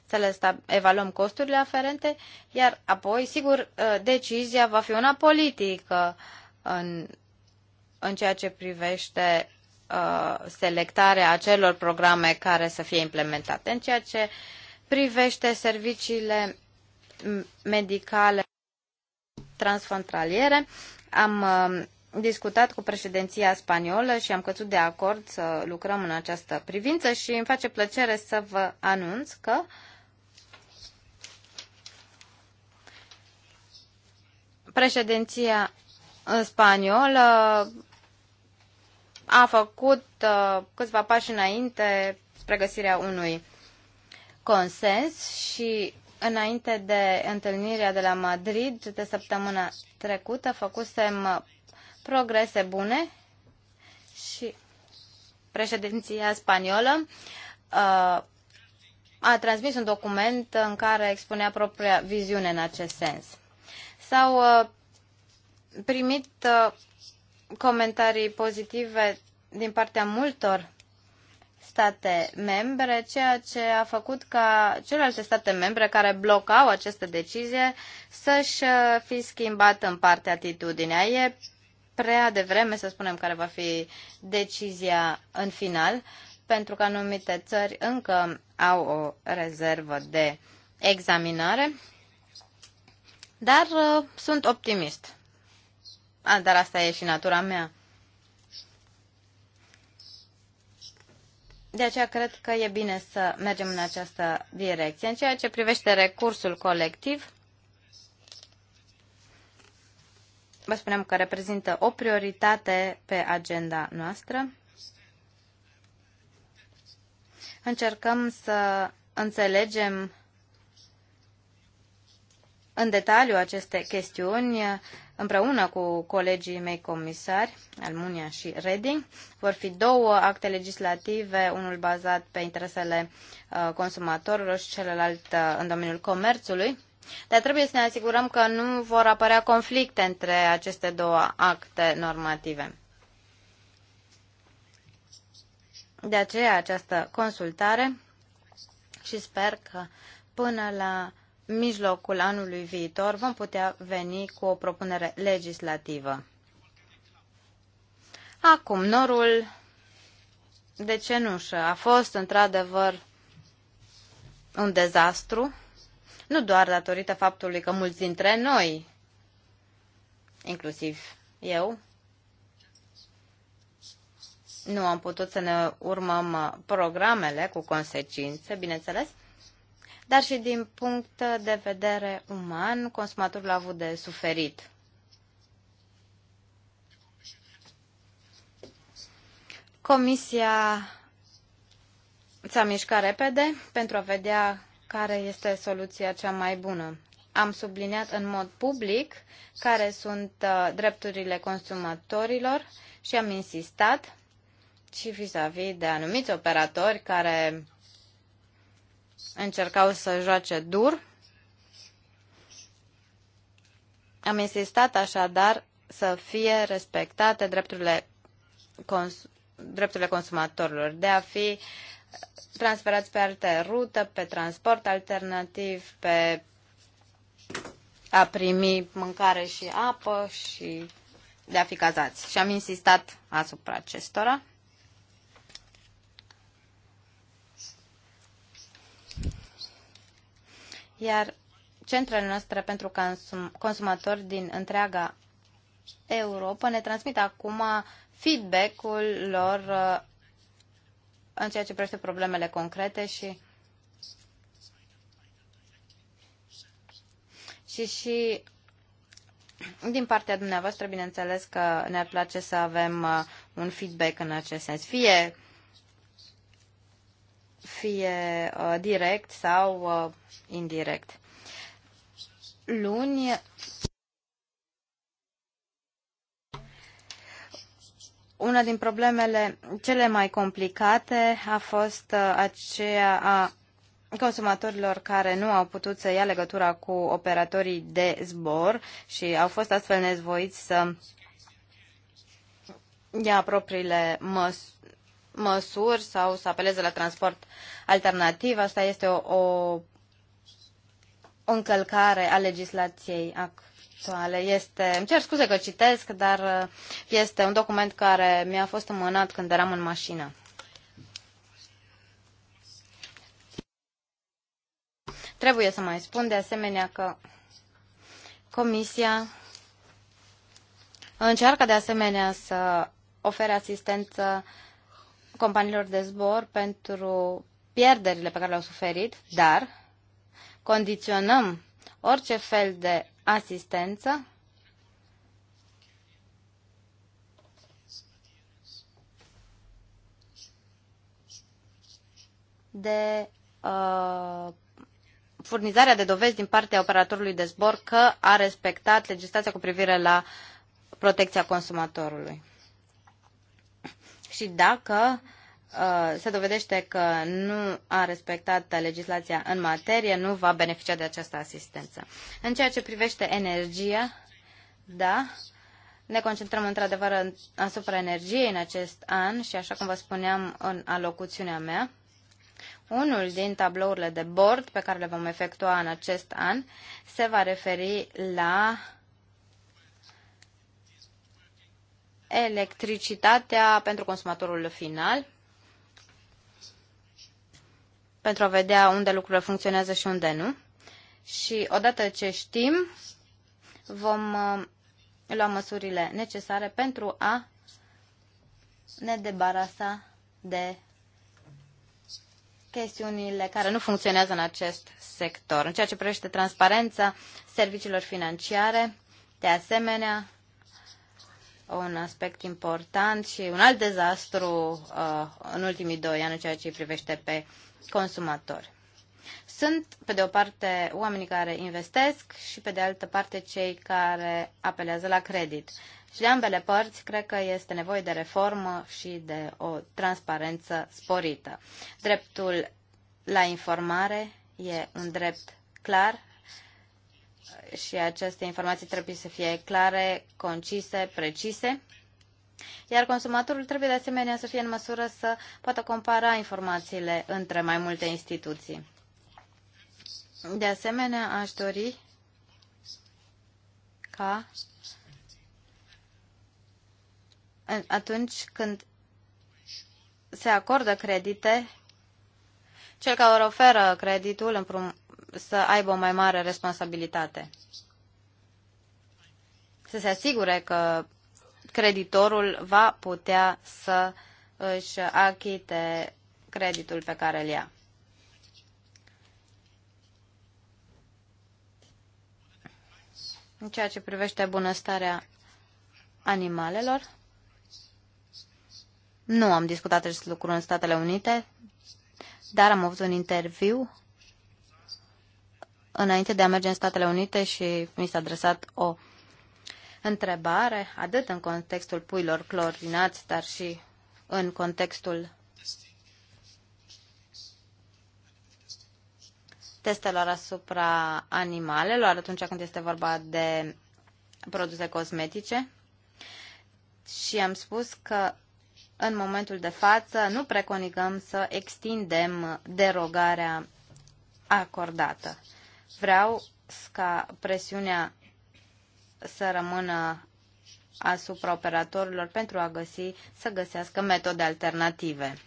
Speaker 2: să le evaluăm costurile aferente, iar apoi, sigur, ă, decizia va fi una politică în, în ceea ce privește ă, selectarea acelor programe care să fie implementate. În ceea ce privește serviciile medicale transfrontaliere, am uh, discutat cu președinția spaniolă și am căzut de acord să lucrăm în această privință și îmi face plăcere să vă anunț că președinția spaniolă a făcut uh, câțiva pași înainte spre găsirea unui consens și înainte de întâlnirea de la Madrid de săptămâna trecută făcusem progrese bune și președinția spaniolă uh, a transmis un document în care expunea propria viziune în acest sens. S-au uh, primit uh, comentarii pozitive din partea multor state membre, ceea ce a făcut ca celelalte state membre care blocau aceste decizie să-și fi schimbat în parte atitudinea. E prea devreme să spunem care va fi decizia în final, pentru că anumite țări încă au o rezervă de examinare, dar uh, sunt optimist. A, dar asta e și natura mea. De aceea cred că e bine să mergem în această direcție. În ceea ce privește recursul colectiv, vă spuneam că reprezintă o prioritate pe agenda noastră. Încercăm să înțelegem în detaliu aceste chestiuni împreună cu colegii mei comisari, Almunia și Reding. Vor fi două acte legislative, unul bazat pe interesele uh, consumatorilor și celălalt uh, în domeniul comerțului. Dar trebuie să ne asigurăm că nu vor apărea conflicte între aceste două acte normative. De aceea această consultare și sper că până la mijlocul anului viitor vom putea veni cu o propunere legislativă. Acum, norul de cenușă a fost într-adevăr un dezastru nu doar datorită faptului că mulți dintre noi, inclusiv eu, nu am putut să ne urmăm programele cu consecințe, bineînțeles, dar și din punct de vedere uman, consumatorul a avut de suferit. Comisia s-a mișcat repede pentru a vedea care este soluția cea mai bună. Am subliniat în mod public care sunt uh, drepturile consumatorilor și am insistat și vis-a-vis -vis de anumiți operatori care încercau să joace dur. Am insistat așadar să fie respectate drepturile, cons- drepturile consumatorilor, de a fi transferați pe alte rută, pe transport alternativ, pe a primi mâncare și apă și de a fi cazați. Și am insistat asupra acestora. Iar centrele noastre pentru consum- consumatori din întreaga Europa ne transmit acum feedback-ul lor uh, în ceea ce privește problemele concrete și și, și din partea dumneavoastră, bineînțeles că ne-ar place să avem uh, un feedback în acest sens, fie, fie uh, direct sau uh, indirect. Luni Una din problemele cele mai complicate a fost uh, aceea a consumatorilor care nu au putut să ia legătura cu operatorii de zbor și au fost astfel nevoiți să ia propriile măs- măsuri sau să apeleze la transport alternativ. Asta este o, o, încălcare a legislației actuale sexuale. Este, îmi cer scuze că citesc, dar uh, este un document care mi-a fost înmânat când eram în mașină. Trebuie să mai spun de asemenea că Comisia încearcă de asemenea să ofere asistență companiilor de zbor pentru pierderile pe care le-au suferit, dar condiționăm orice fel de asistență de uh, furnizarea de dovezi din partea operatorului de zbor că a respectat legislația cu privire la protecția consumatorului. Și dacă uh, Uh, se dovedește că nu a respectat legislația în materie, nu va beneficia de această asistență. În ceea ce privește energia, da, ne concentrăm într-adevăr asupra energiei în acest an și așa cum vă spuneam în alocuțiunea mea, unul din tablourile de bord pe care le vom efectua în acest an se va referi la electricitatea pentru consumatorul final, pentru a vedea unde lucrurile funcționează și unde nu. Și odată ce știm, vom uh, lua măsurile necesare pentru a ne debarasa de chestiunile care nu funcționează în acest sector. În ceea ce privește transparența serviciilor financiare, de asemenea, un aspect important și un alt dezastru uh, în ultimii doi ani în ceea ce privește pe uh, consumator. Sunt, pe de o parte, oamenii care investesc și, pe de altă parte, cei care apelează la credit. Și de ambele părți, cred că este nevoie de reformă și de o transparență sporită. Dreptul la informare e un drept clar și aceste informații trebuie să fie clare, concise, precise iar consumatorul trebuie de asemenea să fie în măsură să poată compara informațiile între mai multe instituții. De asemenea, aș dori ca atunci când se acordă credite, cel care oferă creditul împrum, să aibă o mai mare responsabilitate. Să se asigure că creditorul va putea să își achite creditul pe care îl ia. În ceea ce privește bunăstarea animalelor, nu am discutat acest lucru în Statele Unite, dar am avut un interviu înainte de a merge în Statele Unite și mi s-a adresat o întrebare, atât în contextul puilor clorinați, dar și în contextul testelor asupra animalelor atunci când este vorba de produse cosmetice. Și am spus că în momentul de față nu preconizăm să extindem derogarea acordată. Vreau ca presiunea să rămână asupra operatorilor pentru a găsi, să găsească metode alternative.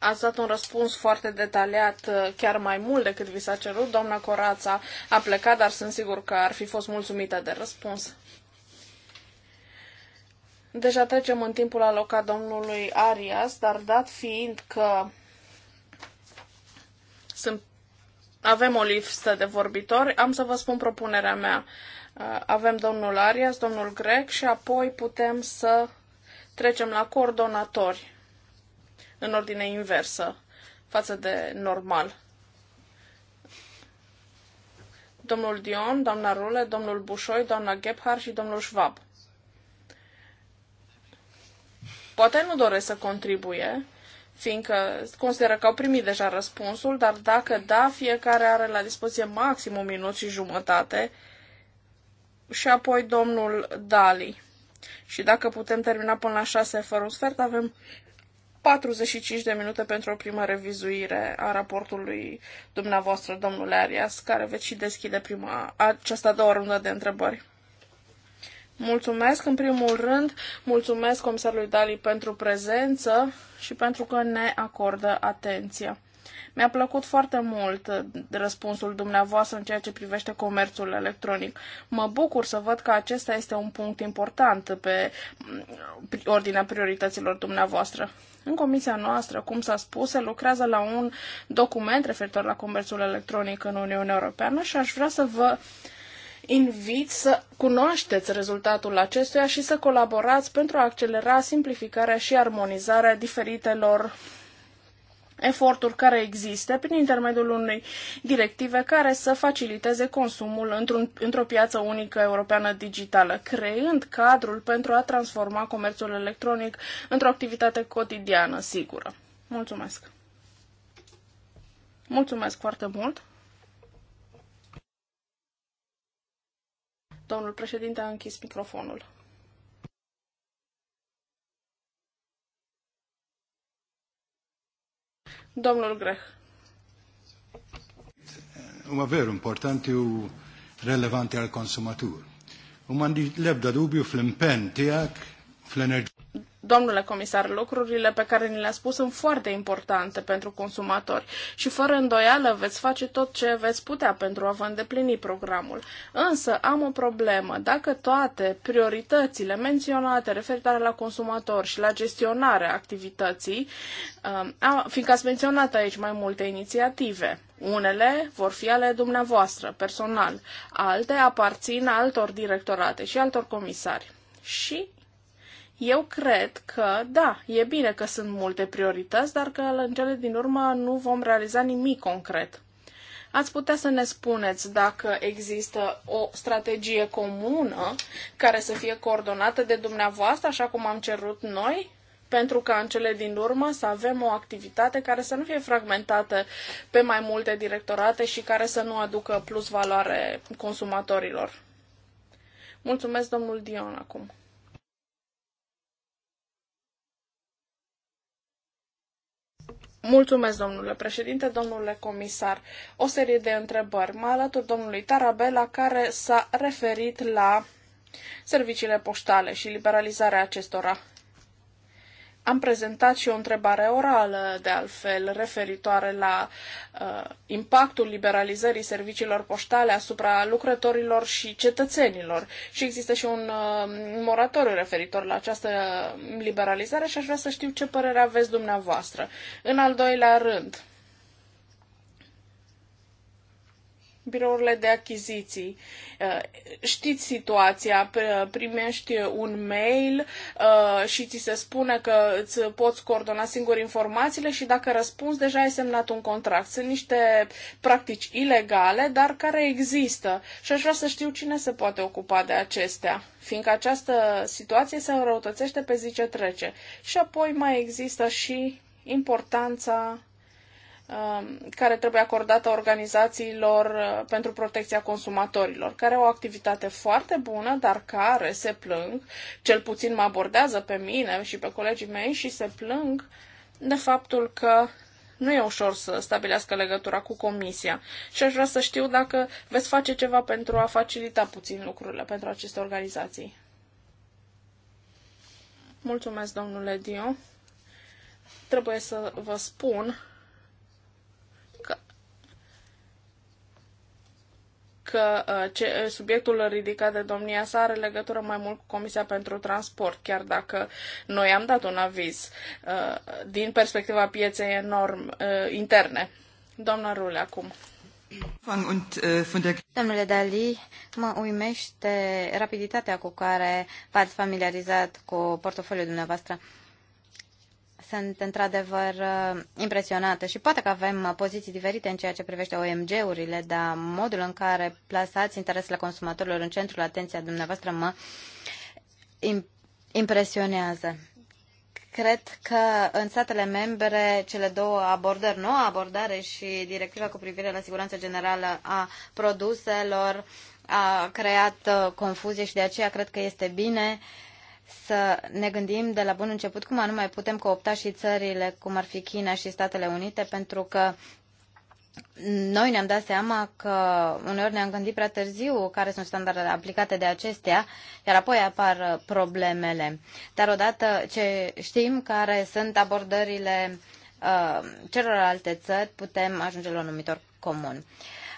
Speaker 2: Ați dat un răspuns foarte detaliat,
Speaker 5: uh, chiar mai mult decât vi s-a cerut. Doamna Corața a plecat, dar sunt sigur că ar fi fost mulțumită de răspuns. Deja trecem în timpul alocat domnului Arias, dar dat fiind că sunt avem o listă de vorbitori. Am să vă spun propunerea mea. Uh, avem domnul Arias, domnul Grec și apoi putem să trecem la coordonatori în ordine inversă față de normal. Domnul Dion, doamna Rule, domnul Bușoi, doamna Gebhar și domnul Schwab. Poate nu doresc să contribuie, fiindcă consideră că au primit deja răspunsul, dar dacă da, fiecare are la dispoziție maxim un minut și jumătate și apoi domnul Dali. Și dacă putem termina până la 6 fără un sfert, avem 45 de minute pentru o primă revizuire a raportului dumneavoastră, domnule Arias, care veți și deschide prima, această a doua rundă de întrebări. Mulțumesc, în primul rând, mulțumesc comisarului Dali pentru prezență și pentru că ne acordă atenția. Mi-a plăcut foarte mult răspunsul dumneavoastră în ceea ce privește comerțul electronic. Mă bucur să văd că acesta este un punct important pe ordinea priorităților dumneavoastră. În comisia noastră, cum s-a spus, se lucrează la un document referitor la comerțul electronic în Uniunea Europeană și aș vrea să vă invit să cunoașteți rezultatul acestuia și să colaborați pentru a accelera simplificarea și armonizarea diferitelor eforturi care există prin intermediul unei directive care să faciliteze consumul într într-o piață unică europeană digitală, creând cadrul pentru a transforma comerțul electronic într-o activitate cotidiană sigură. Mulțumesc! Mulțumesc foarte mult! Domnul președinte a închis microfonul. Domnul Greh.
Speaker 4: aver veru importanti u al consumatorului, un U de lebda dubju fl-impen tijak,
Speaker 5: Domnule comisar, lucrurile pe care ni le-a spus sunt foarte importante pentru consumatori și fără îndoială veți face tot ce veți putea pentru a vă îndeplini programul. Însă am o problemă. Dacă toate prioritățile menționate referitoare la consumatori și la gestionarea activității, um, fiindcă ați menționat aici mai multe inițiative, unele vor fi ale dumneavoastră, personal, alte aparțin altor directorate și altor comisari. Și eu cred că, da, e bine că sunt multe priorități, dar că în cele din urmă nu vom realiza nimic concret. Ați putea să ne spuneți dacă există o strategie comună care să fie coordonată de dumneavoastră, așa cum am cerut noi, pentru ca în cele din urmă să avem o activitate care să nu fie fragmentată pe mai multe directorate și care să nu aducă plus valoare consumatorilor. Mulțumesc, domnul Dion, acum. Mulțumesc, domnule președinte, domnule comisar. O serie de întrebări. Mă alătur domnului Tarabella, care s-a referit la serviciile poștale și liberalizarea acestora. Am prezentat și o întrebare orală, de altfel, referitoare la uh, impactul liberalizării serviciilor poștale asupra lucrătorilor și cetățenilor. Și există și un uh, moratoriu referitor la această liberalizare și aș vrea să știu ce părere aveți dumneavoastră. În al doilea rând, birourile de achiziții. Uh, știți situația, primești un mail uh, și ți se spune că îți poți coordona singur informațiile și dacă răspunzi, deja ai semnat un contract. Sunt niște practici ilegale, dar care există și aș vrea să știu cine se poate ocupa de acestea, fiindcă această situație se înrăutățește pe zi ce trece. Și apoi mai există și importanța Um, care trebuie acordată organizațiilor uh, pentru protecția consumatorilor, care au o activitate foarte bună, dar care se plâng, cel puțin mă abordează pe mine și pe colegii mei și se plâng de faptul că nu e ușor să stabilească legătura cu comisia. Și aș vrea să știu dacă veți face ceva pentru a facilita puțin lucrurile pentru aceste organizații. Mulțumesc, domnule Dio. Trebuie să vă spun că uh, ce, subiectul ridicat de domnia sa are legătură mai mult cu Comisia pentru Transport, chiar dacă noi am dat un aviz uh, din perspectiva pieței enorm uh, interne. Doamna
Speaker 2: Rule, acum. Domnule Dali, mă uimește rapiditatea cu care v-ați familiarizat cu portofoliul dumneavoastră sunt într-adevăr uh, impresionată și poate că avem uh, poziții diferite în ceea ce privește OMG-urile, dar modul în care plasați interesele consumatorilor în centrul atenției dumneavoastră mă impresionează. Cred că în statele membre cele două abordări, noua abordare și directiva cu privire la siguranța generală a produselor a creat uh, confuzie și de aceea cred că este bine uh, să ne gândim de la bun început cum anume putem coopta și țările cum ar fi China și Statele Unite, pentru că noi ne-am dat seama că uneori ne-am gândit prea târziu care sunt standardele aplicate de acestea, iar apoi apar problemele. Dar odată ce știm care sunt abordările Uh, celorlalte țări putem ajunge la un numitor comun.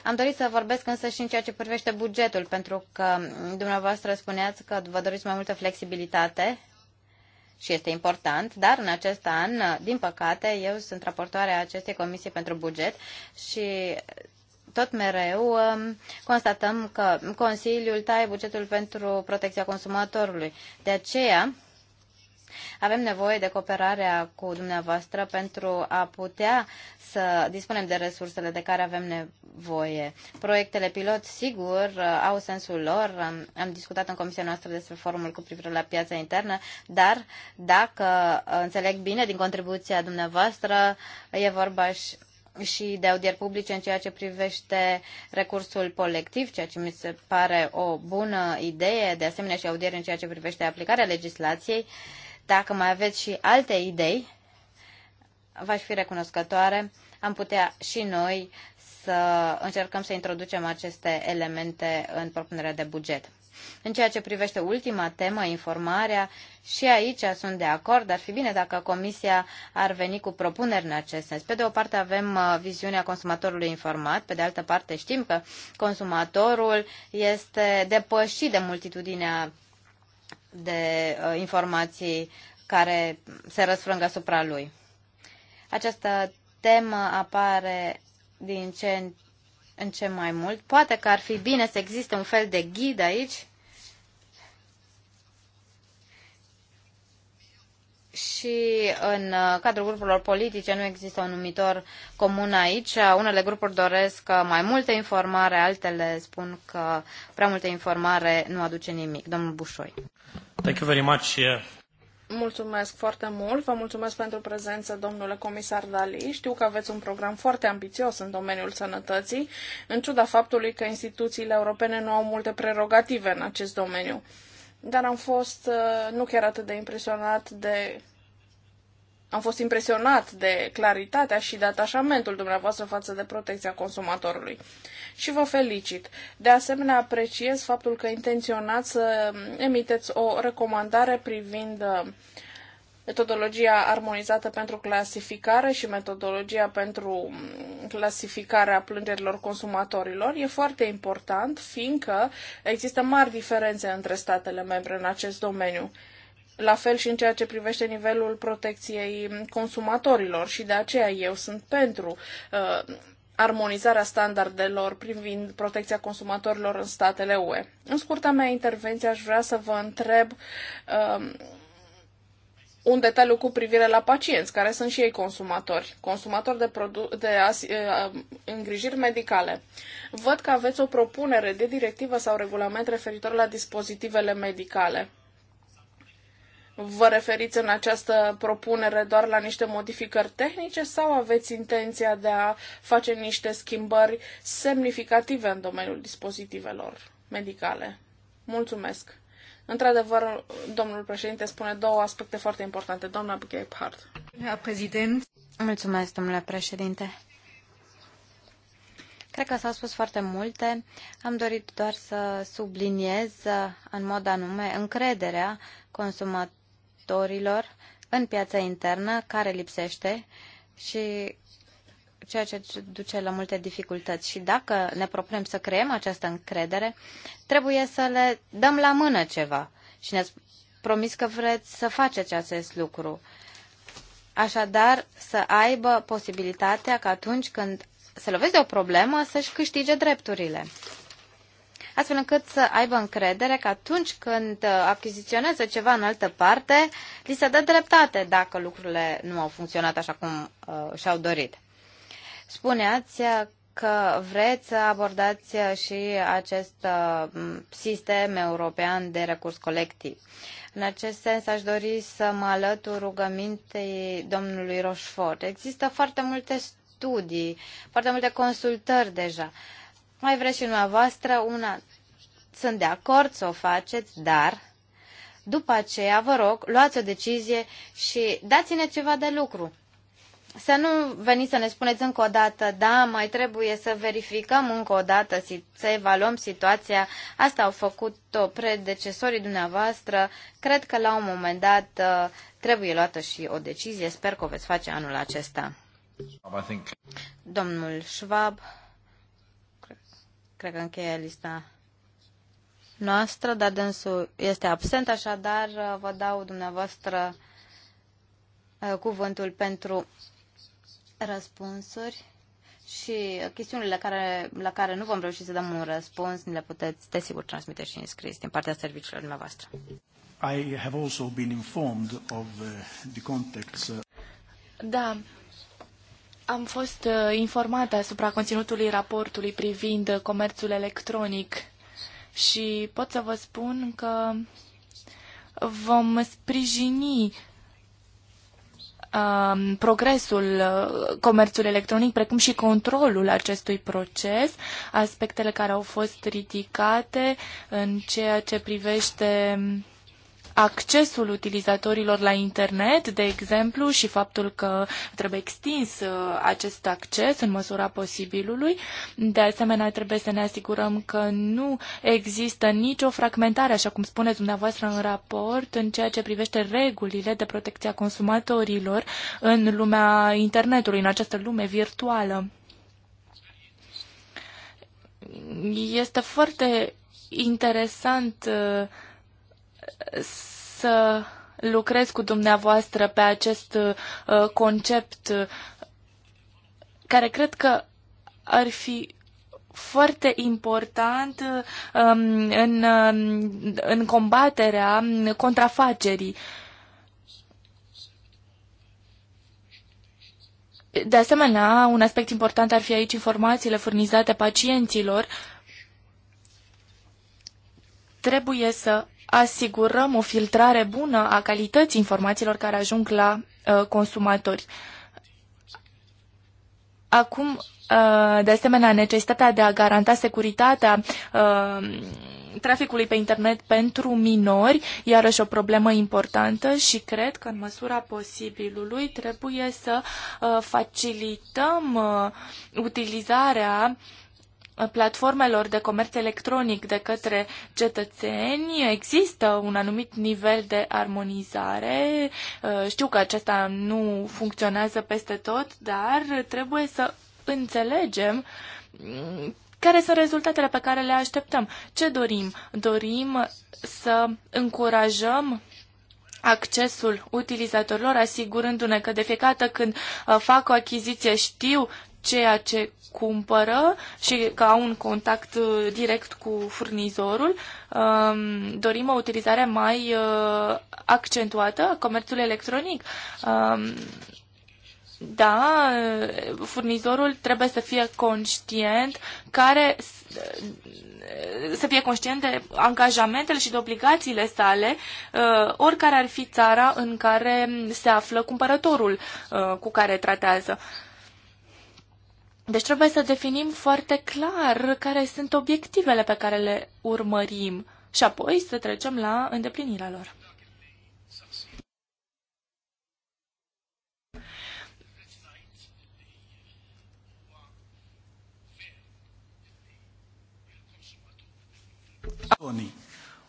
Speaker 2: Am dorit să vorbesc însă și în ceea ce privește bugetul, pentru că dumneavoastră spuneați că vă doriți mai multă flexibilitate și este important, dar în acest an, uh, din păcate, eu sunt raportoarea acestei comisii pentru buget și tot mereu um, constatăm că Consiliul taie bugetul pentru protecția consumatorului. De aceea, avem nevoie de cooperarea cu dumneavoastră pentru a putea să dispunem de resursele de care avem nevoie. Proiectele pilot, sigur, au sensul lor. Am, am discutat în comisia noastră despre forumul cu privire la piața internă, dar dacă înțeleg bine din contribuția dumneavoastră, e vorba și și de audieri publice în ceea ce privește recursul colectiv, ceea ce mi se pare o bună idee, de asemenea și audieri în ceea ce privește aplicarea legislației. Uh, dacă mai aveți și alte idei, v-aș fi recunoscătoare. Am putea și noi să încercăm să introducem aceste elemente în propunerea de buget. În ceea ce privește ultima temă, informarea, și aici sunt de acord, ar fi bine dacă Comisia ar veni cu propuneri în acest sens. Pe de o parte avem uh, viziunea consumatorului informat, pe de altă parte știm că consumatorul este depășit de multitudinea de uh, informații care se răsfrângă asupra lui. Această temă apare din ce în, în ce mai mult. Poate că ar fi bine să existe un fel de ghid aici și în uh, cadrul grupurilor politice nu există un numitor comun aici. Unele grupuri doresc uh, mai multe informare, altele spun că prea multă informare nu aduce nimic. Domnul Bușoi.
Speaker 3: Thank you very much. Uh,
Speaker 2: mulțumesc foarte
Speaker 5: mult, vă mulțumesc pentru prezență, domnule comisar Dali. Știu că aveți un program foarte ambițios în domeniul sănătății, în ciuda faptului că instituțiile europene nu au multe prerogative în acest domeniu. Dar am fost uh, nu chiar atât de impresionat de am fost impresionat de claritatea și de atașamentul dumneavoastră față de protecția consumatorului. Și vă felicit. De asemenea, apreciez faptul că intenționați să emiteți o recomandare privind uh, metodologia armonizată pentru clasificare și metodologia pentru mm, clasificarea plângerilor consumatorilor e foarte important, fiindcă există mari diferențe între statele membre în acest domeniu la fel și în ceea ce privește nivelul protecției consumatorilor și de aceea eu sunt pentru uh, armonizarea standardelor privind protecția consumatorilor în statele UE. În scurta mea intervenție aș vrea să vă întreb uh, un detaliu cu privire la pacienți, care sunt și ei consumatori, consumatori de, produ- de as- uh, uh, îngrijiri medicale. Văd că aveți o propunere de directivă sau regulament referitor la dispozitivele medicale. Vă referiți în această propunere doar la niște modificări tehnice sau aveți intenția de a face niște schimbări semnificative în domeniul dispozitivelor medicale? Mulțumesc! Într-adevăr, domnul președinte spune două aspecte foarte importante. Doamna
Speaker 2: Gebhardt. Președinte. Mulțumesc, domnule președinte. Cred că s-au spus foarte multe. Am dorit doar să subliniez în mod anume încrederea consumatorilor consumatorilor în piața internă, care lipsește și ceea ce duce la multe dificultăți. Și dacă ne propunem să creăm această încredere, trebuie să le dăm la mână ceva. Și ne-ați promis că vreți să faceți acest lucru. Așadar, să aibă posibilitatea că atunci când se lovește de o problemă, să-și câștige drepturile astfel încât să aibă încredere că atunci când uh, achiziționează ceva în altă parte, li se dă dreptate dacă lucrurile nu au funcționat așa cum uh, și-au dorit. Spuneați uh, că vreți să abordați uh, și acest sistem european de recurs colectiv. În acest sens aș dori să mă alătur rugămintei domnului Roșfort. Există foarte multe studii, foarte multe consultări deja. Uh, mai vreți și dumneavoastră una. Sunt de acord să o faceți, dar după aceea, vă rog, luați o decizie și dați-ne ceva de lucru. Să nu veniți să ne spuneți încă o dată, da, mai trebuie să verificăm încă o dată, să evaluăm situația. Asta au făcut-o predecesorii dumneavoastră. Cred că la un moment dat uh, trebuie luată și o decizie. Sper că o veți face anul acesta. Domnul Schwab, cred că încheie lista noastră, dar dânsul este absent, așadar uh, vă dau dumneavoastră uh, cuvântul pentru răspunsuri și uh, chestiunile care, la care nu vom reuși să dăm un răspuns, ne le puteți desigur transmite și înscris din partea serviciilor dumneavoastră.
Speaker 1: I have also been informed of the context.
Speaker 6: Da, am fost uh, informată asupra conținutului raportului privind uh, comerțul electronic și pot să vă spun că vom sprijini um, progresul uh, comerțului electronic, precum și controlul acestui proces, aspectele care au fost ridicate în ceea ce privește um, accesul utilizatorilor la internet, de exemplu, și faptul că trebuie extins uh, acest acces în măsura posibilului. De asemenea, trebuie să ne asigurăm că nu există nicio fragmentare, așa cum spuneți dumneavoastră în raport, în ceea ce privește regulile de protecție a consumatorilor în lumea internetului, în această lume virtuală. Este foarte interesant uh, să lucrez cu dumneavoastră pe acest uh, concept care cred că ar fi foarte important um, în, um, în combaterea contrafacerii. De asemenea, un aspect important ar fi aici informațiile furnizate pacienților. Trebuie să asigurăm o filtrare bună a calității informațiilor care ajung la uh, consumatori. Acum, uh, de asemenea, necesitatea de a garanta securitatea uh, traficului pe internet pentru minori, iarăși o problemă importantă și cred că în măsura posibilului trebuie să uh, facilităm uh, utilizarea platformelor de comerț electronic de către cetățeni există un anumit nivel de armonizare. Uh, știu că acesta nu funcționează peste tot, dar trebuie să înțelegem mm, care sunt rezultatele pe care le așteptăm. Ce dorim? Dorim să încurajăm accesul utilizatorilor, asigurându-ne că de fiecare dată când uh, fac o achiziție știu ceea ce cumpără și că au un contact uh, direct cu furnizorul. Um, dorim o utilizare mai uh, accentuată a comerțului electronic. Um, da, uh, furnizorul trebuie să fie conștient care să fie conștient de angajamentele și de obligațiile sale, oricare ar fi țara în care se află cumpărătorul cu care tratează. Deci trebuie să definim foarte clar care sunt obiectivele pe care le urmărim și apoi să trecem la îndeplinirea lor.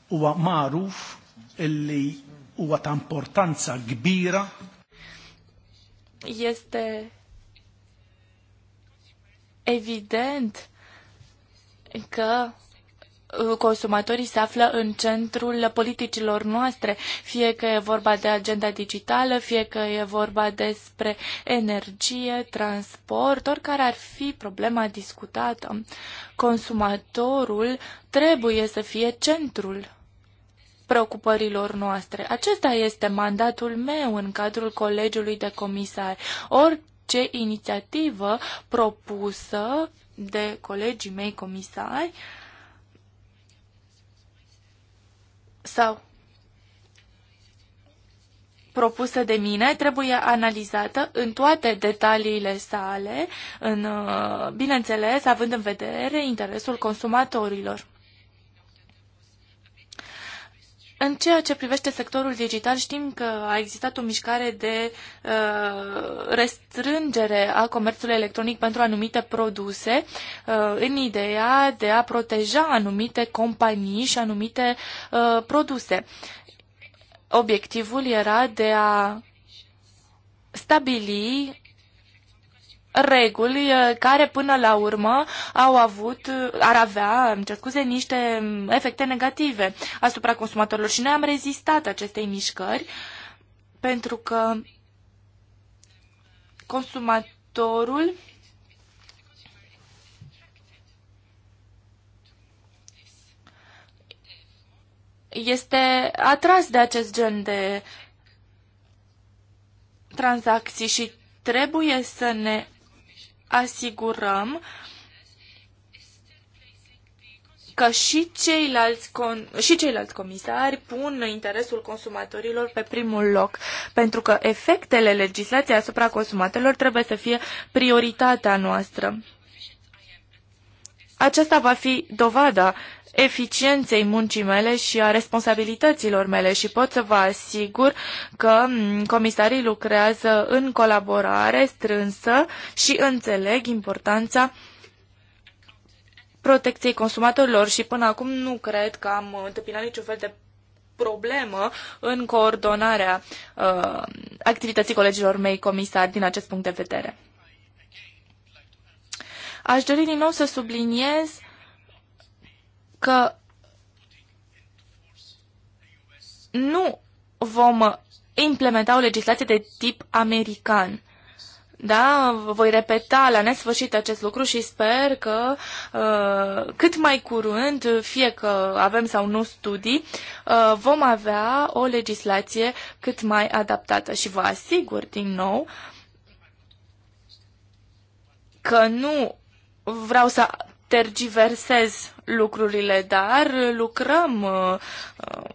Speaker 4: huwa magħruf illi huwa ta' importanza kbira.
Speaker 6: Este evident că uh, consumatorii se află în centrul politicilor noastre, fie că e vorba de agenda digitală, fie că e vorba despre energie, transport, oricare ar fi problema discutată. Consumatorul trebuie să fie centrul preocupărilor noastre. Acesta este mandatul meu în cadrul Colegiului de Comisari. Ori ce inițiativă propusă de colegii mei comisari sau propusă de mine trebuie analizată în toate detaliile sale, în, uh, bineînțeles, având în vedere interesul consumatorilor. În ceea ce privește sectorul digital, știm că a existat o mișcare de uh, restrângere a comerțului electronic pentru anumite produse, uh, în ideea de a proteja anumite companii și anumite uh, produse. Obiectivul era de a stabili reguli uh, care până la urmă au avut, uh, ar avea, îmi scuze, niște efecte negative asupra consumatorilor și noi am rezistat acestei mișcări pentru că consumatorul este atras de acest gen de tranzacții și trebuie să ne asigurăm că și ceilalți, con- și ceilalți comisari pun interesul consumatorilor pe primul loc, pentru că efectele legislației asupra consumatorilor trebuie să fie prioritatea noastră. Aceasta va fi dovada eficienței muncii mele și a responsabilităților mele și pot să vă asigur că mm, comisarii lucrează în colaborare strânsă și înțeleg importanța protecției consumatorilor și până acum nu cred că am întâmpinat niciun fel de problemă în coordonarea uh, activității colegilor mei comisari din acest punct de vedere. Aș dori din nou să subliniez că nu vom implementa o legislație de tip american. Da, voi repeta la nesfârșit acest lucru și sper că uh, cât mai curând, fie că avem sau nu studii, uh, vom avea o legislație cât mai adaptată. Și vă asigur din nou că nu vreau să tergiversez lucrurile, dar lucrăm uh, uh,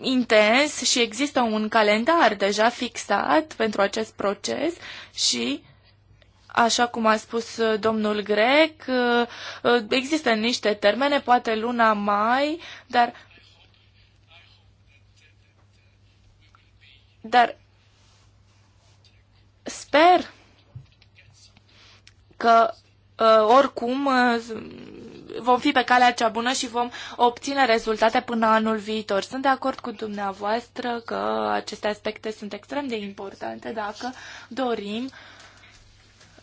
Speaker 6: intens și există un calendar deja fixat pentru acest proces și Așa cum a spus domnul Grec, uh, există niște termene, poate luna mai, dar, dar sper că Uh, oricum uh, vom fi pe calea cea bună și vom obține rezultate până anul viitor. Sunt de acord cu dumneavoastră că aceste aspecte sunt extrem de importante dacă dorim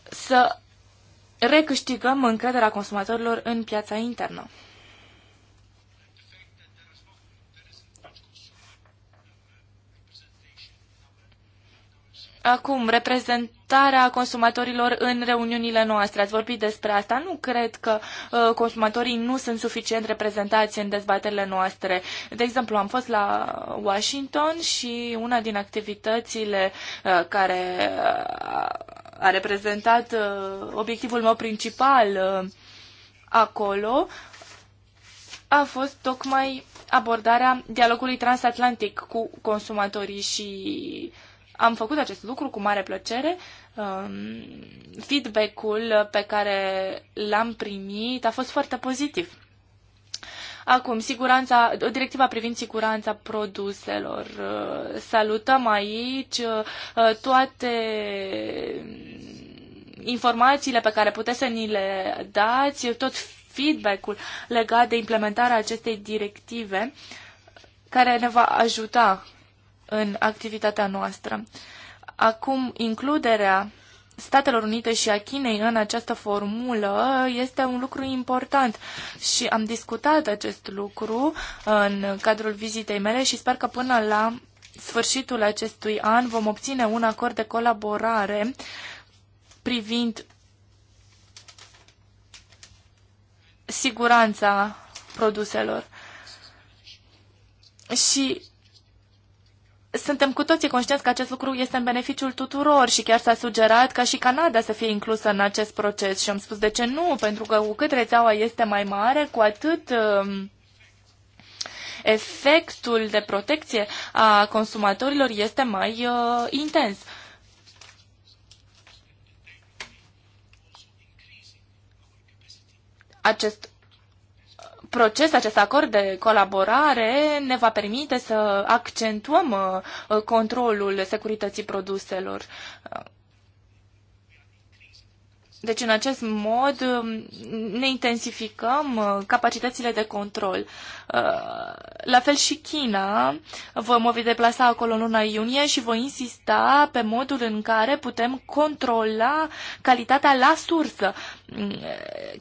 Speaker 6: să recâștigăm încrederea consumatorilor în piața internă. Acum, reprezentarea consumatorilor în reuniunile noastre. Ați vorbit despre asta. Nu cred că uh, consumatorii nu sunt suficient reprezentați în dezbaterile noastre. De exemplu, am fost la Washington și una din activitățile uh, care uh, a reprezentat uh, obiectivul meu principal uh, acolo a fost tocmai abordarea dialogului transatlantic cu consumatorii și uh, am făcut acest lucru cu mare plăcere. Um, feedback-ul pe care l-am primit a fost foarte pozitiv. Acum, siguranța, directiva privind siguranța produselor. Uh, salutăm aici uh, toate informațiile pe care puteți să ni le dați, tot feedback-ul legat de implementarea acestei directive care ne va ajuta în activitatea noastră. Acum, includerea Statelor Unite și a Chinei în această formulă este un lucru important și am discutat acest lucru uh, în cadrul vizitei mele și sper că până la sfârșitul acestui an vom obține un acord de colaborare privind siguranța produselor. Și suntem cu toții conștienți că acest lucru este în beneficiul tuturor și chiar s-a sugerat ca și Canada să fie inclusă în acest proces și am spus de ce nu, pentru că cu cât rețeaua este mai mare, cu atât um, efectul de protecție a consumatorilor este mai uh, intens. Acest proces, acest acord de colaborare ne va permite să accentuăm uh, controlul securității produselor deci, în acest mod, um, ne intensificăm uh, capacitățile de control. Uh, la fel și China, vă mă voi deplasa acolo în luna iunie și voi insista pe modul în care putem controla calitatea la sursă, mm,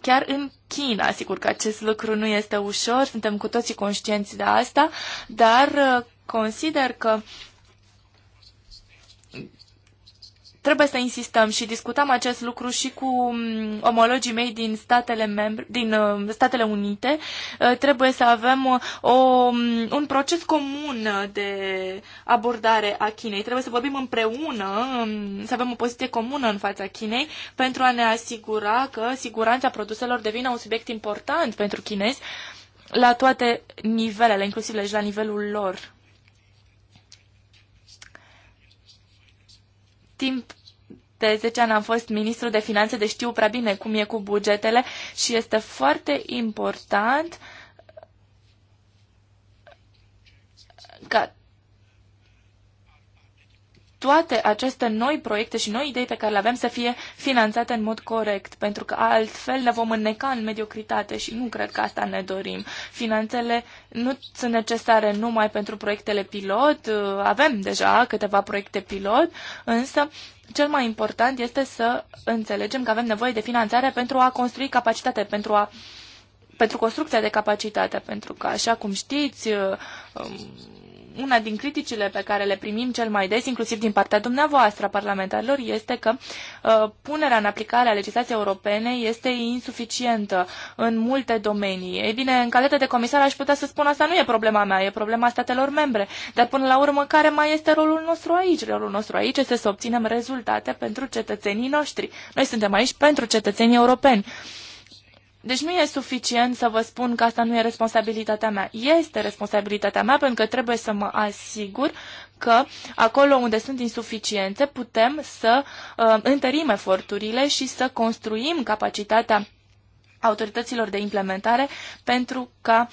Speaker 6: chiar în China. Sigur că acest lucru nu este ușor, suntem cu toții conștienți de asta, dar uh, consider că Trebuie să insistăm și discutam acest lucru și cu mm, omologii mei din Statele, membre, din uh, Statele Unite. Uh, trebuie să avem uh, o, mm, un proces comun de abordare a Chinei. Trebuie să vorbim împreună, mm, să avem o poziție comună în fața Chinei pentru a ne asigura că siguranța produselor devine un subiect important pentru chinezi la toate nivelele, inclusiv la nivelul lor. timp de 10 ani am fost ministru de finanțe, deci știu prea bine cum e cu bugetele și este foarte important ca toate aceste noi proiecte și noi idei pe care le avem să fie finanțate în mod corect, pentru că altfel ne vom înneca în mediocritate și nu cred că asta ne dorim. Finanțele nu sunt necesare numai pentru proiectele pilot, uh, avem deja câteva proiecte pilot, însă cel mai important este să înțelegem că avem nevoie de finanțare pentru a construi capacitate, pentru a pentru construcția de capacitate, pentru că, așa cum știți, uh, um, una din criticile pe care le primim cel mai des, inclusiv din partea dumneavoastră a parlamentarilor, este că uh, punerea în aplicare a legislației europene este insuficientă în multe domenii. Ei bine, în calitate de comisar aș putea să spun asta nu e problema mea, e problema statelor membre. Dar până la urmă, care mai este rolul nostru aici? Rolul nostru aici este să obținem rezultate pentru cetățenii noștri. Noi suntem aici pentru cetățenii europeni. Deci nu e suficient să vă spun că asta nu e responsabilitatea mea. Este responsabilitatea mea pentru că trebuie să mă asigur că acolo unde sunt insuficiențe putem să uh, întărim eforturile și să construim capacitatea autorităților de implementare pentru ca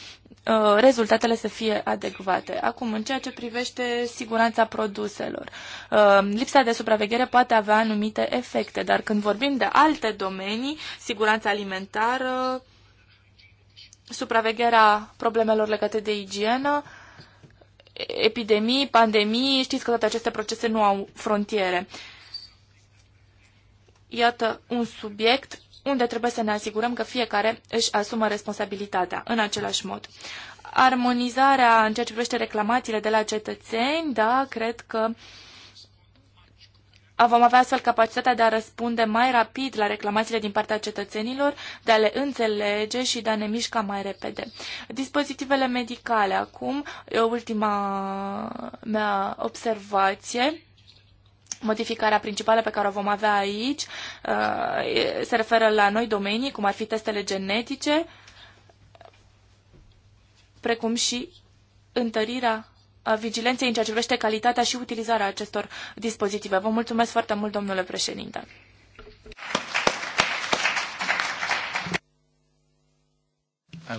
Speaker 6: Uh, rezultatele să fie adecvate. Acum, în ceea ce privește siguranța produselor, uh, lipsa de supraveghere poate avea anumite efecte, dar când vorbim de alte domenii, siguranța alimentară, supravegherea problemelor legate de igienă, epidemii, pandemii, știți că toate aceste procese nu au frontiere. Iată un subiect unde trebuie să ne asigurăm că fiecare își asumă responsabilitatea în același mod. Armonizarea în ceea ce privește reclamațiile de la cetățeni, da, cred că vom avea astfel capacitatea de a răspunde mai rapid la reclamațiile din partea cetățenilor, de a le înțelege și de a ne mișca mai repede. Dispozitivele medicale acum, e ultima mea observație Modificarea principală pe care o vom avea aici uh, se referă la noi domenii, cum ar fi testele genetice, precum și întărirea uh, vigilenței în ceea ce privește calitatea și utilizarea acestor dispozitive. Vă mulțumesc foarte mult, domnule președinte.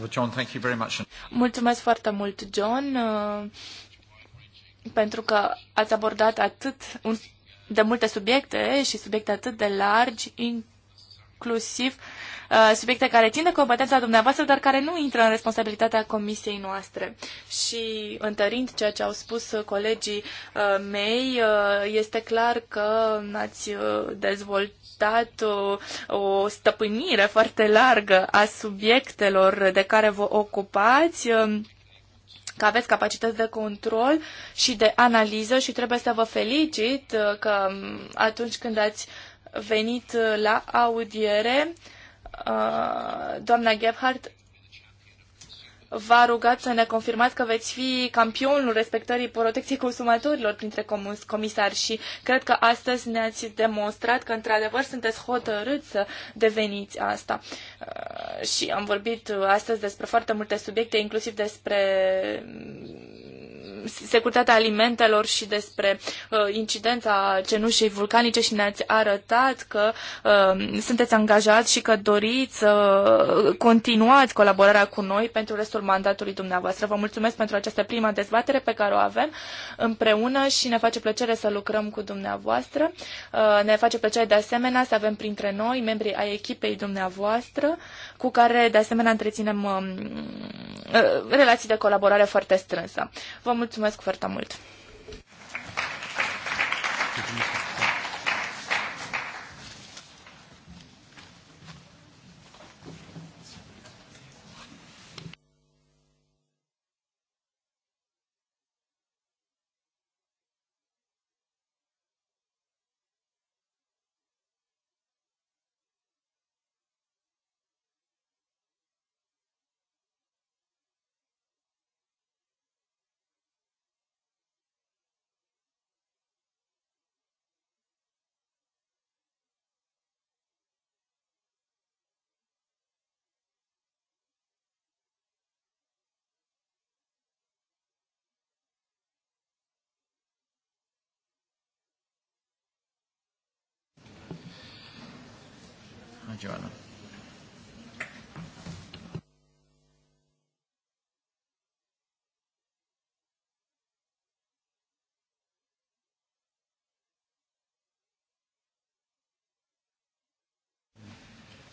Speaker 1: Uh, John, thank you very much.
Speaker 6: Mulțumesc foarte mult, John, pentru că ați abordat atât un de multe subiecte și subiecte atât de largi, inclusiv uh, subiecte care țin de competența dumneavoastră, dar care nu intră în responsabilitatea comisiei noastre. Și întărind ceea ce au spus colegii uh, mei, uh, este clar că ați uh, dezvoltat o, o stăpânire foarte largă a subiectelor de care vă ocupați. Uh, că aveți capacități de control și de analiză și trebuie să vă felicit uh, că um, atunci când ați venit uh, la audiere, uh, doamna Gebhardt v-a rugat să ne confirmați că veți fi campionul respectării protecției consumatorilor printre comisari și cred că astăzi ne-ați demonstrat că într-adevăr sunteți hotărâți să deveniți asta. Uh, și am vorbit uh, astăzi despre foarte multe subiecte, inclusiv despre mm, securitatea alimentelor și despre uh, incidența cenușei vulcanice și ne-ați arătat că uh, sunteți angajați și că doriți să uh, continuați colaborarea cu noi pentru restul mandatului dumneavoastră. Vă mulțumesc pentru această prima dezbatere pe care o avem împreună și ne face plăcere să lucrăm cu dumneavoastră. Uh, ne face plăcere de asemenea să avem printre noi membrii ai echipei dumneavoastră cu care de asemenea întreținem um, uh, relații de colaborare foarte strânsă. Vă Vă mulțumesc foarte mult!
Speaker 4: Mulțumesc. Hi,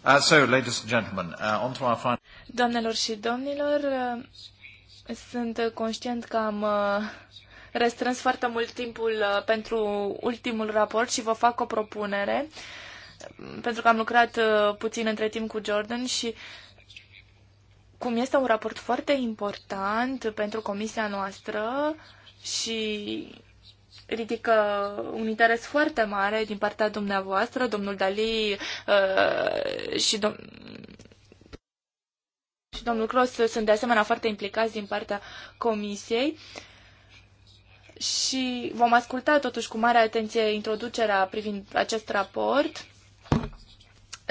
Speaker 1: Uh, so, ladies and gentlemen, uh, on to our final...
Speaker 6: Doamnelor și domnilor, uh, sunt conștient că am uh, restrâns foarte mult timpul uh, pentru ultimul raport și vă fac o propunere. Uh, pentru că am lucrat uh, puțin între timp cu Jordan și cum este un raport foarte important pentru comisia noastră și ridică un interes foarte mare din partea dumneavoastră, domnul Dali uh, și, dom- și domnul Cross sunt de asemenea foarte implicați din partea comisiei. Și vom asculta totuși cu mare atenție introducerea privind acest raport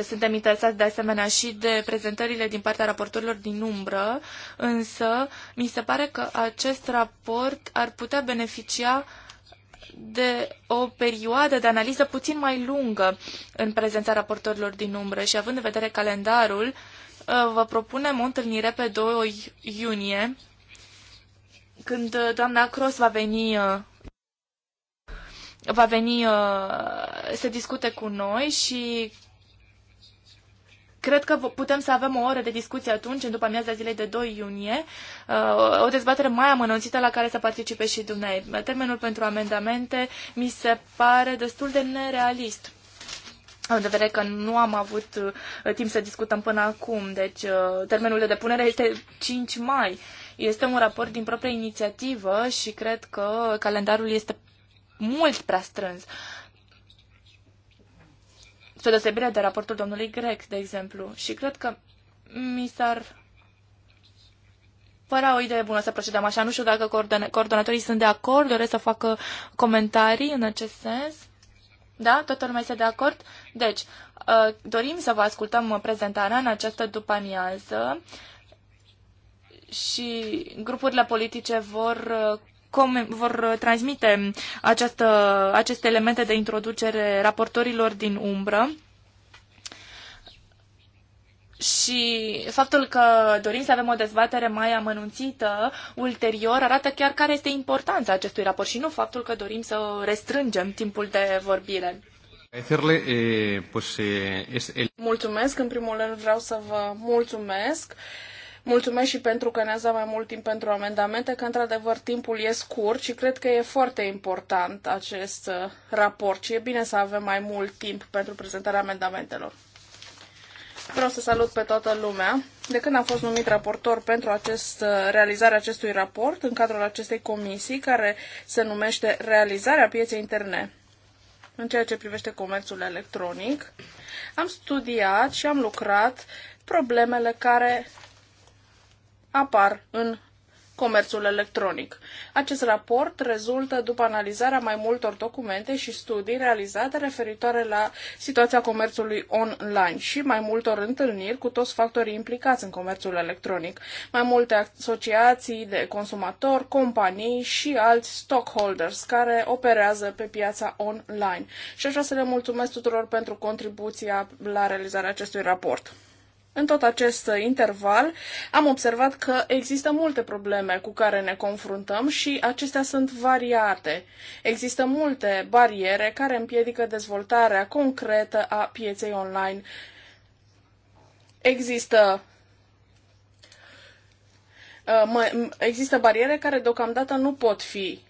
Speaker 6: suntem interesați de asemenea și de prezentările din partea raportorilor din umbră, însă mi se pare că acest raport ar putea beneficia de o perioadă de analiză puțin mai lungă în prezența raportorilor din umbră și având în vedere calendarul, uh, vă propunem o întâlnire pe 2 iunie, când uh, doamna Cross va veni uh, va veni să discute cu noi și Cred că putem să avem o oră de discuție atunci, în după amiaza zilei de 2 iunie, uh, o dezbatere mai amănunțită la care să participe și dumneavoastră. Termenul pentru amendamente mi se pare destul de nerealist în vedere că nu am avut uh, timp să discutăm până acum, deci uh, termenul de depunere este 5 mai. Este un raport din proprie inițiativă și cred că calendarul este mult prea strâns. Uh, spre deosebire de raportul domnului Grec, de exemplu. Și cred că mi s-ar părea o idee bună să procedăm așa. Nu știu dacă coordon coordonatorii sunt de acord, doresc să facă comentarii în acest sens. Da? Toată lumea este de acord? Deci, ă, dorim să vă ascultăm prezentarea în această după-amiază și grupurile politice vor ă, vor transmite această, aceste elemente de introducere raportorilor din umbră. Și faptul că dorim să avem o dezbatere mai amănunțită ulterior arată chiar care este importanța acestui raport și nu faptul că dorim să restrângem
Speaker 5: timpul de vorbire.
Speaker 3: Eh, eh,
Speaker 5: mulțumesc, în primul rând vreau să vă mulțumesc Mulțumesc și pentru că ne-ați dat mai mult timp pentru amendamente, că într-adevăr timpul e scurt și cred că e foarte important acest uh, raport și e bine să avem mai mult timp pentru prezentarea amendamentelor. Vreau să salut pe toată lumea. De când am fost numit raportor pentru acest, uh, realizarea acestui raport în cadrul acestei comisii care se numește Realizarea pieței interne în ceea ce privește comerțul electronic, am studiat și am lucrat problemele care apar în comerțul electronic. Acest raport rezultă după analizarea mai multor documente și studii realizate referitoare la situația comerțului online și mai multor întâlniri cu toți factorii implicați în comerțul electronic, mai multe asociații de consumatori, companii și alți stockholders care operează pe piața online. Și aș vrea să le mulțumesc tuturor pentru contribuția la realizarea acestui raport. În tot acest interval am observat că există multe probleme cu care ne confruntăm și acestea sunt variate. Există multe bariere care împiedică dezvoltarea concretă a pieței online. Există uh, există bariere care deocamdată nu pot fi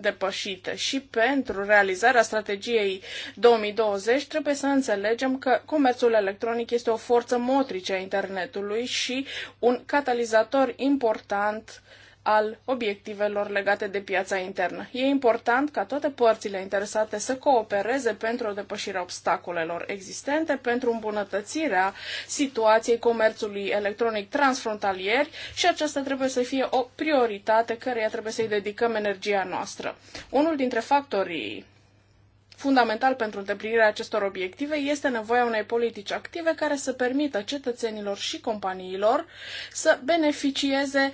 Speaker 5: depășite și pentru realizarea strategiei 2020 trebuie să înțelegem că comerțul electronic este o forță motrice a internetului și un catalizator important al obiectivelor legate de piața internă. E important ca toate părțile interesate să coopereze pentru depășirea obstacolelor existente, pentru îmbunătățirea situației comerțului electronic transfrontalier și aceasta trebuie să fie o prioritate căreia trebuie să-i dedicăm energia noastră. Unul dintre factorii Fundamental pentru îndeplinirea acestor obiective este nevoia unei politici active care să permită cetățenilor și companiilor să beneficieze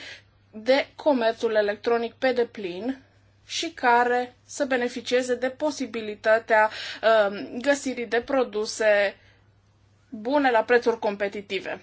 Speaker 5: de comerțul electronic pe deplin și care să beneficieze de posibilitatea um, găsirii de produse bune la prețuri competitive.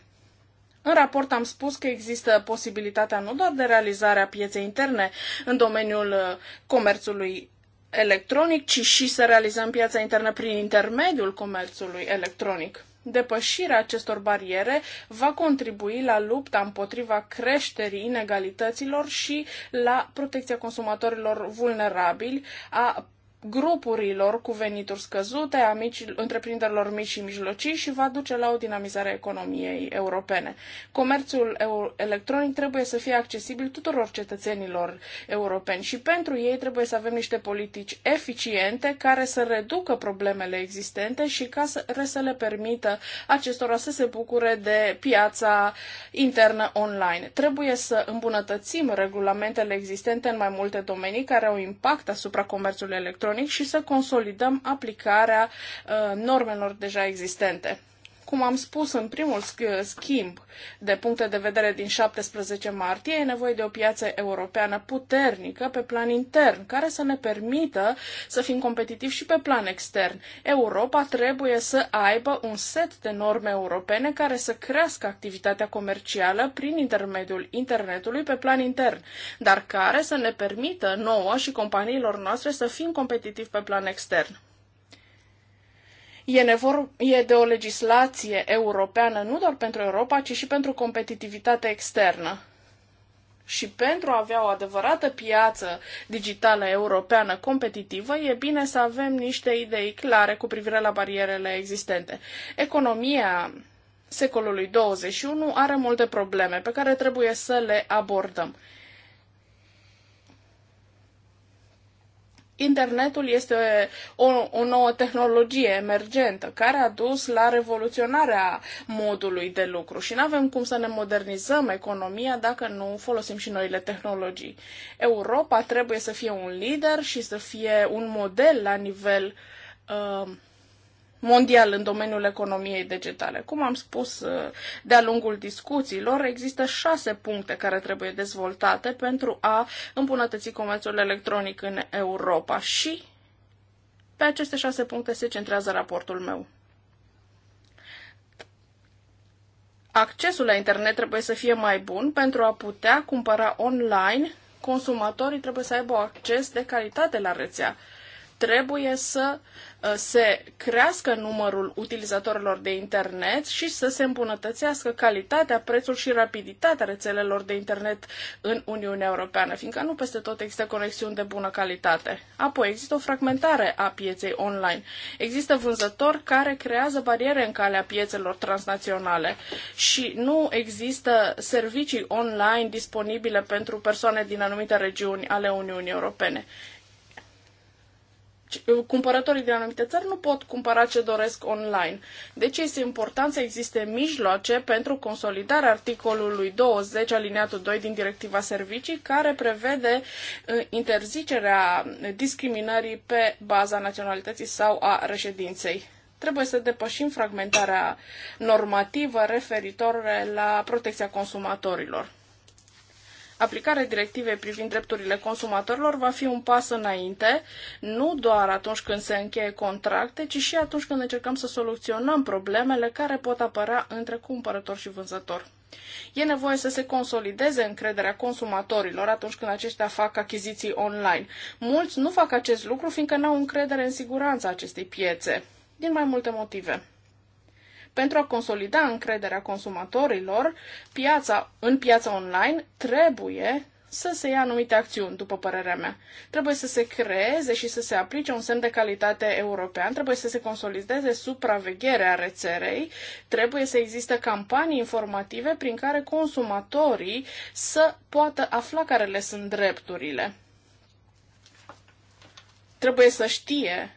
Speaker 5: În raport am spus că există posibilitatea nu doar de realizarea pieței interne în domeniul uh, comerțului electronic, ci și să realizăm piața internă prin intermediul comerțului electronic. Depășirea acestor bariere va contribui la lupta împotriva creșterii inegalităților și la protecția consumatorilor vulnerabili, a grupurilor cu venituri scăzute, a mici, întreprinderilor mici și mijlocii și va duce la o dinamizare a economiei europene. Comerțul electronic trebuie să fie accesibil tuturor cetățenilor europeni și pentru ei trebuie să avem niște politici eficiente care să reducă problemele existente și care să le permită acestora să se bucure de piața internă online. Trebuie să îmbunătățim regulamentele existente în mai multe domenii care au impact asupra comerțului electronic electronic și să consolidăm aplicarea uh, normelor deja existente. Cum am spus în primul schimb de puncte de vedere din 17 martie, e nevoie de o piață europeană puternică pe plan intern, care să ne permită să fim competitivi și pe plan extern. Europa trebuie să aibă un set de norme europene care să crească activitatea comercială prin intermediul internetului pe plan intern, dar care să ne permită nouă și companiilor noastre să fim competitivi pe plan extern. E nevoie de o legislație europeană nu doar pentru Europa, ci și pentru competitivitatea externă. Și pentru a avea o adevărată piață digitală europeană competitivă, e bine să avem niște idei clare cu privire la barierele existente. Economia secolului 21 are multe probleme pe care trebuie să le abordăm. Internetul este o, o nouă tehnologie emergentă care a dus la revoluționarea modului de lucru și nu avem cum să ne modernizăm economia dacă nu folosim și noile tehnologii. Europa trebuie să fie un lider și să fie un model la nivel uh, mondial în domeniul economiei digitale. Cum am spus uh, de-a lungul discuțiilor, există șase puncte care trebuie dezvoltate pentru a îmbunătăți comerțul electronic în Europa și pe aceste șase puncte se centrează raportul meu. Accesul la internet trebuie să fie mai bun pentru a putea cumpăra online. Consumatorii trebuie să aibă acces de calitate la rețea trebuie să uh, se crească numărul utilizatorilor de internet și să se îmbunătățească calitatea, prețul și rapiditatea rețelelor de internet în Uniunea Europeană, fiindcă nu peste tot există conexiuni de bună calitate. Apoi, există o fragmentare a pieței online. Există vânzători care creează bariere în calea piețelor transnaționale și nu există servicii online disponibile pentru persoane din anumite regiuni ale Uniunii Europene cumpărătorii din anumite țări nu pot cumpăra ce doresc online. Deci este important să existe mijloace pentru consolidarea articolului 20 aliniatul 2 din Directiva Servicii, care prevede uh, interzicerea discriminării pe baza naționalității sau a reședinței. Trebuie să depășim fragmentarea normativă referitoare la protecția consumatorilor aplicarea directivei privind drepturile consumatorilor va fi un pas înainte, nu doar atunci când se încheie contracte, ci și atunci când încercăm să soluționăm problemele care pot apărea între cumpărător și vânzător. E nevoie să se consolideze încrederea consumatorilor atunci când aceștia fac achiziții online. Mulți nu fac acest lucru fiindcă n-au încredere în siguranța acestei piețe, din mai multe motive. Pentru a consolida încrederea consumatorilor piața, în piața online, trebuie să se ia anumite acțiuni, după părerea mea. Trebuie să se creeze și să se aplice un semn de calitate european, trebuie să se consolideze supravegherea rețelei, trebuie să existe campanii informative prin care consumatorii să poată afla care le sunt drepturile. Trebuie să știe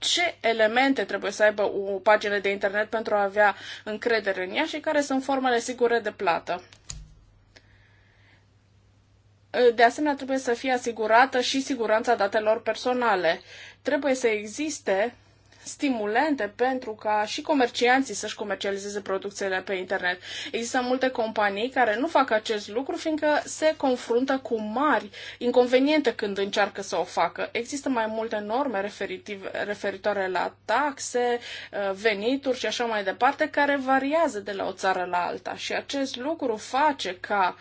Speaker 5: ce elemente trebuie să aibă o pagină de internet pentru a avea încredere în ea și care sunt formele sigure de plată. De asemenea, trebuie să fie asigurată și siguranța datelor personale. Trebuie să existe stimulente pentru ca și comercianții să-și comercializeze producțiile pe internet. Există multe companii care nu fac acest lucru fiindcă se confruntă cu mari inconveniente când încearcă să o facă. Există mai multe norme referitoare la taxe, uh, venituri și așa mai departe, care variază de la o țară la alta și acest lucru face ca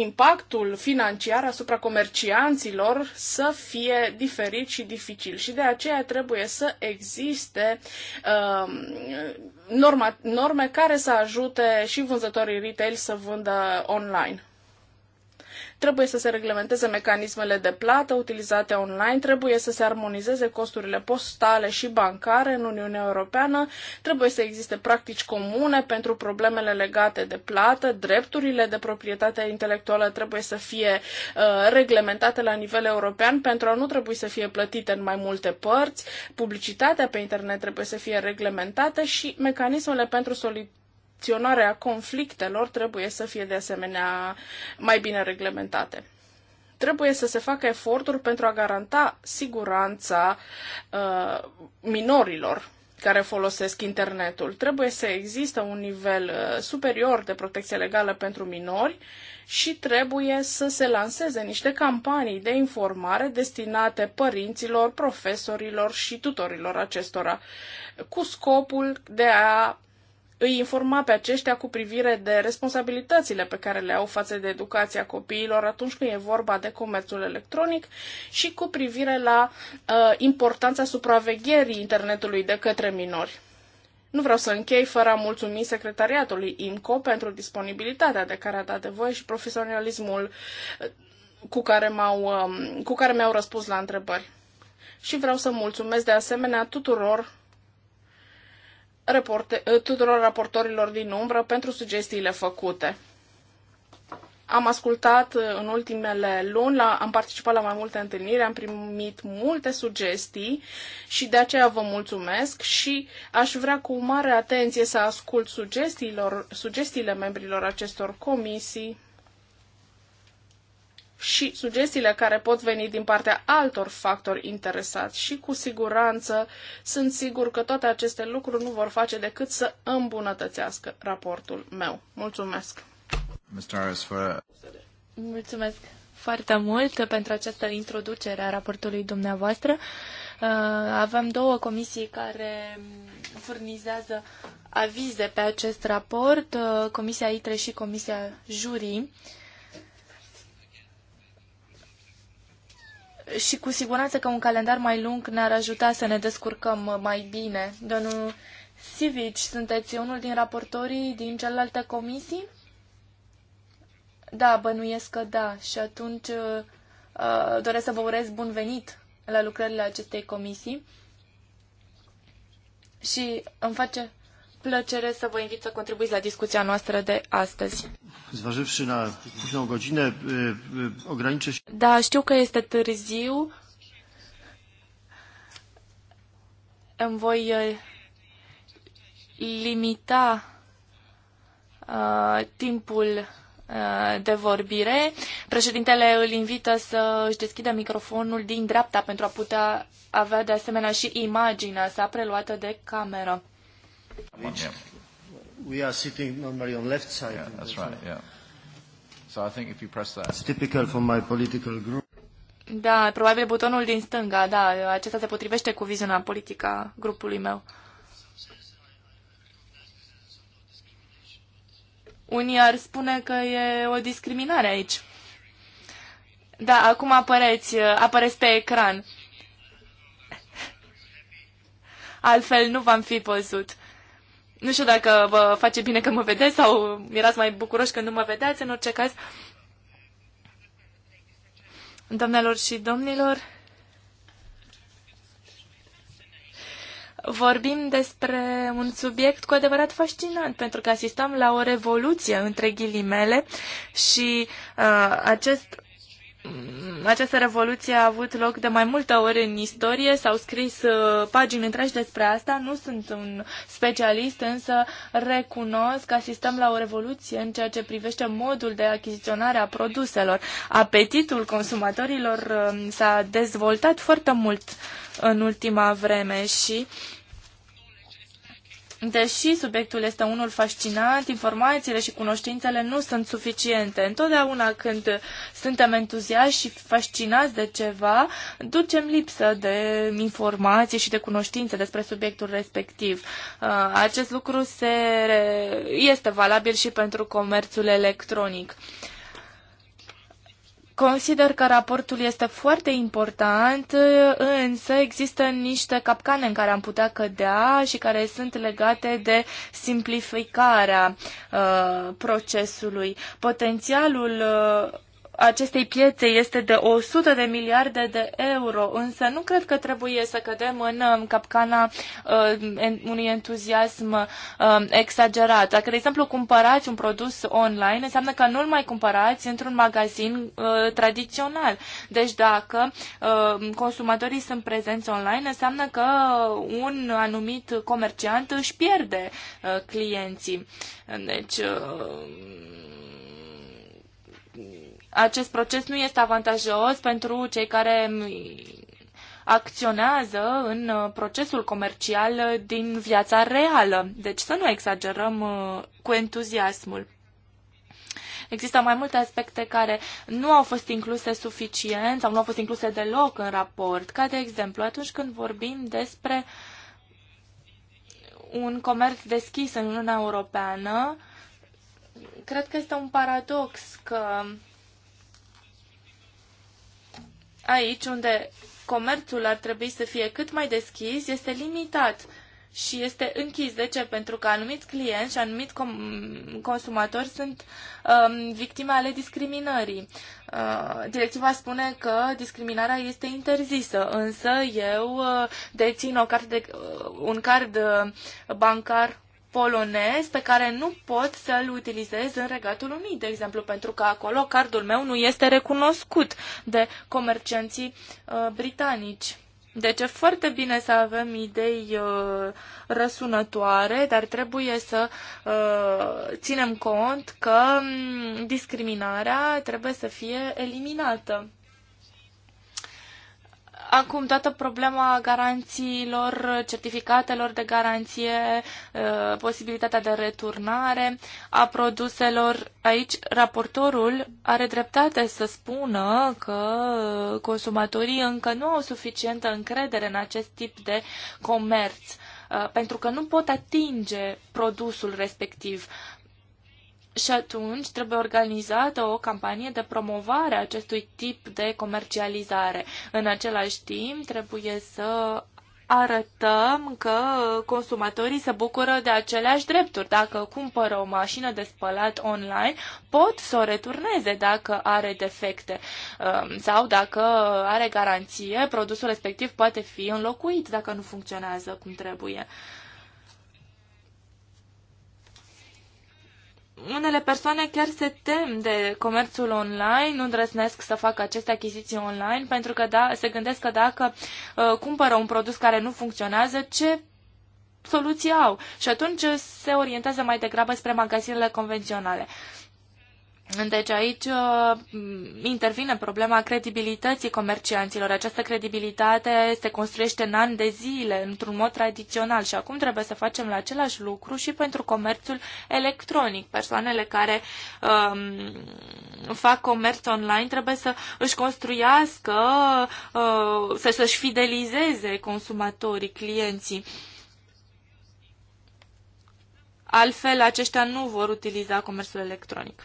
Speaker 5: impactul financiar asupra comercianților să fie diferit și dificil și de aceea trebuie să existe uh, norma, norme care să ajute și vânzătorii retail să vândă online. Trebuie să se reglementeze mecanismele de plată utilizate online, trebuie să se armonizeze costurile postale și bancare în Uniunea Europeană, trebuie să existe practici comune pentru problemele legate de plată, drepturile de proprietate intelectuală trebuie să fie uh, reglementate la nivel european pentru a nu trebui să fie plătite în mai multe părți, publicitatea pe internet trebuie să fie reglementată și mecanismele pentru solidaritate gestionarea conflictelor trebuie să fie de asemenea mai bine reglementate. Trebuie să se facă eforturi pentru a garanta siguranța uh, minorilor care folosesc internetul. Trebuie să există un nivel uh, superior de protecție legală pentru minori și trebuie să se lanseze niște campanii de informare destinate părinților, profesorilor și tutorilor acestora, cu scopul de a îi informa pe aceștia cu privire de responsabilitățile pe care le au față de educația copiilor atunci când e vorba de comerțul electronic și cu privire la uh, importanța supravegherii internetului de către minori. Nu vreau să închei fără a mulțumi secretariatului IMCO pentru disponibilitatea de care a dat de voie și profesionalismul uh, cu care, m-au, um, cu care mi-au răspuns la întrebări. Și vreau să mulțumesc de asemenea tuturor Eh, tuturor raportorilor din umbră pentru sugestiile făcute. Am ascultat eh, în ultimele luni, la, am participat la mai multe întâlniri, am primit multe sugestii și de aceea vă mulțumesc și aș vrea cu mare atenție să ascult sugestiilor, sugestiile membrilor acestor comisii și sugestiile care pot veni din partea altor factori interesați și cu siguranță sunt sigur că toate aceste lucruri nu vor face decât să îmbunătățească raportul meu. Mulțumesc! Mulțumesc
Speaker 6: foarte mult pentru această introducere a raportului dumneavoastră. Uh, avem două comisii care furnizează avize pe acest raport, uh, Comisia ITRE și Comisia Jurii. și cu siguranță că un calendar mai lung ne-ar ajuta să ne descurcăm mai bine. Domnul Sivici, sunteți unul din raportorii din celelalte comisii? Da, bănuiesc că da. Și atunci uh, doresc să vă urez bun venit la lucrările acestei comisii. Și îmi face plăcere să vă invit să contribuiți la discuția noastră de astăzi.
Speaker 4: Zważywszy na późną godzinę, ograniczę się...
Speaker 6: Da, știu că este târziu. Îmi voi limita uh, timpul uh, de vorbire. Președintele îl invită să își deschidă microfonul din dreapta pentru a putea avea de asemenea și imaginea sa preluată de cameră.
Speaker 1: Which
Speaker 4: we are sitting normally on left side. Yeah, that's right, yeah.
Speaker 1: So I think if you press that... It's
Speaker 4: typical for my political group.
Speaker 1: Da,
Speaker 6: probabil butonul din stânga, da, acesta se potrivește cu viziunea politică a grupului meu. Unii ar spune că e o discriminare aici. Da, acum apăreți, apăreți pe ecran. [laughs] Altfel nu v-am fi văzut. Nu știu dacă vă face bine că mă vedeți sau erați mai bucuroși când nu mă vedeați, în orice caz. Doamnelor și domnilor, vorbim despre un subiect cu adevărat fascinant, pentru că asistăm la o revoluție între ghilimele și uh, acest această revoluție a avut loc de mai multe ori în istorie, s-au scris uh, pagini întregi despre asta, nu sunt un specialist, însă recunosc că asistăm la o revoluție în ceea ce privește modul de achiziționare a produselor. Apetitul consumatorilor um, s-a dezvoltat foarte mult în ultima vreme și uh, Deși subiectul este unul fascinant, informațiile și cunoștințele nu sunt suficiente. Întotdeauna când suntem entuziași și fascinați de ceva, ducem lipsă de informații și de cunoștințe despre subiectul respectiv. Uh, acest lucru se, este valabil și pentru comerțul electronic. Consider că raportul este foarte important, însă există niște capcane în care am putea cădea și care sunt legate de simplificarea uh, procesului. Potențialul uh, acestei piețe este de 100 de miliarde de euro, însă nu cred că trebuie să cădem în um, capcana uh, unui entuziasm uh, exagerat. Dacă, de exemplu, cumpărați un produs online, înseamnă că nu-l mai cumpărați într-un magazin uh, tradițional. Deci dacă uh, consumatorii sunt prezenți online, înseamnă că un anumit comerciant își pierde uh, clienții. Deci, uh, acest proces nu este avantajos pentru cei care mm, acționează în uh, procesul comercial uh, din viața reală. Deci să nu exagerăm uh, cu entuziasmul. Există mai multe aspecte care nu au fost incluse suficient sau nu au fost incluse deloc în raport, ca de exemplu atunci când vorbim despre un comerț deschis în Uniunea Europeană, cred că este un paradox că aici unde comerțul ar trebui să fie cât mai deschis, este limitat și este închis. De ce? Pentru că anumiți clienți și anumiți com- consumatori sunt um, victime ale discriminării. Uh, directiva spune că discriminarea este interzisă, însă eu uh, dețin o carte de, uh, un card uh, bancar polonez pe care nu pot să-l utilizez în Regatul Unit, de exemplu, pentru că acolo cardul meu nu este recunoscut de comercianții uh, britanici. Deci e foarte bine să avem idei uh, răsunătoare, dar trebuie să uh, ținem cont că um, discriminarea trebuie să fie eliminată. Acum toată problema garanțiilor, certificatelor de garanție, uh, posibilitatea de returnare a produselor. Aici raportorul are dreptate să spună că consumatorii încă nu au suficientă încredere în acest tip de comerț uh, pentru că nu pot atinge produsul respectiv. Și atunci trebuie organizată o campanie de promovare a acestui tip de comercializare. În același timp, trebuie să arătăm că consumatorii se bucură de aceleași drepturi. Dacă cumpără o mașină de spălat online, pot să o returneze dacă are defecte um, sau dacă are garanție, produsul respectiv poate fi înlocuit dacă nu funcționează cum trebuie. unele persoane chiar se tem de comerțul online, nu îndrăznesc să facă aceste achiziții online, pentru că da, se gândesc că dacă uh, cumpără un produs care nu funcționează, ce soluții au? Și atunci se orientează mai degrabă spre magazinele convenționale. Uh, deci aici uh, intervine problema credibilității comercianților. Această credibilitate se construiește în ani de zile, într-un mod tradițional și acum trebuie să facem la același lucru și pentru comerțul electronic. Persoanele care um, fac comerț online trebuie să își construiască, uh, să, să-și fidelizeze consumatorii, clienții. Altfel, aceștia nu vor utiliza comerțul electronic.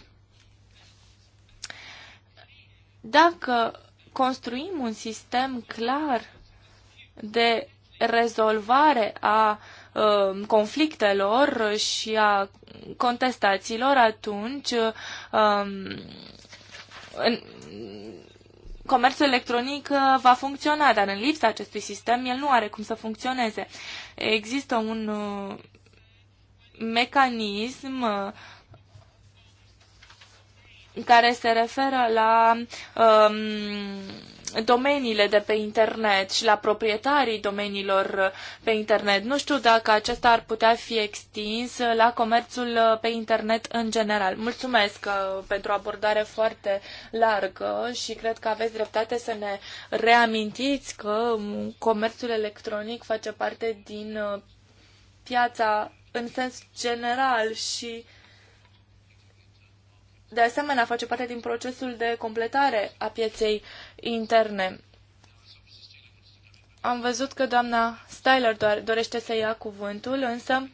Speaker 6: Dacă construim un sistem clar de rezolvare a uh, conflictelor și a contestațiilor, atunci uh, în, comerțul electronic uh, va funcționa, dar în lipsa acestui sistem el nu are cum să funcționeze. Există un uh, mecanism uh, care se referă la um, domeniile de pe internet și la proprietarii domeniilor pe internet. Nu știu dacă acesta ar putea fi extins la comerțul pe internet în general. Mulțumesc uh, pentru o abordare foarte largă și cred că aveți dreptate să ne reamintiți că comerțul electronic face parte din uh, piața în sens general și de asemenea face parte din procesul de completare a pieței interne. Am văzut că doamna Styler doar, dorește să ia cuvântul, însă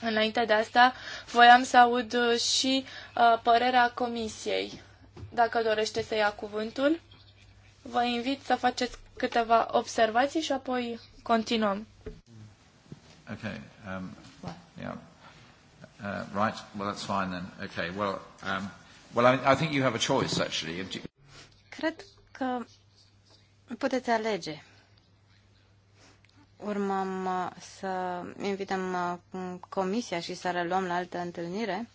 Speaker 6: înainte de asta voiam să aud și uh, părerea comisiei. Dacă dorește să ia cuvântul, vă invit să faceți câteva observații și apoi continuăm.
Speaker 1: Okay, um, yeah. Uh, right. Well, that's fine then. Okay. Well, um, well, I, I think you have a choice actually. If you...
Speaker 2: Cred că puteți alege. Urmăm uh, să invităm uh, comisia și să reluăm la altă întâlnire.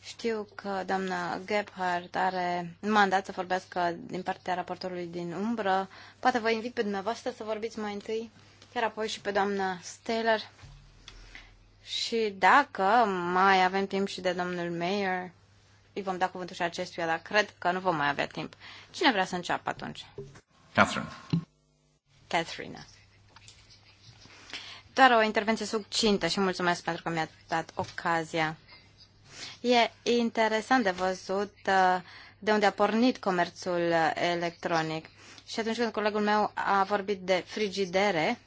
Speaker 2: Știu că doamna Gebhardt are mandat să vorbească din partea raportorului din umbră. Poate vă invit pe dumneavoastră să vorbiți mai întâi, chiar apoi și pe doamna Steller. Și dacă mai avem timp și de domnul Mayer, îi vom da cuvântul și acestuia, dar cred că nu vom mai avea timp. Cine vrea să înceapă atunci? Catherine. Catherine. Doar o intervenție succintă și mulțumesc pentru că mi-a dat ocazia. E interesant de văzut uh, de unde a pornit comerțul electronic. Și atunci când colegul meu a vorbit de frigidere,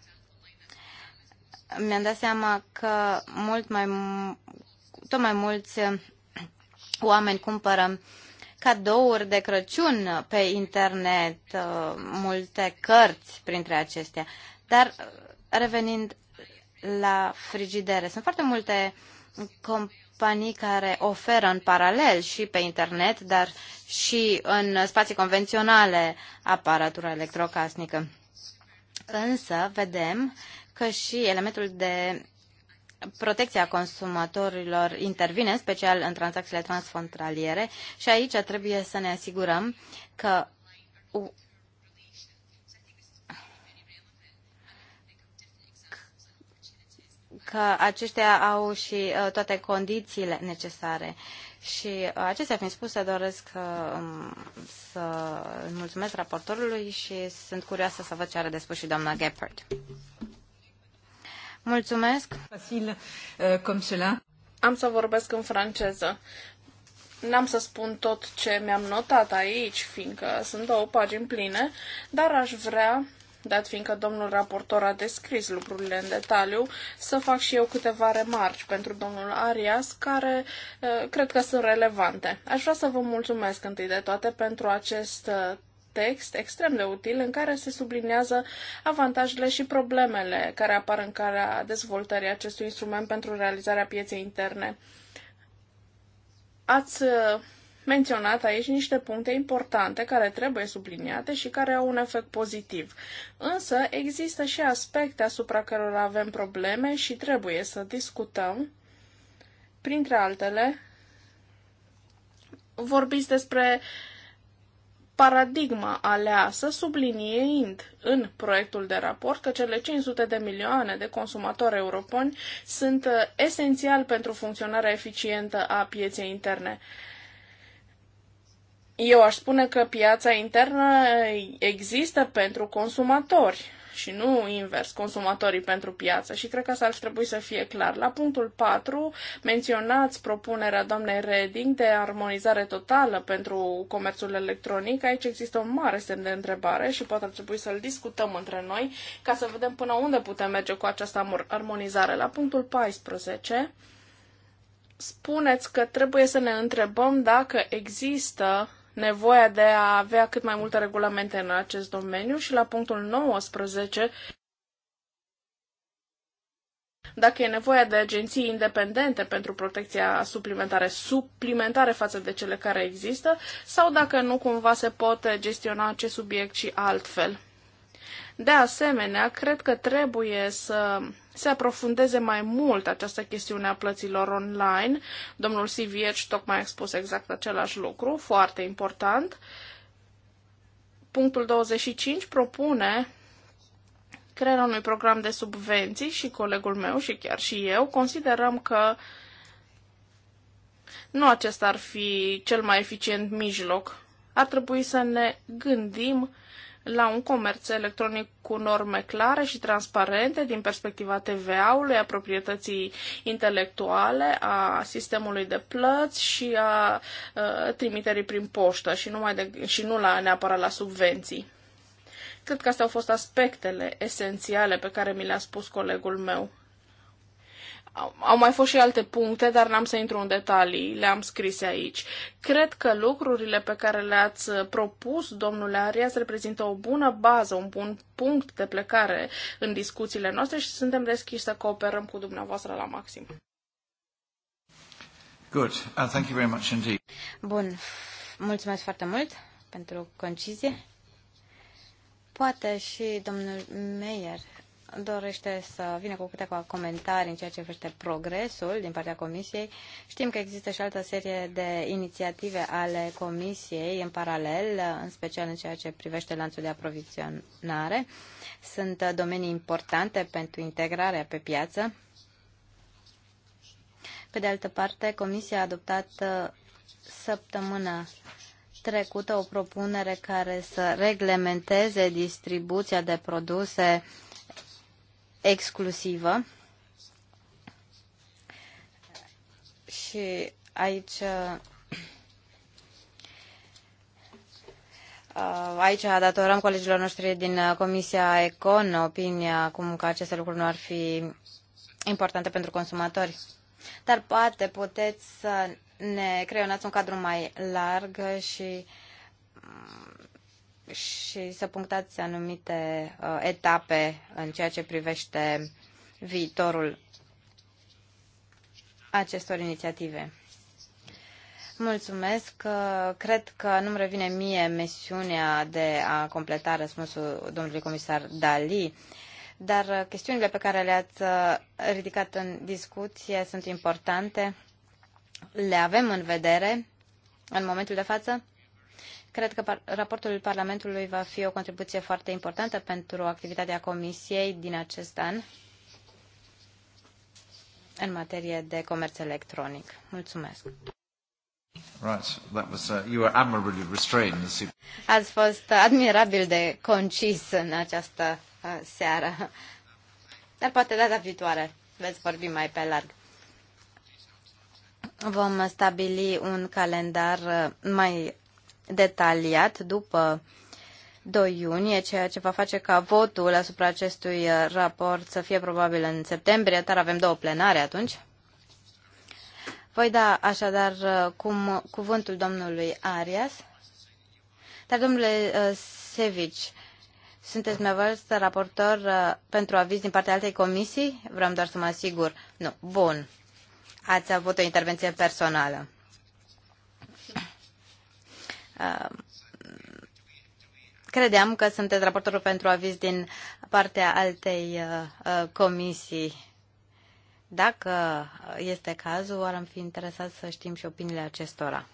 Speaker 2: mi-am dat seama că mult mai, tot mai mulți oameni cumpără cadouri de Crăciun pe internet, uh, multe cărți printre acestea. Dar uh, revenind la frigidere, sunt foarte multe companii care oferă în paralel și pe internet, dar și în spații convenționale aparatura electrocasnică. Însă vedem că și elementul de protecția consumatorilor intervine, în special în tranzacțiile transfrontaliere și aici trebuie să ne asigurăm că că aceștia au și uh, toate condițiile necesare. Și uh, acestea fiind spuse, doresc uh, um, să mulțumesc raportorului și sunt curioasă să văd ce are de spus și doamna Geppert. Mulțumesc. Facil, uh, cum cela. Am să vorbesc în franceză.
Speaker 5: N-am să spun tot ce mi-am notat aici, fiindcă sunt două pagini pline, dar aș vrea, dat fiindcă domnul raportor a descris lucrurile în detaliu, să fac și eu câteva remarci pentru domnul Arias, care uh, cred că sunt relevante. Aș vrea să vă mulțumesc întâi de toate pentru acest uh, text extrem de util în care se subliniază avantajele și problemele care apar în calea dezvoltării acestui instrument pentru realizarea pieței interne. Ați uh, menționat aici niște puncte importante care trebuie subliniate și care au un efect pozitiv. Însă există și aspecte asupra cărora avem probleme și trebuie să discutăm. Printre altele, vorbiți despre paradigma aleasă, subliniind în proiectul de raport că cele 500 de milioane de consumatori europeni sunt uh, esențial pentru funcționarea eficientă a pieței interne. Eu aș spune că piața internă uh, există pentru consumatori și nu invers, consumatorii pentru piață și cred că asta ar trebui să fie clar. La punctul 4 menționați propunerea doamnei Reding de armonizare totală pentru comerțul electronic. Aici există un mare semn de întrebare și poate ar trebui să-l discutăm între noi ca să vedem până unde putem merge cu această armonizare. La punctul 14 spuneți că trebuie să ne întrebăm dacă există nevoia de a avea cât mai multe regulamente în acest domeniu și la punctul 19 dacă e nevoie de agenții independente pentru protecția suplimentare, suplimentare față de cele care există, sau dacă nu cumva se pot gestiona acest subiect și altfel. De asemenea, cred că trebuie să se aprofundeze mai mult această chestiune a plăților online. Domnul Sivieci tocmai a expus exact același lucru, foarte important. Punctul 25 propune crearea unui program de subvenții și colegul meu și chiar și eu considerăm că nu acesta ar fi cel mai eficient mijloc. Ar trebui să ne gândim la un comerț electronic cu norme clare și transparente din perspectiva TVA-ului, a proprietății intelectuale, a sistemului de plăți și a, a trimiterii prin poștă și, numai de, și nu la, neapărat la subvenții. Cred că astea au fost aspectele esențiale pe care mi le-a spus colegul meu. Au mai fost și alte puncte, dar n-am să intru în detalii, le-am scris aici. Cred că lucrurile pe care le-ați propus, domnule Arias, reprezintă o bună bază, un bun punct de plecare în discuțiile noastre și suntem deschiși să cooperăm
Speaker 2: cu dumneavoastră la maxim.
Speaker 1: Good. Uh, thank you very much indeed.
Speaker 2: Bun. Mulțumesc foarte mult pentru concizie. Poate și domnul Meyer dorește să vină cu câteva comentarii în ceea ce privește progresul din partea Comisiei. Știm că există și altă serie de inițiative ale Comisiei în paralel, în special în ceea ce privește lanțul de aprovizionare. Sunt domenii importante pentru integrarea pe piață. Pe de altă parte, Comisia a adoptat uh, săptămâna trecută o propunere care să reglementeze distribuția de produse exclusivă. Și aici uh, Aici datorăm colegilor noștri din uh, Comisia Econ opinia cum că aceste lucruri nu ar fi importante pentru consumatori. Dar poate puteți să ne creionați un cadru mai larg și și să punctați anumite uh, etape în ceea ce privește viitorul acestor inițiative. Mulțumesc. Uh, cred că nu-mi revine mie misiunea de a completa răspunsul domnului comisar Dali, dar uh, chestiunile pe care le-ați uh, ridicat în discuție sunt importante. Le avem în vedere în momentul de față Cred că raportul Parlamentului va fi o contribuție foarte importantă pentru activitatea Comisiei din acest an în materie de comerț electronic. Mulțumesc!
Speaker 1: Right, that was, uh, you were admirably restrained.
Speaker 2: Ați fost admirabil de concis în această uh, seară. Dar poate data viitoare veți vorbi mai pe larg. Vom stabili un calendar uh, mai detaliat după 2 iunie, ceea ce va face ca votul asupra acestui uh, raport să fie probabil în septembrie, dar avem două plenare atunci. Voi da așadar uh, cum, cuvântul domnului Arias. Dar, domnule uh, Sevici, sunteți dumneavoastră raportor pentru aviz din partea altei comisii? Vreau doar să mă asigur. Nu. Bun. Ați avut o intervenție personală. Um, credeam că sunteți raportorul pentru aviz din partea altei uh, uh, comisii. Dacă este cazul, ar fi interesat să știm și opiniile acestora.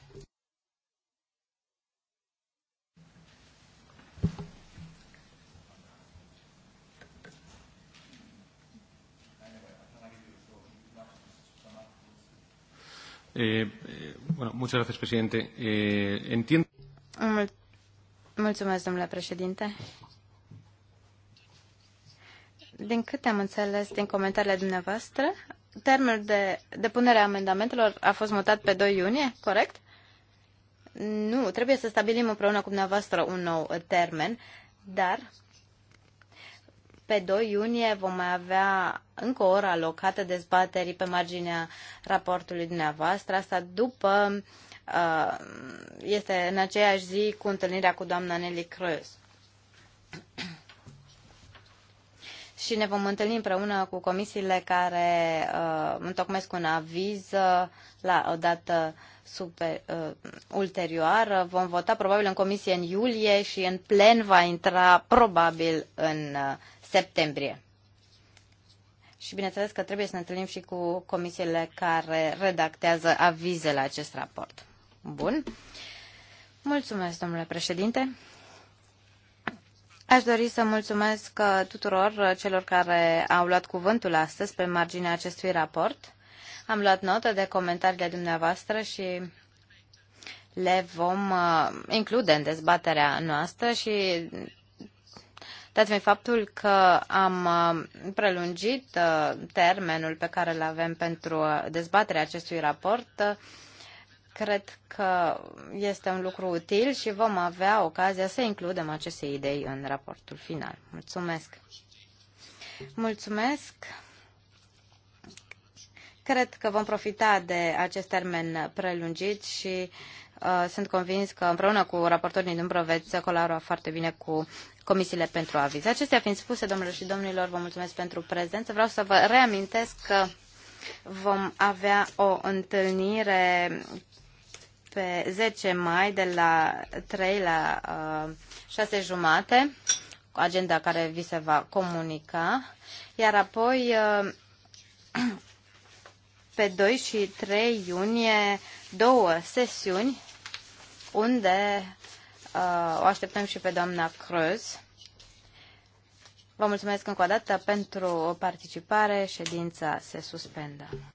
Speaker 3: Eh, Bueno, muchas gracias, presidente. Eh, entiendo...
Speaker 2: Mulțumesc, domnule președinte. Din câte am înțeles din comentariile dumneavoastră, termenul de depunere a amendamentelor a fost mutat pe 2 iunie, corect? Nu, trebuie să stabilim împreună cu dumneavoastră un nou termen, dar pe 2 iunie vom mai avea încă o oră alocată dezbaterii pe marginea raportului dumneavoastră, asta după uh, este în aceeași zi cu întâlnirea cu doamna Nelly Creus. [clears throat] Și ne vom întâlni împreună cu comisiile care uh, întocmesc un aviz uh, la o dată super, uh, ulterioară. Vom vota probabil în comisie în iulie și în plen va intra probabil în uh, septembrie. Și bineînțeles că trebuie să ne întâlnim și cu comisiile care redactează avizele acest raport. Bun. Mulțumesc, domnule președinte. Aș dori să mulțumesc tuturor celor care au luat cuvântul astăzi pe marginea acestui raport. Am luat notă de comentariile dumneavoastră și le vom uh, include în dezbaterea noastră și dat fiind faptul că am uh, prelungit uh, termenul pe care îl avem pentru uh, dezbaterea acestui raport, cred că este un lucru util și vom avea ocazia să includem aceste idei în raportul final. Mulțumesc! Mulțumesc! Cred că vom profita de acest termen prelungit și Uh, sunt convins că împreună cu raportorii din umbră veți colabora foarte bine cu comisiile pentru aviz. Acestea fiind spuse, domnilor și domnilor, vă mulțumesc pentru prezență. Vreau să vă reamintesc că vom avea o întâlnire pe 10 mai de la 3 la uh, 6 jumate, agenda care vi se va comunica, iar apoi uh, [clears throat] pe 2 și 3 iunie două sesiuni unde uh, o așteptăm și pe doamna Cruz. Vă mulțumesc încă o dată pentru o participare. Ședința se suspendă.